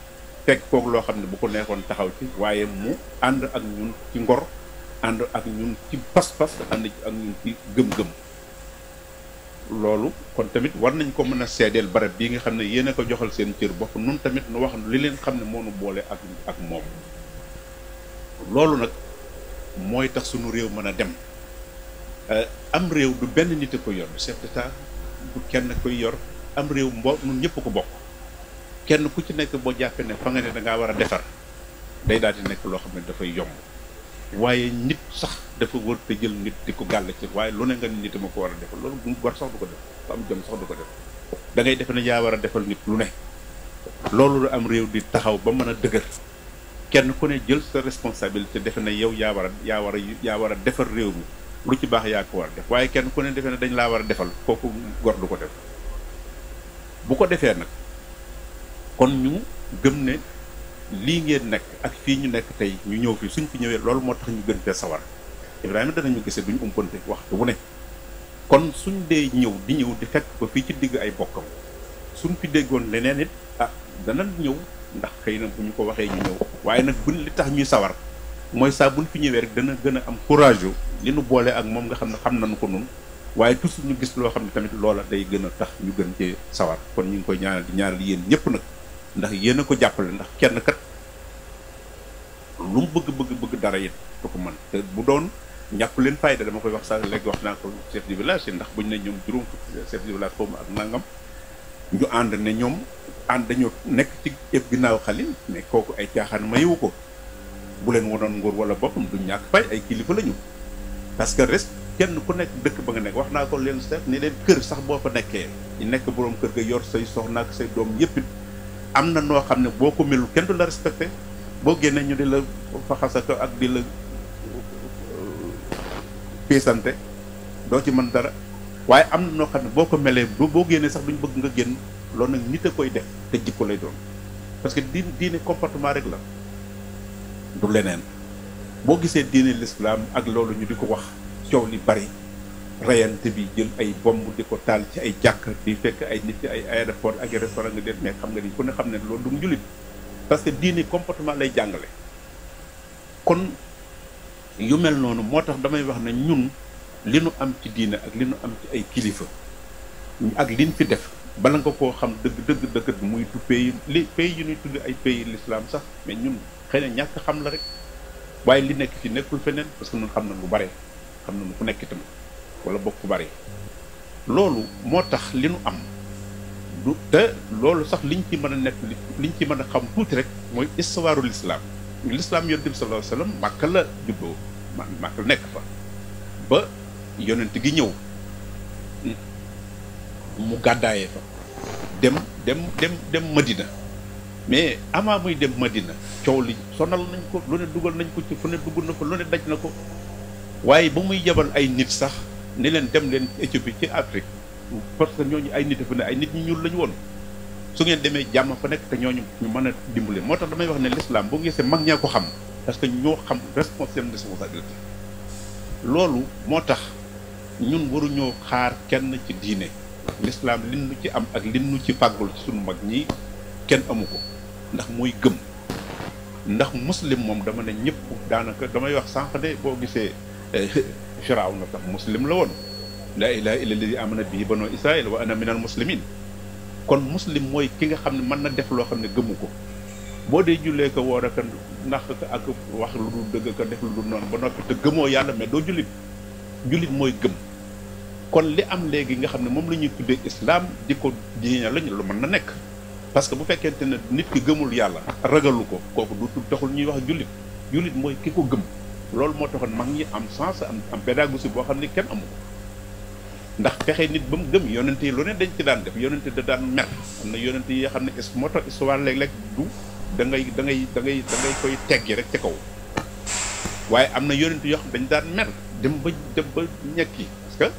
fekk kook loo xam ne bu ko nekkoon taxaw ci waaye mu ànd ak ñun ci ngor ànd ak ñun ci pas-pas ànd ak ñun ci gëm-gëm loolu kon tamit war nañ ko mën a seedeel barab bii nga xam ne yéen a ko joxal seen cër bopp nun tamit nu wax li leen xam ne moo nu boole ak ak moom loolu nag mooy tax sunu réew mën a dem Euh, am réew du benn nit a koy yor du chef d'état kenn koy yor am réew mbo ñun ñëpp ko bokk kenn ku ci nekk boo jàppee ne fa nga ne da ngaa war a defar day daal di nekk loo xam ne dafay yomb waaye nit sax dafa wër te jël nit di ko gàll ci waaye lu ne nga nit ma ko war a defal loolu bu war sax du ko def ku am jom sax du ko def da ngay defe ne yaa war a defal nit lu ne loolu la am réew di taxaw ba mën a dëgër kenn ku ne jël sa responsabilité defe ne yow yaa war a yaa yaa war a defar réew mi lu ci baax yaa ko war def waaye kenn ku ne defee na dañ laa war a defal kooku gor du ko def bu ko defee nag kon ñu gëm ne lii ngeen nekk ak fii ñu nekk tey ñu ñëw fii suñ fi ñëwee loolu moo tax ñu gën fee sawar Ibrahima ñu gisee ñu umpante waxtu wu ne kon suñ dee ñëw di ñëw di fekk ko fii ci digg ay bokkam suñ fi déggoon leneen it ah danañ ñëw ndax xëy na bu ñu ko waxee ñu ñëw waaye nag buñ li tax ñuy sawar mooy saa buñ fi ñëwee rek dana gën a am courage li nu boole ak moom nga xam ne xam nañu ko noonu waaye tous ñu gis loo xam ne tamit loola day gën a tax ñu gën cee sawar kon ñu ngi koy ñaaral di ñaanal yéen ñëpp nag ndax yéen a ko jàppale ndax kenn kat lu bëgg bëgg bëgg dara it du ko bu doon ñàkk leen fayda dama koy wax sax léegi wax naa ko chef de village ndax buñ ne ñoom juróom chef de village foofu ak nangam ñu ànd ne ñoom ànd dañoo nekk ci ëpp ginnaaw xalil mais kooku ay ma mayewu ko bu leen wanoon nguur wala boppam duñ ñàkk fay ay kilifa la ñu parce que reste kenn ku nekk dëkk ba nga nekk wax naa ko leen seet ni leen kër sax boo fa nekkee ñu nekk boroom kër ga yor say soxna ak say doom yëpp am na noo xam ne boo ko melul kenn du la respecté boo génnee ñu di la faxasaka ak di la euh, piisante doo ci mën dara waaye am na noo xam ne boo ko melee boo génnee sax bu ñu bëgg nga génn loolu nag nit a koy def te jikko lay doon parce que diine diine comportement rek la du leneen boo gisee diine lislaam ak loolu ñu di ko wax coow li bari rayante bi jël ay bomb di ko taal ci ay jàkk di fekk ay nit ci ay aéroport ak restaurant nga def mais xam nga ni ku ne xam ne loolu du mu jullit parce que diine comportement lay jàngale kon yu mel noonu moo tax damay wax ne ñun li nu am ci diine ak li nu am ci ay kilifa ak liñ fi def bala nga koo xam dëgg dëgg dëgg muy du pays li pays yu ñuy tudd ay pays lislaam sax mais ñun xëy na ñàkk xam la rek waaye li nekk fi nekkul feneen parce que ñun xam na lu bare xam na nañ ku nekk itam wala bokk ku bare loolu moo tax li nu am du te loolu sax liñ ci mën a nekk liñ ci mën a xam tuuti rek mooy istuwaaru lislaam lislaam yonent bi sallallahu alayhi wasallam màkk la juddoo ma màkk la nekk fa ba yonent gi ñëw mu gàddaayee fa dem dem dem dem Madina mais avant muy dem ma dina coow li sonal nañ ko lu ne dugal nañ ko ci fu ne dugg na ko lu ne daj na ko waaye ba muy yebal ay nit sax ne leen dem leen ci Éthiopie ci Afrique parce que ñooñu ay nit fa ne ay nit ñu ñuul la ñu woon su ngeen demee jàmm fa nekk te ñoo ñu mën a dimbale moo tax damay wax ne l'islam boo gisee mag ñaa ko xam parce que ñoo xam responsable responsabilité loolu moo tax ñun waruñoo xaar kenn ci diine l'islam lin nu ci am ak lin nu ci fàggul ci sunu mag ñi kenn amu ko ndax mooy gëm ndax muslim moom dama ne ñëpp daanaka damay wax sànq de boo gisee eh, (laughs) firaaw na sax muslim la woon laa ilaha illa alladi amana bihi banu israil wa ana minal muslimin kon muslim mooy ki nga xam ne mën na def loo xam ne gëmu ko boo dee jullee ko woor ak ndax ak wax lu dul dëgg ko def lu dul noonu ba noppi te gëmoo yàlla mais doo jullit jullit mooy gëm kon li am léegi nga xam ne moom la ñuy tuddee di ko diine lañ lu mën na nekk parce que bu fekkente ne nit ki gëmul yàlla ragalu ko kooku du taxul ñuy wax jullit jullit mooy ki ko gëm loolu moo taxoon mag ñi am sens am am pédagogie boo xam ne kenn amu ko ndax fexe nit ba mu gëm yonente yi lu ne dañ ci daan def yonente da daan mer am na yonente yi xam ne moo tax histoire léeg-léeg du da ngay da ngay da ngay da ngay rek ca kaw waaye am na yonente yoo xam dañ daan mer dem ba dem ba ñekki parce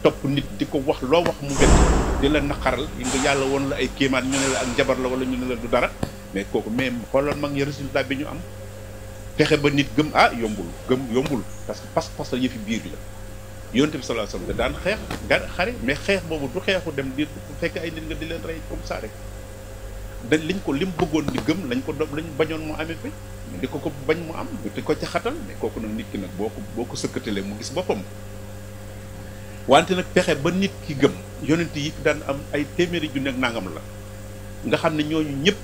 top nit diko wax lo wax mu gën di la nakaral nga yalla won la ay kemaat ñu ne la ak jabar la wala ñu ne la du dara mais koku même xolal mag ñi résultat bi ñu am fexé ba nit gëm ah yombul gëm yombul parce que pass pass la yëfi biir la yoonte bi sallallahu alayhi wasallam daan xex gar xari mais xex bobu du xexu dem di fekk ay nit nga di leen ray comme ça rek dañ liñ ko lim bëggoon di gëm lañ ko dob lañ bañoon mu amé fi diko ko bañ mu am diko ci xatal mais koku nak nit ki nak boko boko sëkëtele mu gis bopam wante nag pexe ba nit ki gëm yonent yi fi daan am ay téeméeri junni ak nangam la nga xam ne ñooñu ñëpp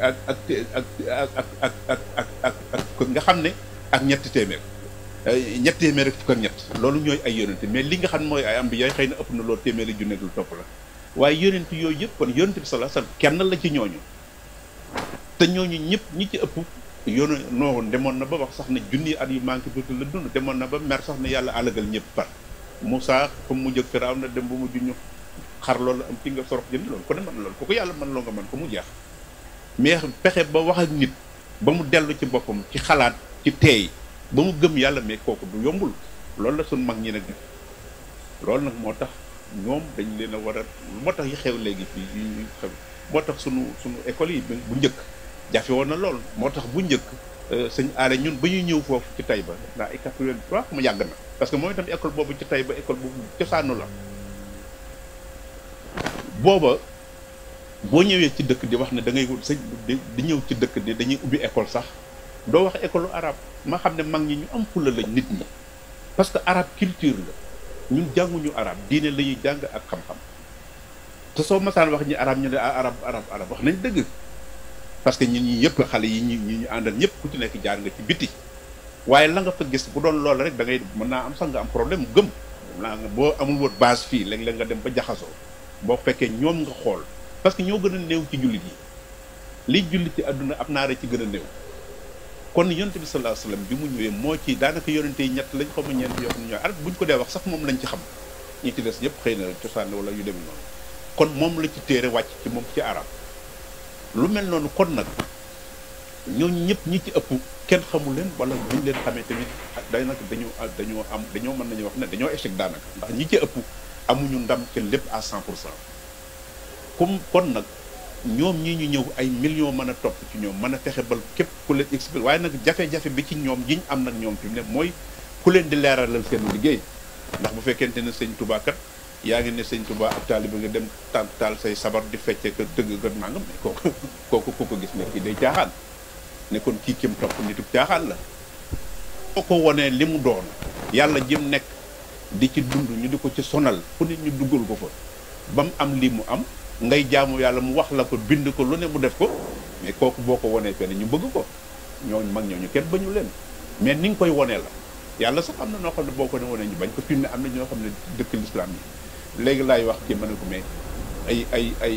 ak ak ak ak ak ak ak ak ak nga xam ne ak ñetti téeméer ñetti téeméer ak fukk ak ñett loolu ñooy ay yonent mais li nga xam ne mooy ay am bi yooyu xëy na ëpp na loolu téeméeri junne ak lu topp la waaye yonent yooyu yëpp kon yonent bi sallallahu alayhi wasallam kenn la ci ñooñu te ñooñu ñëpp ñi ci ëpp yoonu noowoon demoon na ba wax sax ne junni at yu manqué tuuti la dund demoon na ba mer sax ne yàlla alagal ñëpp Moussa comme mu jëg firaaw na dem ba mu junñu xar loolu am ci nga sorox jënd loolu ko ne man loolu ku ko yàlla mën loo nga mën ko mu jeex mais pexe ba wax ak nit ba mu dellu ci boppam ci xalaat ci teey ba mu gëm yàlla mais kooku du yombul loolu la suñ mag ñi nag loolu nag moo tax ñoom dañ leen a war a moo tax yi xew léegi fii yi xew moo tax sunu sunu école yi bu njëkk jafe woon na lool moo tax bu njëkk Euh, sëñ aale ñun ba ñuy ñëw foofu ci Taïba ndax ay 83 mu yàgg na parce que mooy tam école boobu ci Taïba école boobu cosaanu la booba boo ñëwee ci dëkk di wax ne da ngay wut sëñ di ñëw ci dëkk di dañuy ubbi école sax doo wax école arab ma xam ne mag ñi ñu am fula lañ nit ñi parce que arabe culture la ñun jànguñu arabe diine lañuy jàng ak xam-xam te soo masaan wax ñi arabe ñu ne ah arab arabe arabe wax nañ dëgg parce que ñun ñi yëpp xale yi ñu ñu àndal ñëpp ku ci nekk jaar nga ci biti waaye la nga fa gis bu doon lool rek da ngay mën naa am sax nga am problème gëm naa boo amul woon base fii léeg-léeg nga dem ba jaxasoo boo fekkee ñoom nga xool parce que ñoo gën a néew ci jullit yi liy jullit ci àdduna ab rek ci gën a néew kon yonent bi sallallahu alayhi wasallam bi mu ñëwee moo ci daanaka yonente yi ñett lañ xaw ma ñeent yoo xam ne ñooy ko dee wax sax moom lañ ci xam ñu ci des ñëpp xëy na cosaan wala yu deme noonu kon moom la ci téere wàcc ci moom ci arab lu mel noonu kon nag ñooñu ñëpp ñi ci ëpp kenn xamul leen wala buñ leen xamee tamit day nag dañoo dañoo am dañoo mën nañu wax ne dañoo échec daanaka ndax ñi ci ëpp amuñu ndam kenn lépp à cent pour cent comme kon nag ñoom ñii ñu ñëw ay millions mën a topp ci ñoom mën a fexe ba képp ku leen expliqué waaye nag jafe-jafe bi ci ñoom yiñ am nag ñoom fi mu mooy ku leen di leeralal seen liggéey ndax bu fekkente ne sëñ tubaakat yaa ngi ne sëñ Touba ab taalibe nga dem taal taal say sabar di fecce ko tëgg ko nangam mais kooku kooku ko gis ne kii day caaxaan ne kon kii kim topp nituk caaxaan la boo ko wonee li mu doon yàlla jëm nekk di ci dund ñu di ko ci sonal fu nit ñu duggal ko fa ba mu am lii mu am ngay jaamu yàlla mu wax la ko bind ko lu ne mu def ko mais kooku boo ko wonee fenn ñu bëgg ko ñooñu mag ñooñu kenn bañu leen mais ni nga koy wonee la yàlla sax am na noo xam ne boo ko ne wonee ñu bañ ko fi mu ne am na ñoo xam ne dëkk lislaam yi légui lay wax kii ma ko mais ay ay ay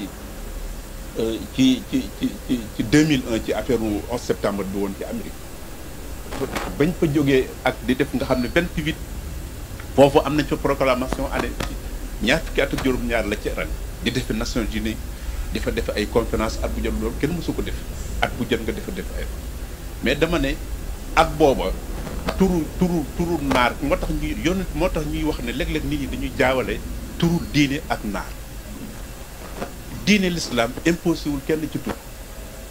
euh, ci ci ci ci 2001 ci affaire wu 11 septembre bi won ci Amérique bañ fa joggé ak di def nga xamné 28 fofu amna ci proclamation année ñaar fukki at ak ñaar la ci ren di def Nations Unies di fa def ay conférence at bu jot loolu kenn musu ko def at bu jot nga defa def ay mais dama né at booba turu turu turu naar motax ñuy yonent motax ñuy wax né léeg-léeg nit ñi dañuy jaawale turu diine ak naar diine l'islam imposé wul kenn ci tur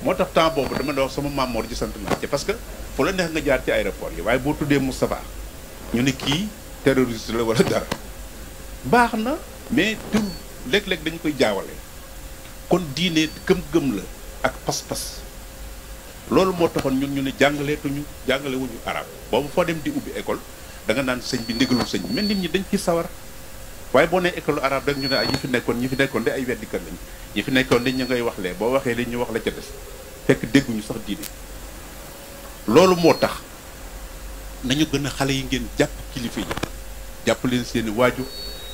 moo tax temps boobu dama doon wax sama maam Mor ci sant naa ci parce que fu la neex nga jaar ci aéroport yi waaye boo tuddee Moustapha ñu ne kii terroriste la wala dara baax na mais tur léeg-léeg dañ koy jaawale kon diine gëm-gëm la ak pas-pas loolu moo taxoon ñu ne jàngaleetuñu jàngalewuñu arab boobu foo dem di ubbi école da nga naan sëñ bi ndigalul sëñ bi nit ñi dañ ci sawar waaye boo nee école arabe rek ñu ne ay ñi fi nekkoon ñi fi nekkoon de ay weddikat lañ ñi fi nekkoon de ñu ngay wax lee boo waxee li ñu wax la ca des fekk dégguñu sax diine loolu moo tax nañu gën xale yi ngeen jàpp kilifa yi jàpp leen seeni waajur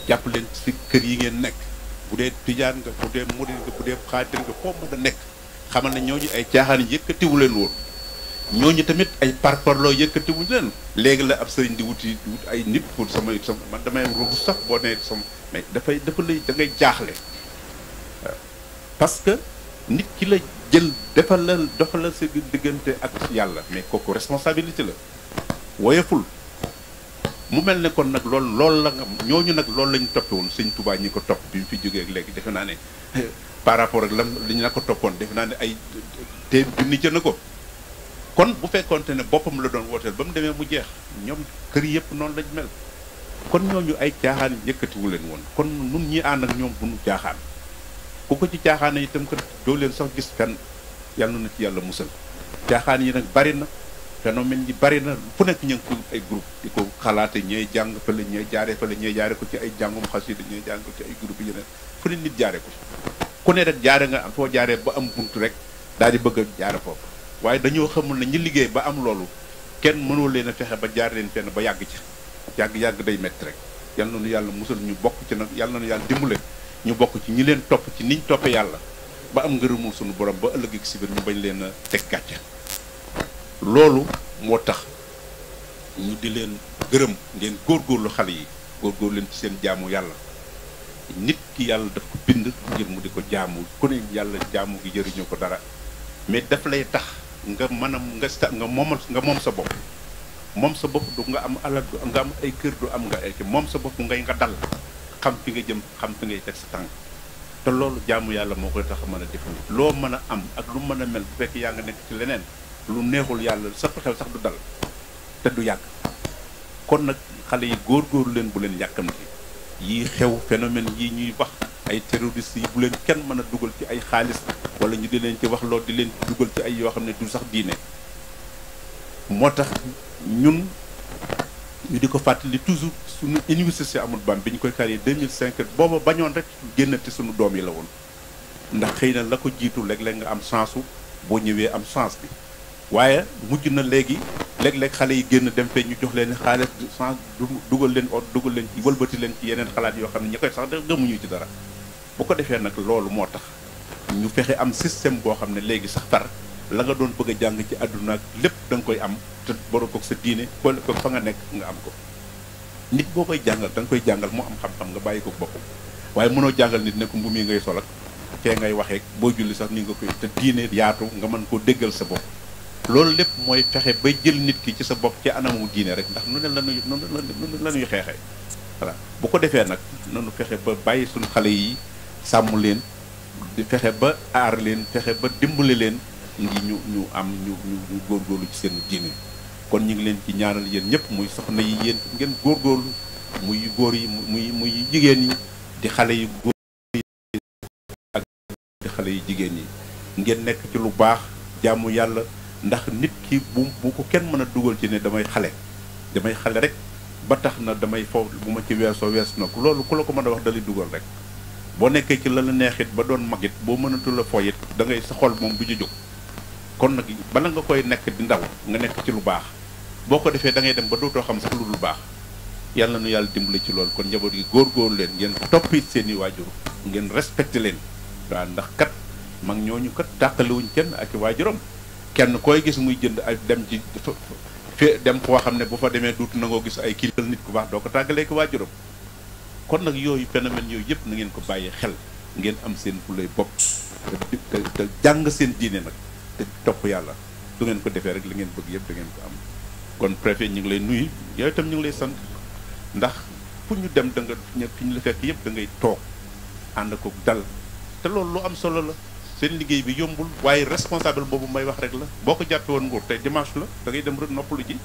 jàpp leen ci kër yi ngeen nekk bu dee tijaan nga bu dee murid nga bu dee xaatir nga foo mën a nekk xamal ne ñooñu ay caaxaan yëkkatiwu leen woon ñooñu tamit ay parparloo yëkkatiwuñ leen léegi la ab sëriñ di wuti ay nit pour sama sama man damay ruuxu sax boo nee sama dafay dafa lay da ngay jaaxle parce que nit ki la jël defal la doxalal sa diggante ak yàlla mais kooku responsabilité la woyeful mu mel ne kon nag loolu lool la nga ñooñu nag loolu la ñu toppe woon sëñ Tuubaa ñi ko topp bi ñu fi jógeek ak léegi defe naa ne par rapport ak lam li ñu ko toppoon defe naa ne ay te bi ni jënd ko kon bu fekkoonte ne boppam la doon wooteel ba mu demee mu jeex ñoom kër yëpp noonu lañ mel kon ñooñu ay caaxaan yëkkatiwu leen woon kon nun ñi ànd ak ñoom bu nu caaxaan ku ko ci caaxaan yi itam kat doo leen sax gis kan yàlla na ci yàlla musal caaxaan yi nag bari na phénomène yi bari na fu nekk ñu ngi ay groupe di ko xalaate ñooy jàng fële ñooy jaare fële ñooy jaare ko ci ay jàngum xasida ñooy jaare ko ci ay groupe yeneen fu ne nit jaare ko ci ku ne rek jaare nga foo jaaree ba am bunt rek daal bëgg a jaare foofu waaye dañoo xamul na ñi liggéey ba am loolu kenn mënoo leen a fexe ba jaar leen fenn ba yàgg ci yàgg-yàgg day métti rek yal na nu yàlla musal ñu bokk ci nag yal na nu yàlla dimbale ñu bokk ci ñi leen topp ci niñ toppee yàlla ba am ngërëmul sunu borom ba ëllëg si biir ñu bañ leen a teg gàcce loolu moo tax ñu di leen gërëm ngeen góorgóorlu xale yi góorgóorlu leen ci seen jaamu yàlla nit ki yàlla daf ko bind ngir mu di ko jaamu ku yàlla jaamu gi jëriñoo ko dara mais daf lay tax nga mën a nga sta nga moomal nga moom sa bopp moom sa bopp du nga am alal du nga am ay kër du am nga ay moom sa bopp ngay nga dal xam fi nga jëm xam fi ngay teg sa tànk te loolu jaamu yàlla moo koy tax a mën a jëfandi loo mën a am ak lu mën a mel bu fekkee yaa nga nekk ci leneen lu neexul yàlla sa xel sax du dal te du yàgg kon nag xale yi góor góor leen bu leen yàkkamti yi xew phénomène yi ñuy wax ay terroristes yi bu leen kenn mën a dugal ci ay xaalis wala ñu di leen ci wax lool di leen dugal ci ay yoo xam ne du sax diine moo tax ñun ñu di ko fàttali toujours suñu université amul Bam bi ñu koy créé 2005 booba bañoon rek génnati suñu doom yi la woon ndax xëy na la ko jiitu léeg-léeg nga am chance boo ñëwee am chance bi waaye mujj na léegi léeg-léeg xale yi génn dem fee ñu jox leen xaalis sans dugal leen oot dugal leen ci leen yeneen xalaat yoo xam ne ñi koy sax def gëmuñu ci dara bu ko defee nag loolu moo tax ñu fexe am système boo xam ne léegi sax tar la nga doon bëgg a jàng ci àdduna ak lépp da koy am te borom sa diine boole ko fa nga nekk nga am ko nit boo koy jàngal da koy jàngal moo am xam-xam nga bàyyi ko boppam waaye mënoo jàngal nit ne ko mbubb mi ngay sol ak ngay waxee boo julli sax ni nga koy te diine yaatu nga mën koo déggal sa bopp loolu lépp mooy fexe ba jël nit ki ci sa bopp ci anam wu diine rek ndax nu ne lanuy nunu la ñuy xeexee voilà bu ko defee nag nanu fexe ba bàyyi suñu xale yi sàmm leen di fexe ba aar leen fexe ba dimbali leen ngi ñu ñu am ñu ñu góorgóorlu ci seen diine kon ñu ngi leen ci ñaaral yéen ñëpp muy soxna yi yéen ngeen góorlu muy góor yi muy muy jigéen yi di xale yu góor yi di xale yu jigéen yi ngeen nekk ci lu baax jaamu yàlla ndax nit ki bu bu ko kenn mën a dugal ci ne damay xale damay xale rek ba tax na damay fo bu ma ci weesoo wees na ko loolu ku la ko mën a wax dalay dugal rek boo nekkee ci la la neexit ba doon magit boo mënatul la foyit da ngay sa xol moom bu jóg kon nag bala nga koy nekk di ndaw nga nekk ci lu baax boo ko defee da ngay dem ba dootoo xam sax lu lu baax yàlla nu yàlla dimbali ci loolu kon njaboot gi góorgóorlu leen ngeen toppit seen i waajur ngeen respecte leen waaw ndax kat mag ñooñu kat kenn ak waajuram kenn kooy gis muy jënd ak dem ji fe dem koo xam ne bu fa demee duut nangoo gis ay kii nit ku baax doo ko tàggalee ko waajuram kon nag yooyu phénomène yooyu yëpp na ngeen ko bàyyee xel ngeen am seen fulay bopp te te jàng seen diine nag te topp yàlla du ngeen ko defee rek li ngeen bëgg yëpp da ngeen ko am kon préfet ñu ngi lay nuyu yow itam ñu ngi lay sant ndax fu ñu dem danga nga fi ñu la fekk yëpp da ngay toog ànd kook dal te loolu lu am solo la seen liggéey bi yombul waaye responsable boobu may wax rek la boo ko jàppee woon nguur tey la da ngay dem rek noppalu ji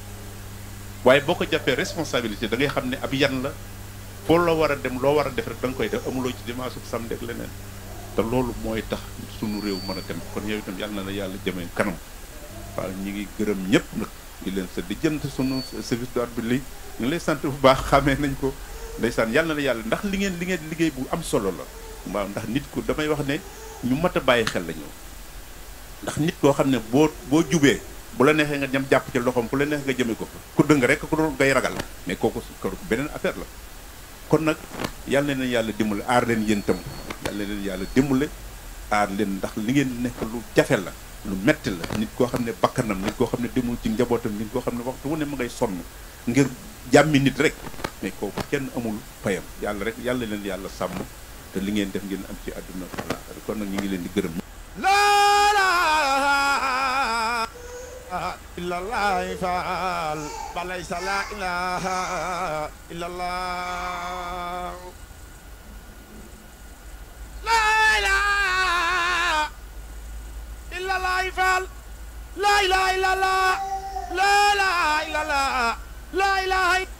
waaye boo ko jàppee responsabilité da ngay xam ne ab yan la foo la war a dem loo war a def rek da def amuloo ci dimanche bu samedi ak leneen te loolu mooy tax sunu réew man a dem kon yow itam yàlla na la yàlla jëmee kanam waaw ñi ngi gërëm ñëpp nag di leen sunu service d'ordre ñu ngi sant bu baax xamee nañ ko ndeysaan yàlla na la yàlla ndax li ngeen li ngeen liggéey bu am solo la waaw ndax nit ku damay wax ne ñu mat a bàyyi xel la ñu ndax nit koo xam ne boo boo jubee bu la neexee nga dem jàpp ci loxoom ku la neexee nga jëmee ko ku dëng rek ku doon ngay ragal mais kooku kooku beneen affaire la kon nag yàlla na leen yàlla dimbale aar leen yéen itam yàlla na leen yàlla dimbale aar leen ndax li ngeen nekk lu jafe la lu metti la nit koo xam ne bakkanam nit koo xam ne demul ci njabootam nit koo xam ne waxtu wu ne ma ngay sonn ngir jàmmi nit rek mais kooku kenn amul payam yàlla rek yàlla leen yàlla sàmm te li ngeen def ngeen am ci aduna wala kon nak ñi ngi leen di la la illa allah illa la illa la ilaha illa la ilaha illa la ilaha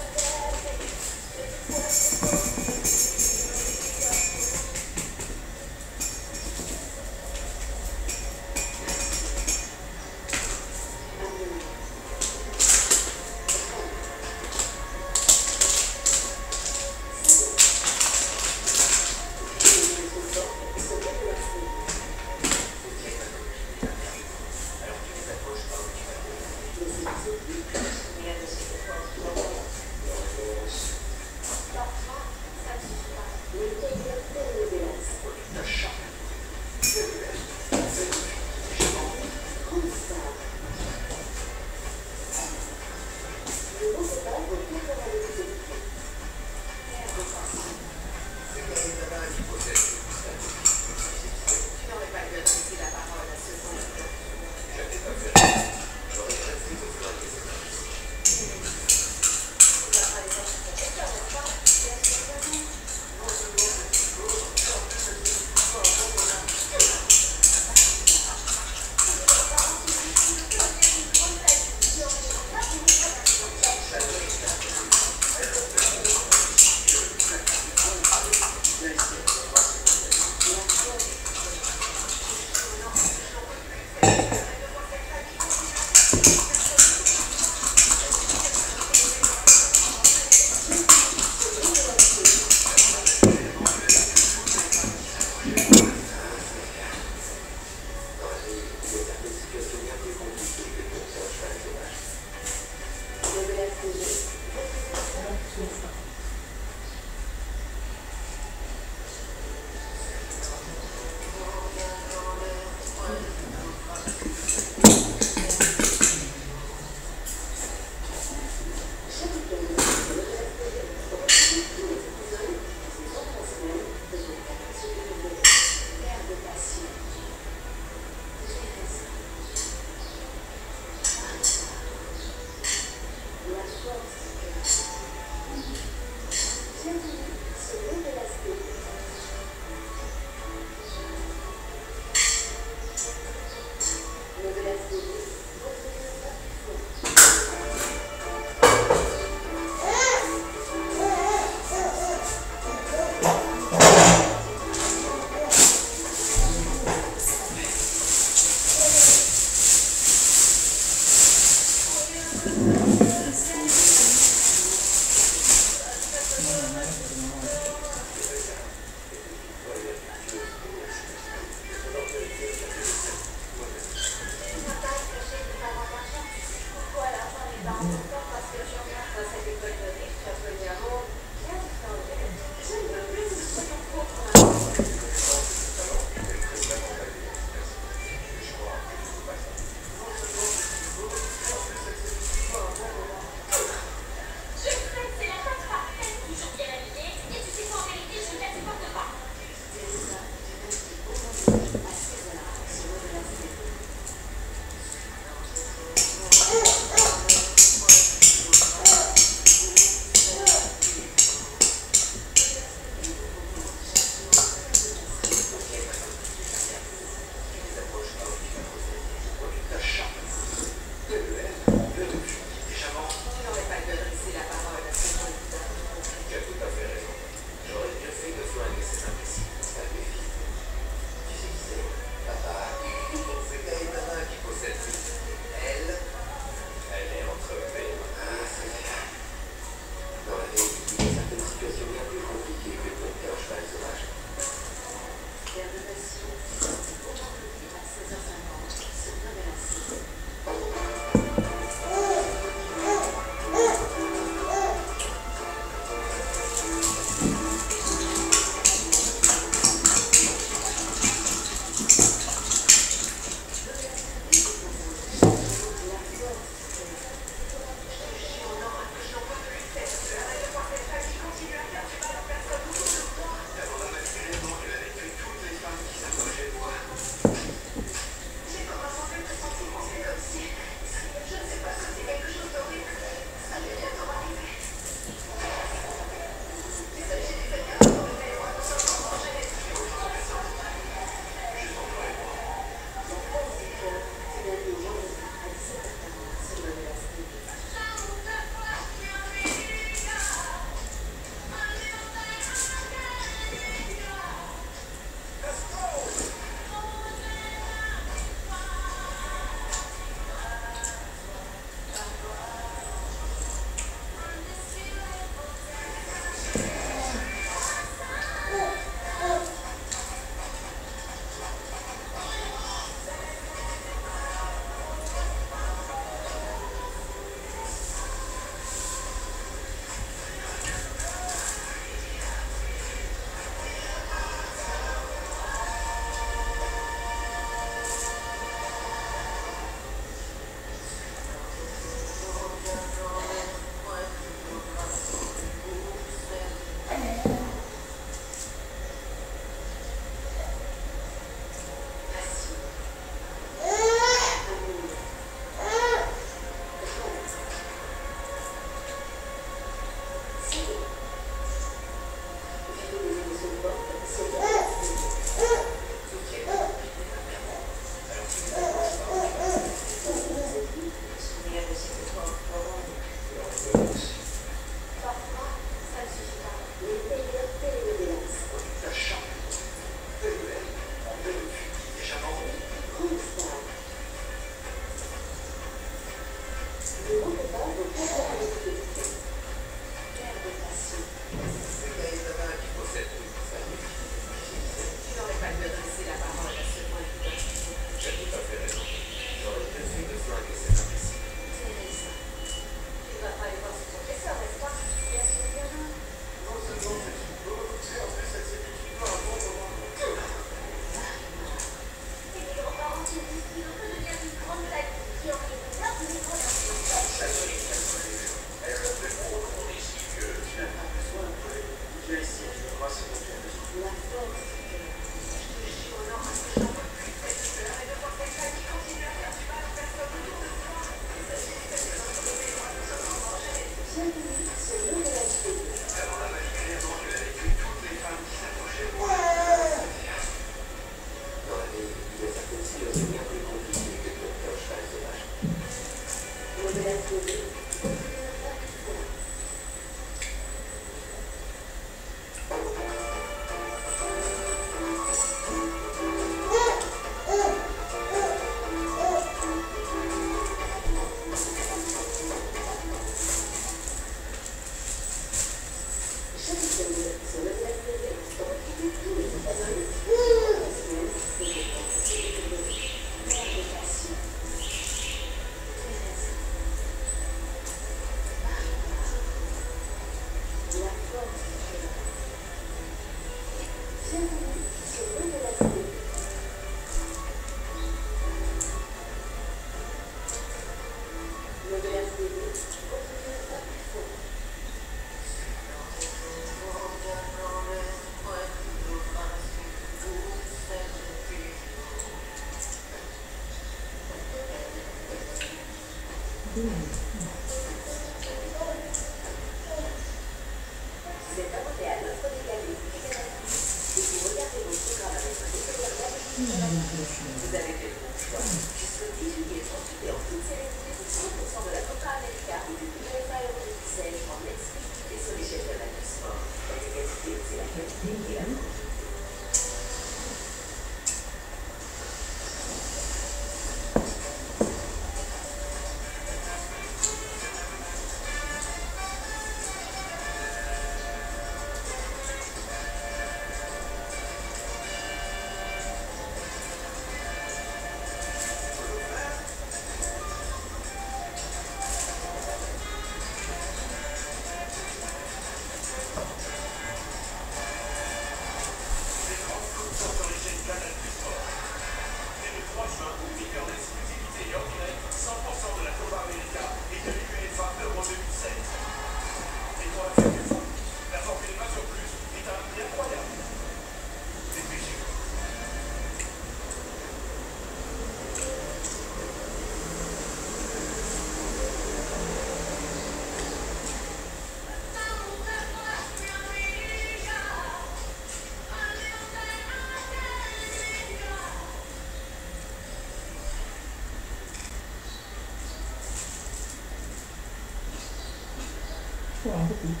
ของสติ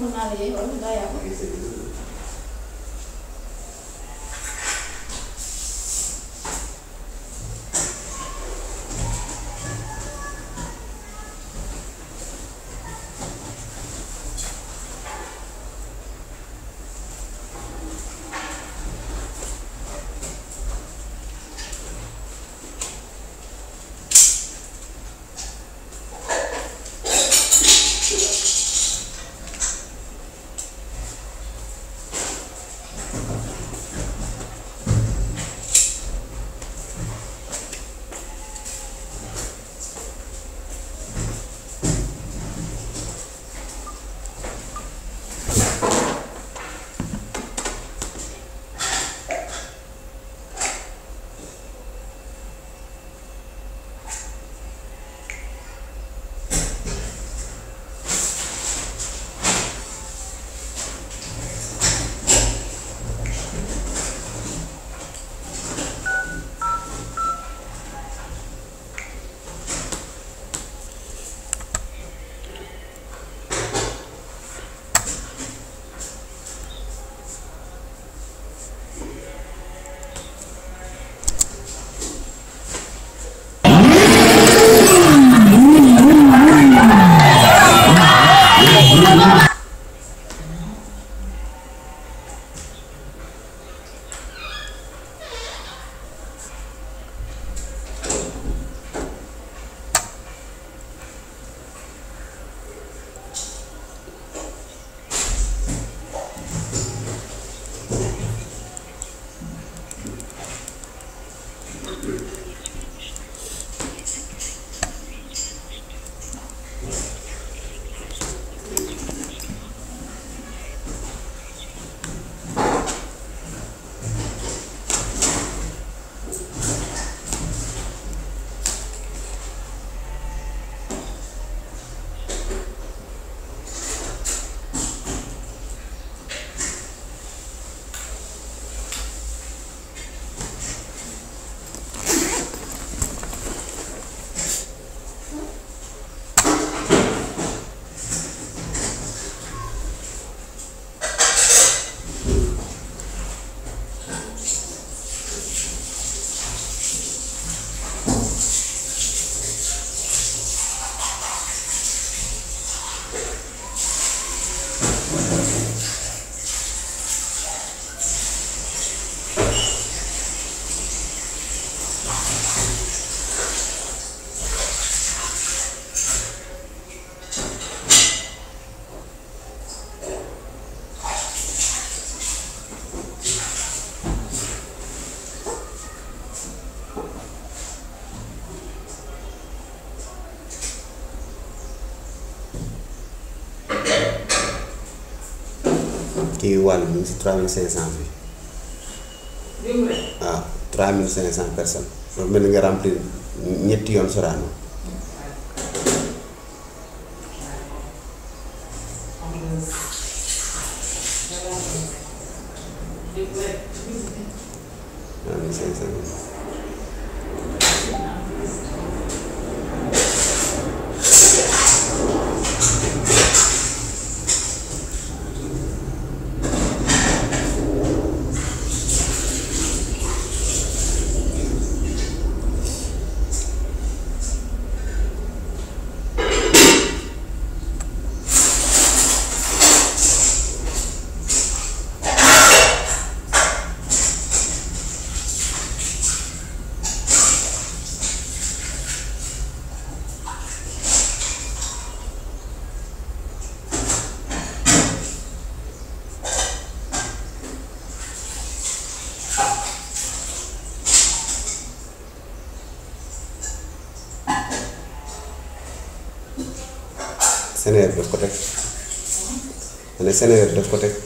không có ai để ở đây à kii wàll bi ñu ngi si trois mille cinq cent bi. waaw ah, trois mille cinq cent personnes. loolu mel ni nga remplir ñetti yoon Sorano. Sénégal daf ko teg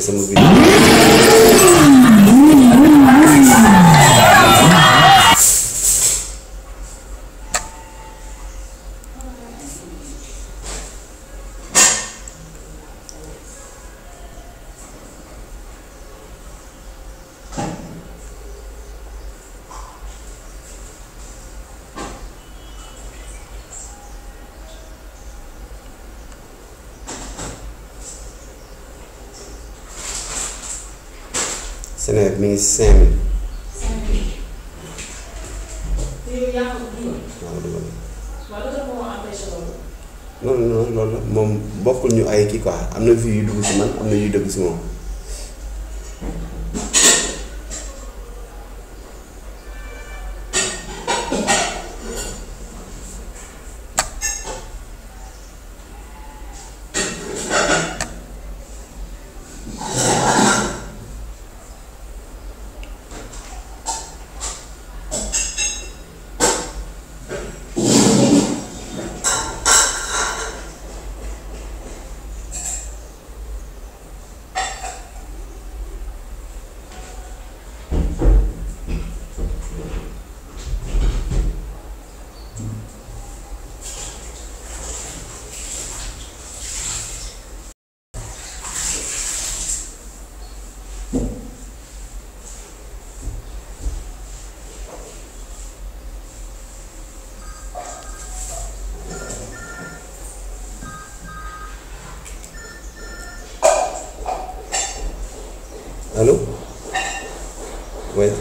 pensa no vídeo. mas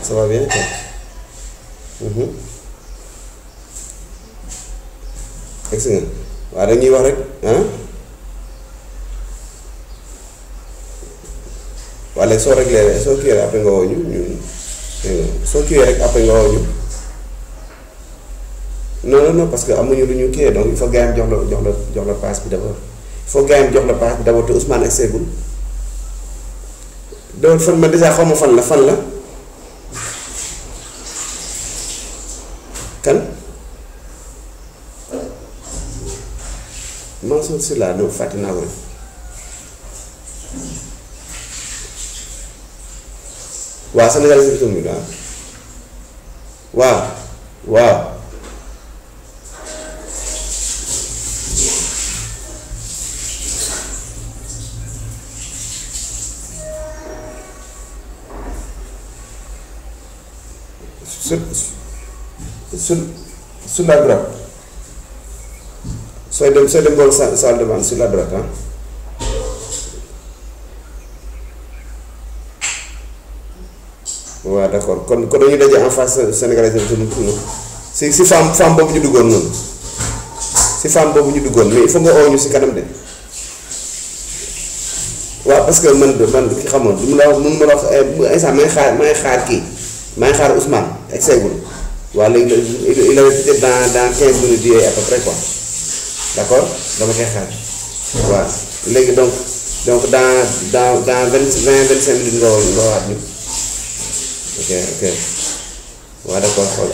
ça va bien mhm. wax rek ah waa soo réglé rek soo kiiwee rek après nga woo ñu ñu soo kiiwee rek après nga woo ñu non non que amuñu lu ñu kiiwee donc il faut gars jox la jox la jox la paas bi d'abord il faut gars jox la paas bi d'abord te Ousmane ak Seydou. doo fan ma déjà xaw ma fan la fan la. laa nëbb fàtte naa ko de waaw Sénégal si bitim bi waaw waaw su su su nga dem soo dem bon salle salle devant sur la droite hein waaw d'accord kon kon dañuy daje en face sénégalais yi suñu suñu si si femme femme boobu ñu duggoon non si femme boobu ñu duggoon mais il faut nga oo ñu si kanam de waaw parce que man man ki xamoon du mu la wax mun ma may xaar may xaar kii may xaar Ousmane il avait dans dans minutes à peu près quoi. d'accord voilà donc donc dans dans dans vingt vingt vingt cinq minutes ok ok d'accord xool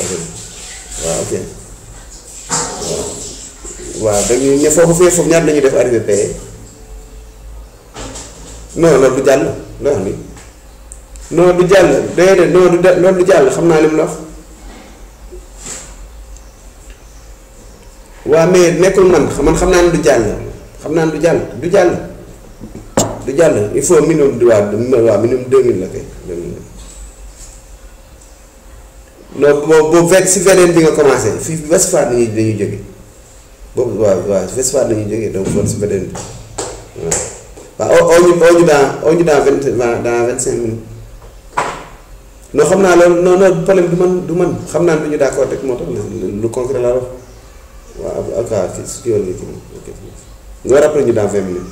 Ok. ok foofu fee foofu non la def Non, non, non Non, du non non du non du non du jàll xam naa waaw mais nekkul man man xam naa ne du jàll xam naa ni du jàll du jàll du jàll il faut minimum di waaw waaw minimum deux mille la kay deux mille loolu bi nga commencé fii Westphal dañuy dañuy jógee boobu waaw waaw Westphal dañuy donc loolu si VDN waaw waaw oo ñu oo ñu dans vingt dans minutes non xam naa loolu non non problème du man du man xam naa ne du ñu d'accord rek moo tax lu concret laa wax. waaw avocat ci yoon bi. ok nga rappelé ñu dans vingt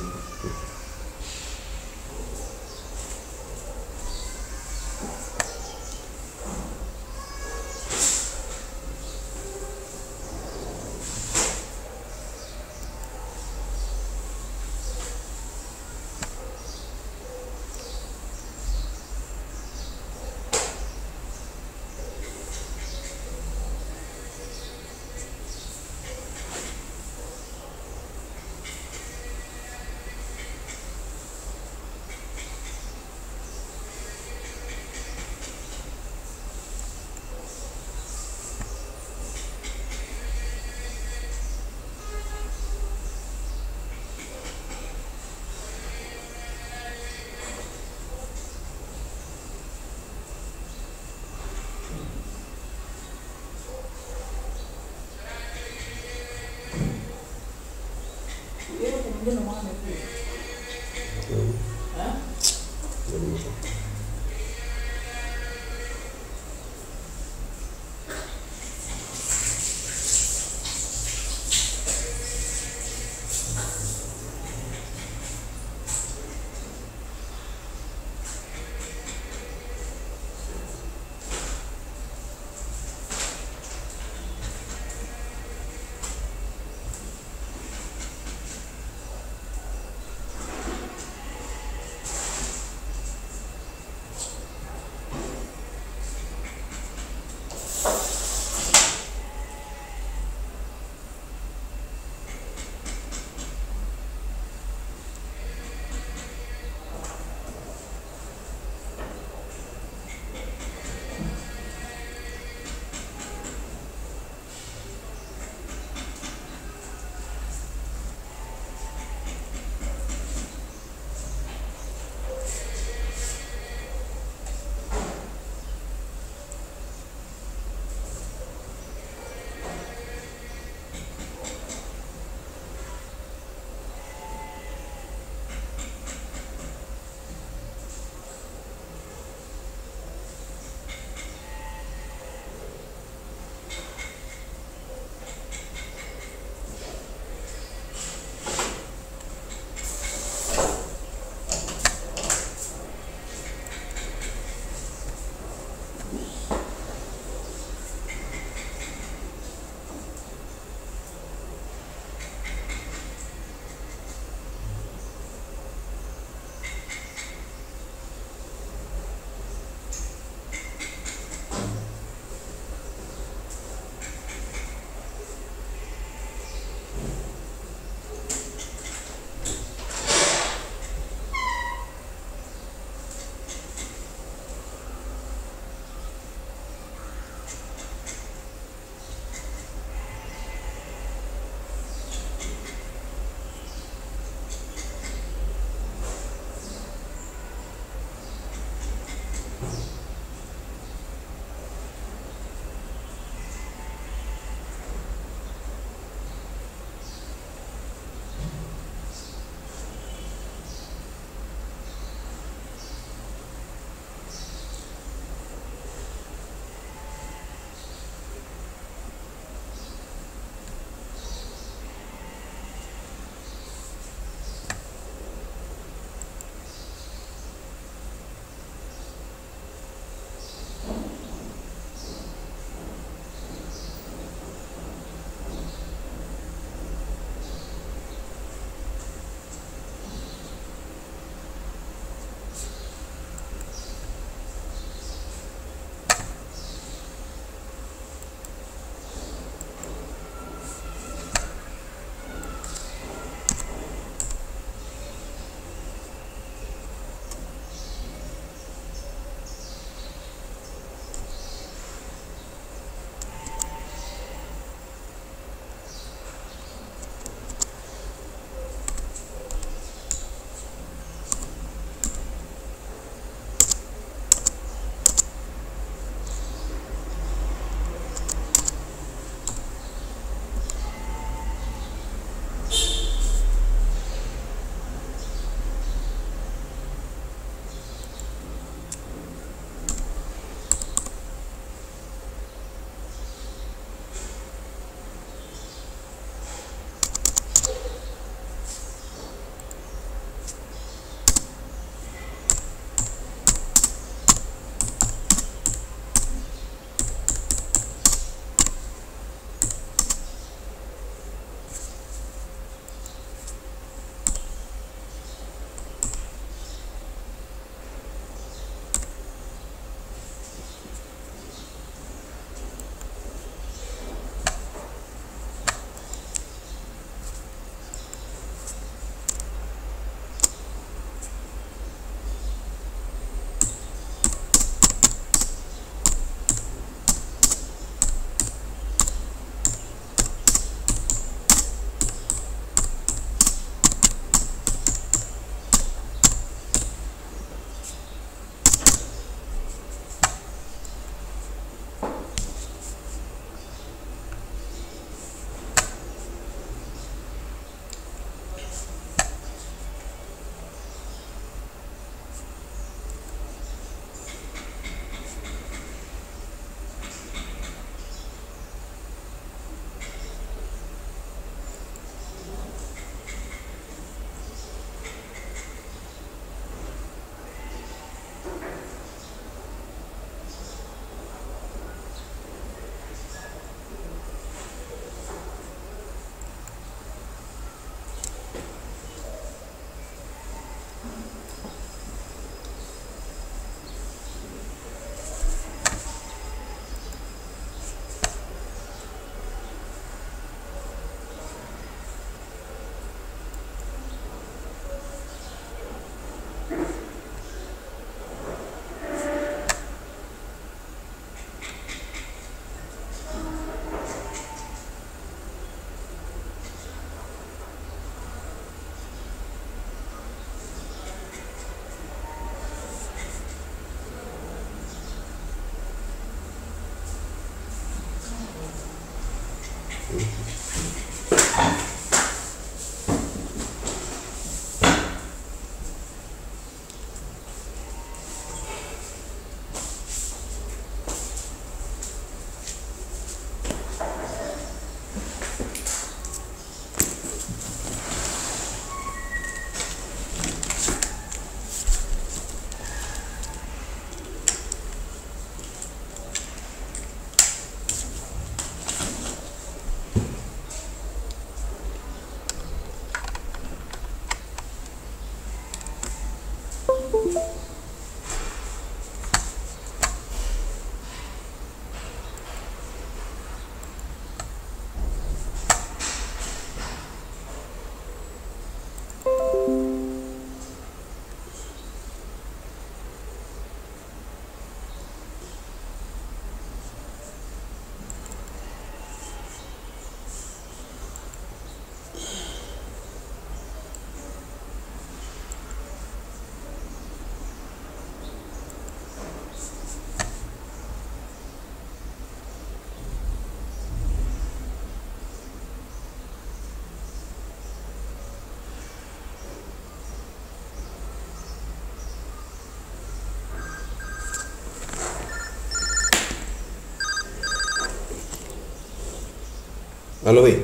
allo oui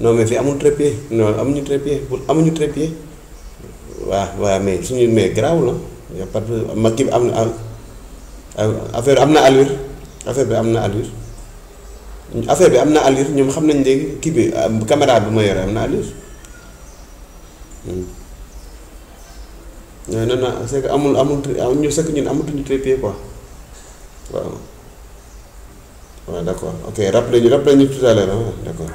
non mais fii amul trépied non amuñu trépied bu amuñu trépied waaw waaw mais suñu mais garaaw la ah. ma kii am na affaire am na allure affaire bi am na allure affaire bi am na allure ñoom xam nañ léegi kii bi caméra bi ma yore am na allure hmm. non non c'est que amul amul ñu sëkk ñun amatuñu trépied quoi waaw. d'accord. Ok, rappelez-nous rappelez tout à l'heure. Hein? D'accord.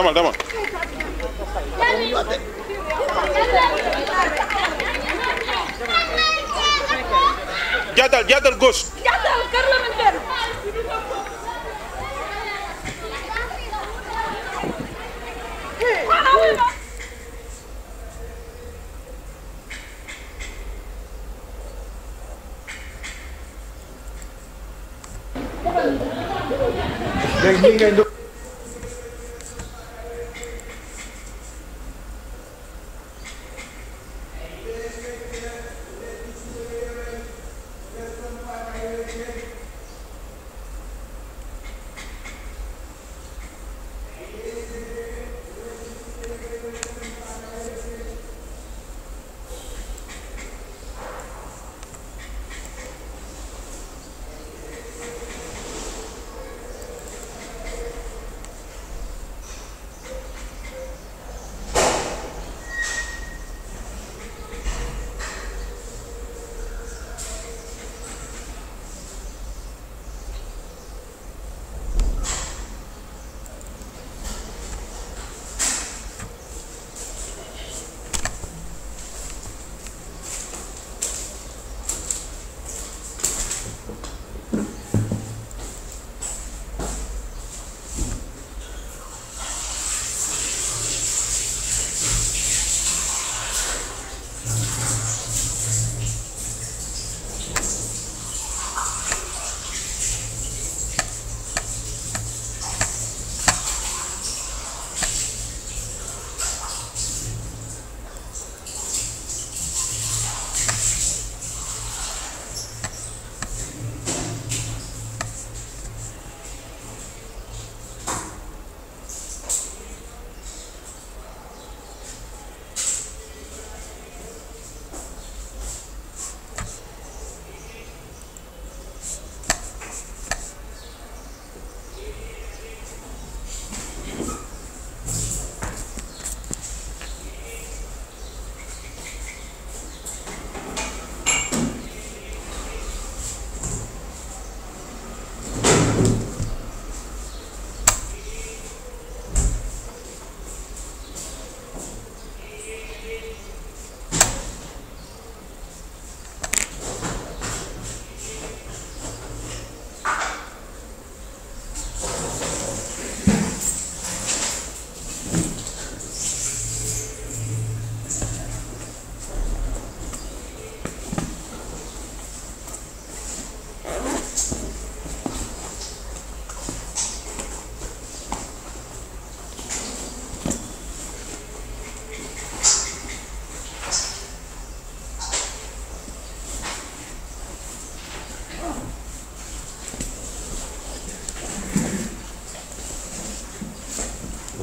Dama, dama. جدل جدل قص جدل كرلم انت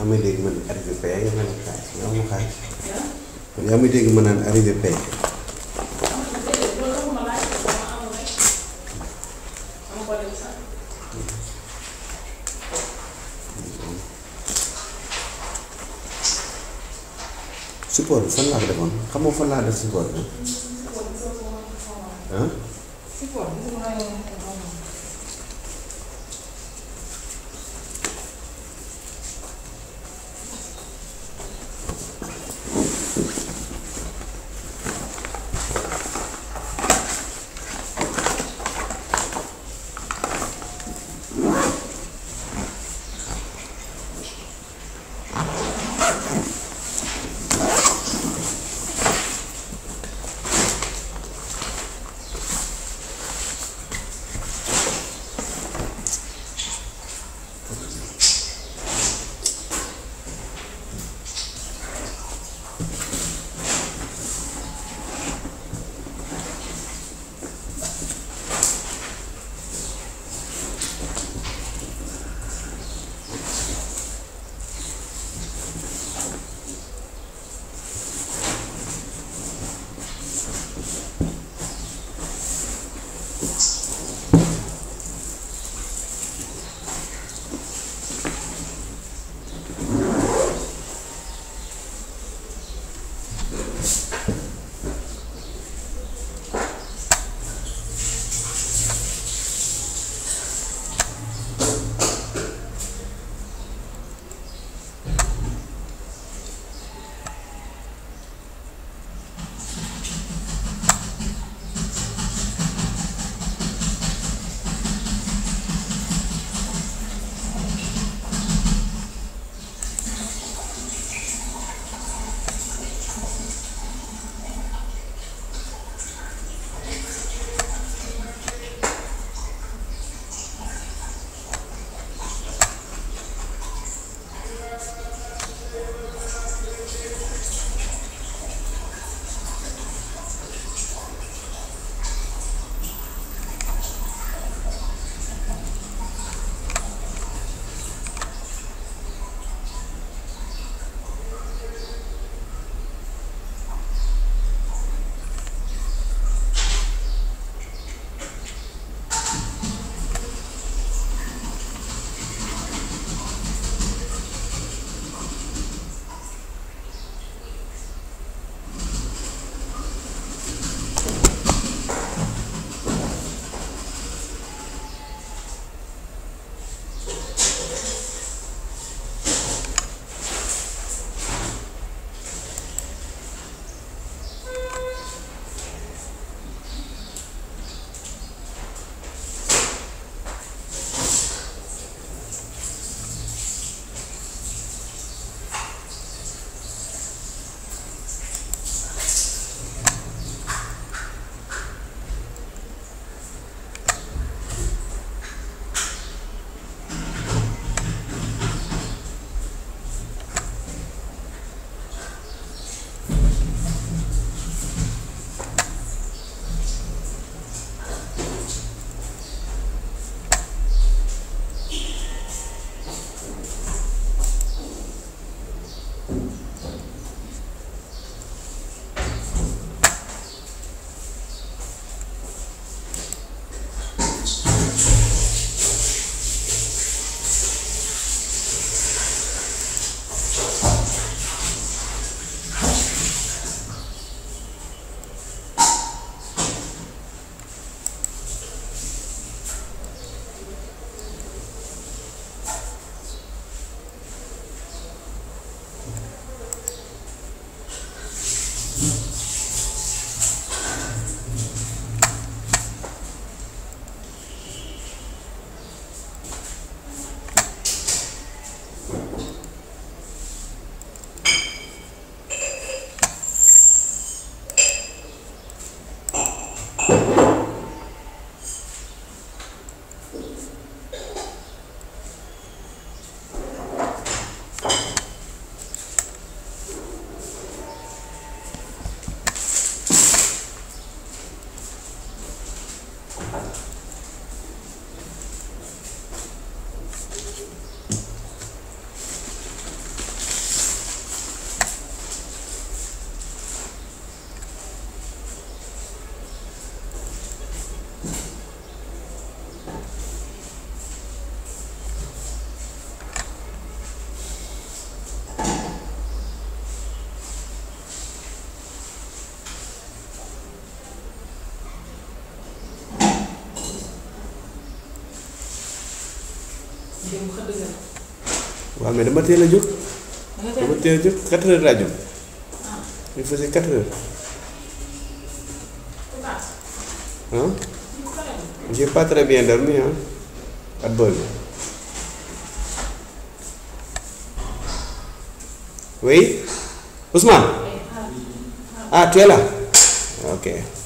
ngi may dégg ma ne dégg ma naan arrivé pay. support bi fan laa ko fan laa def support bi. moom nga waaw mais dama teel a jóg dama teel a jóg quatre heures laa jóg ah. il faisait quatre heures hein j'ai pas très bien dormi hein at boobu oui Ousmane ah. ah tu es là ok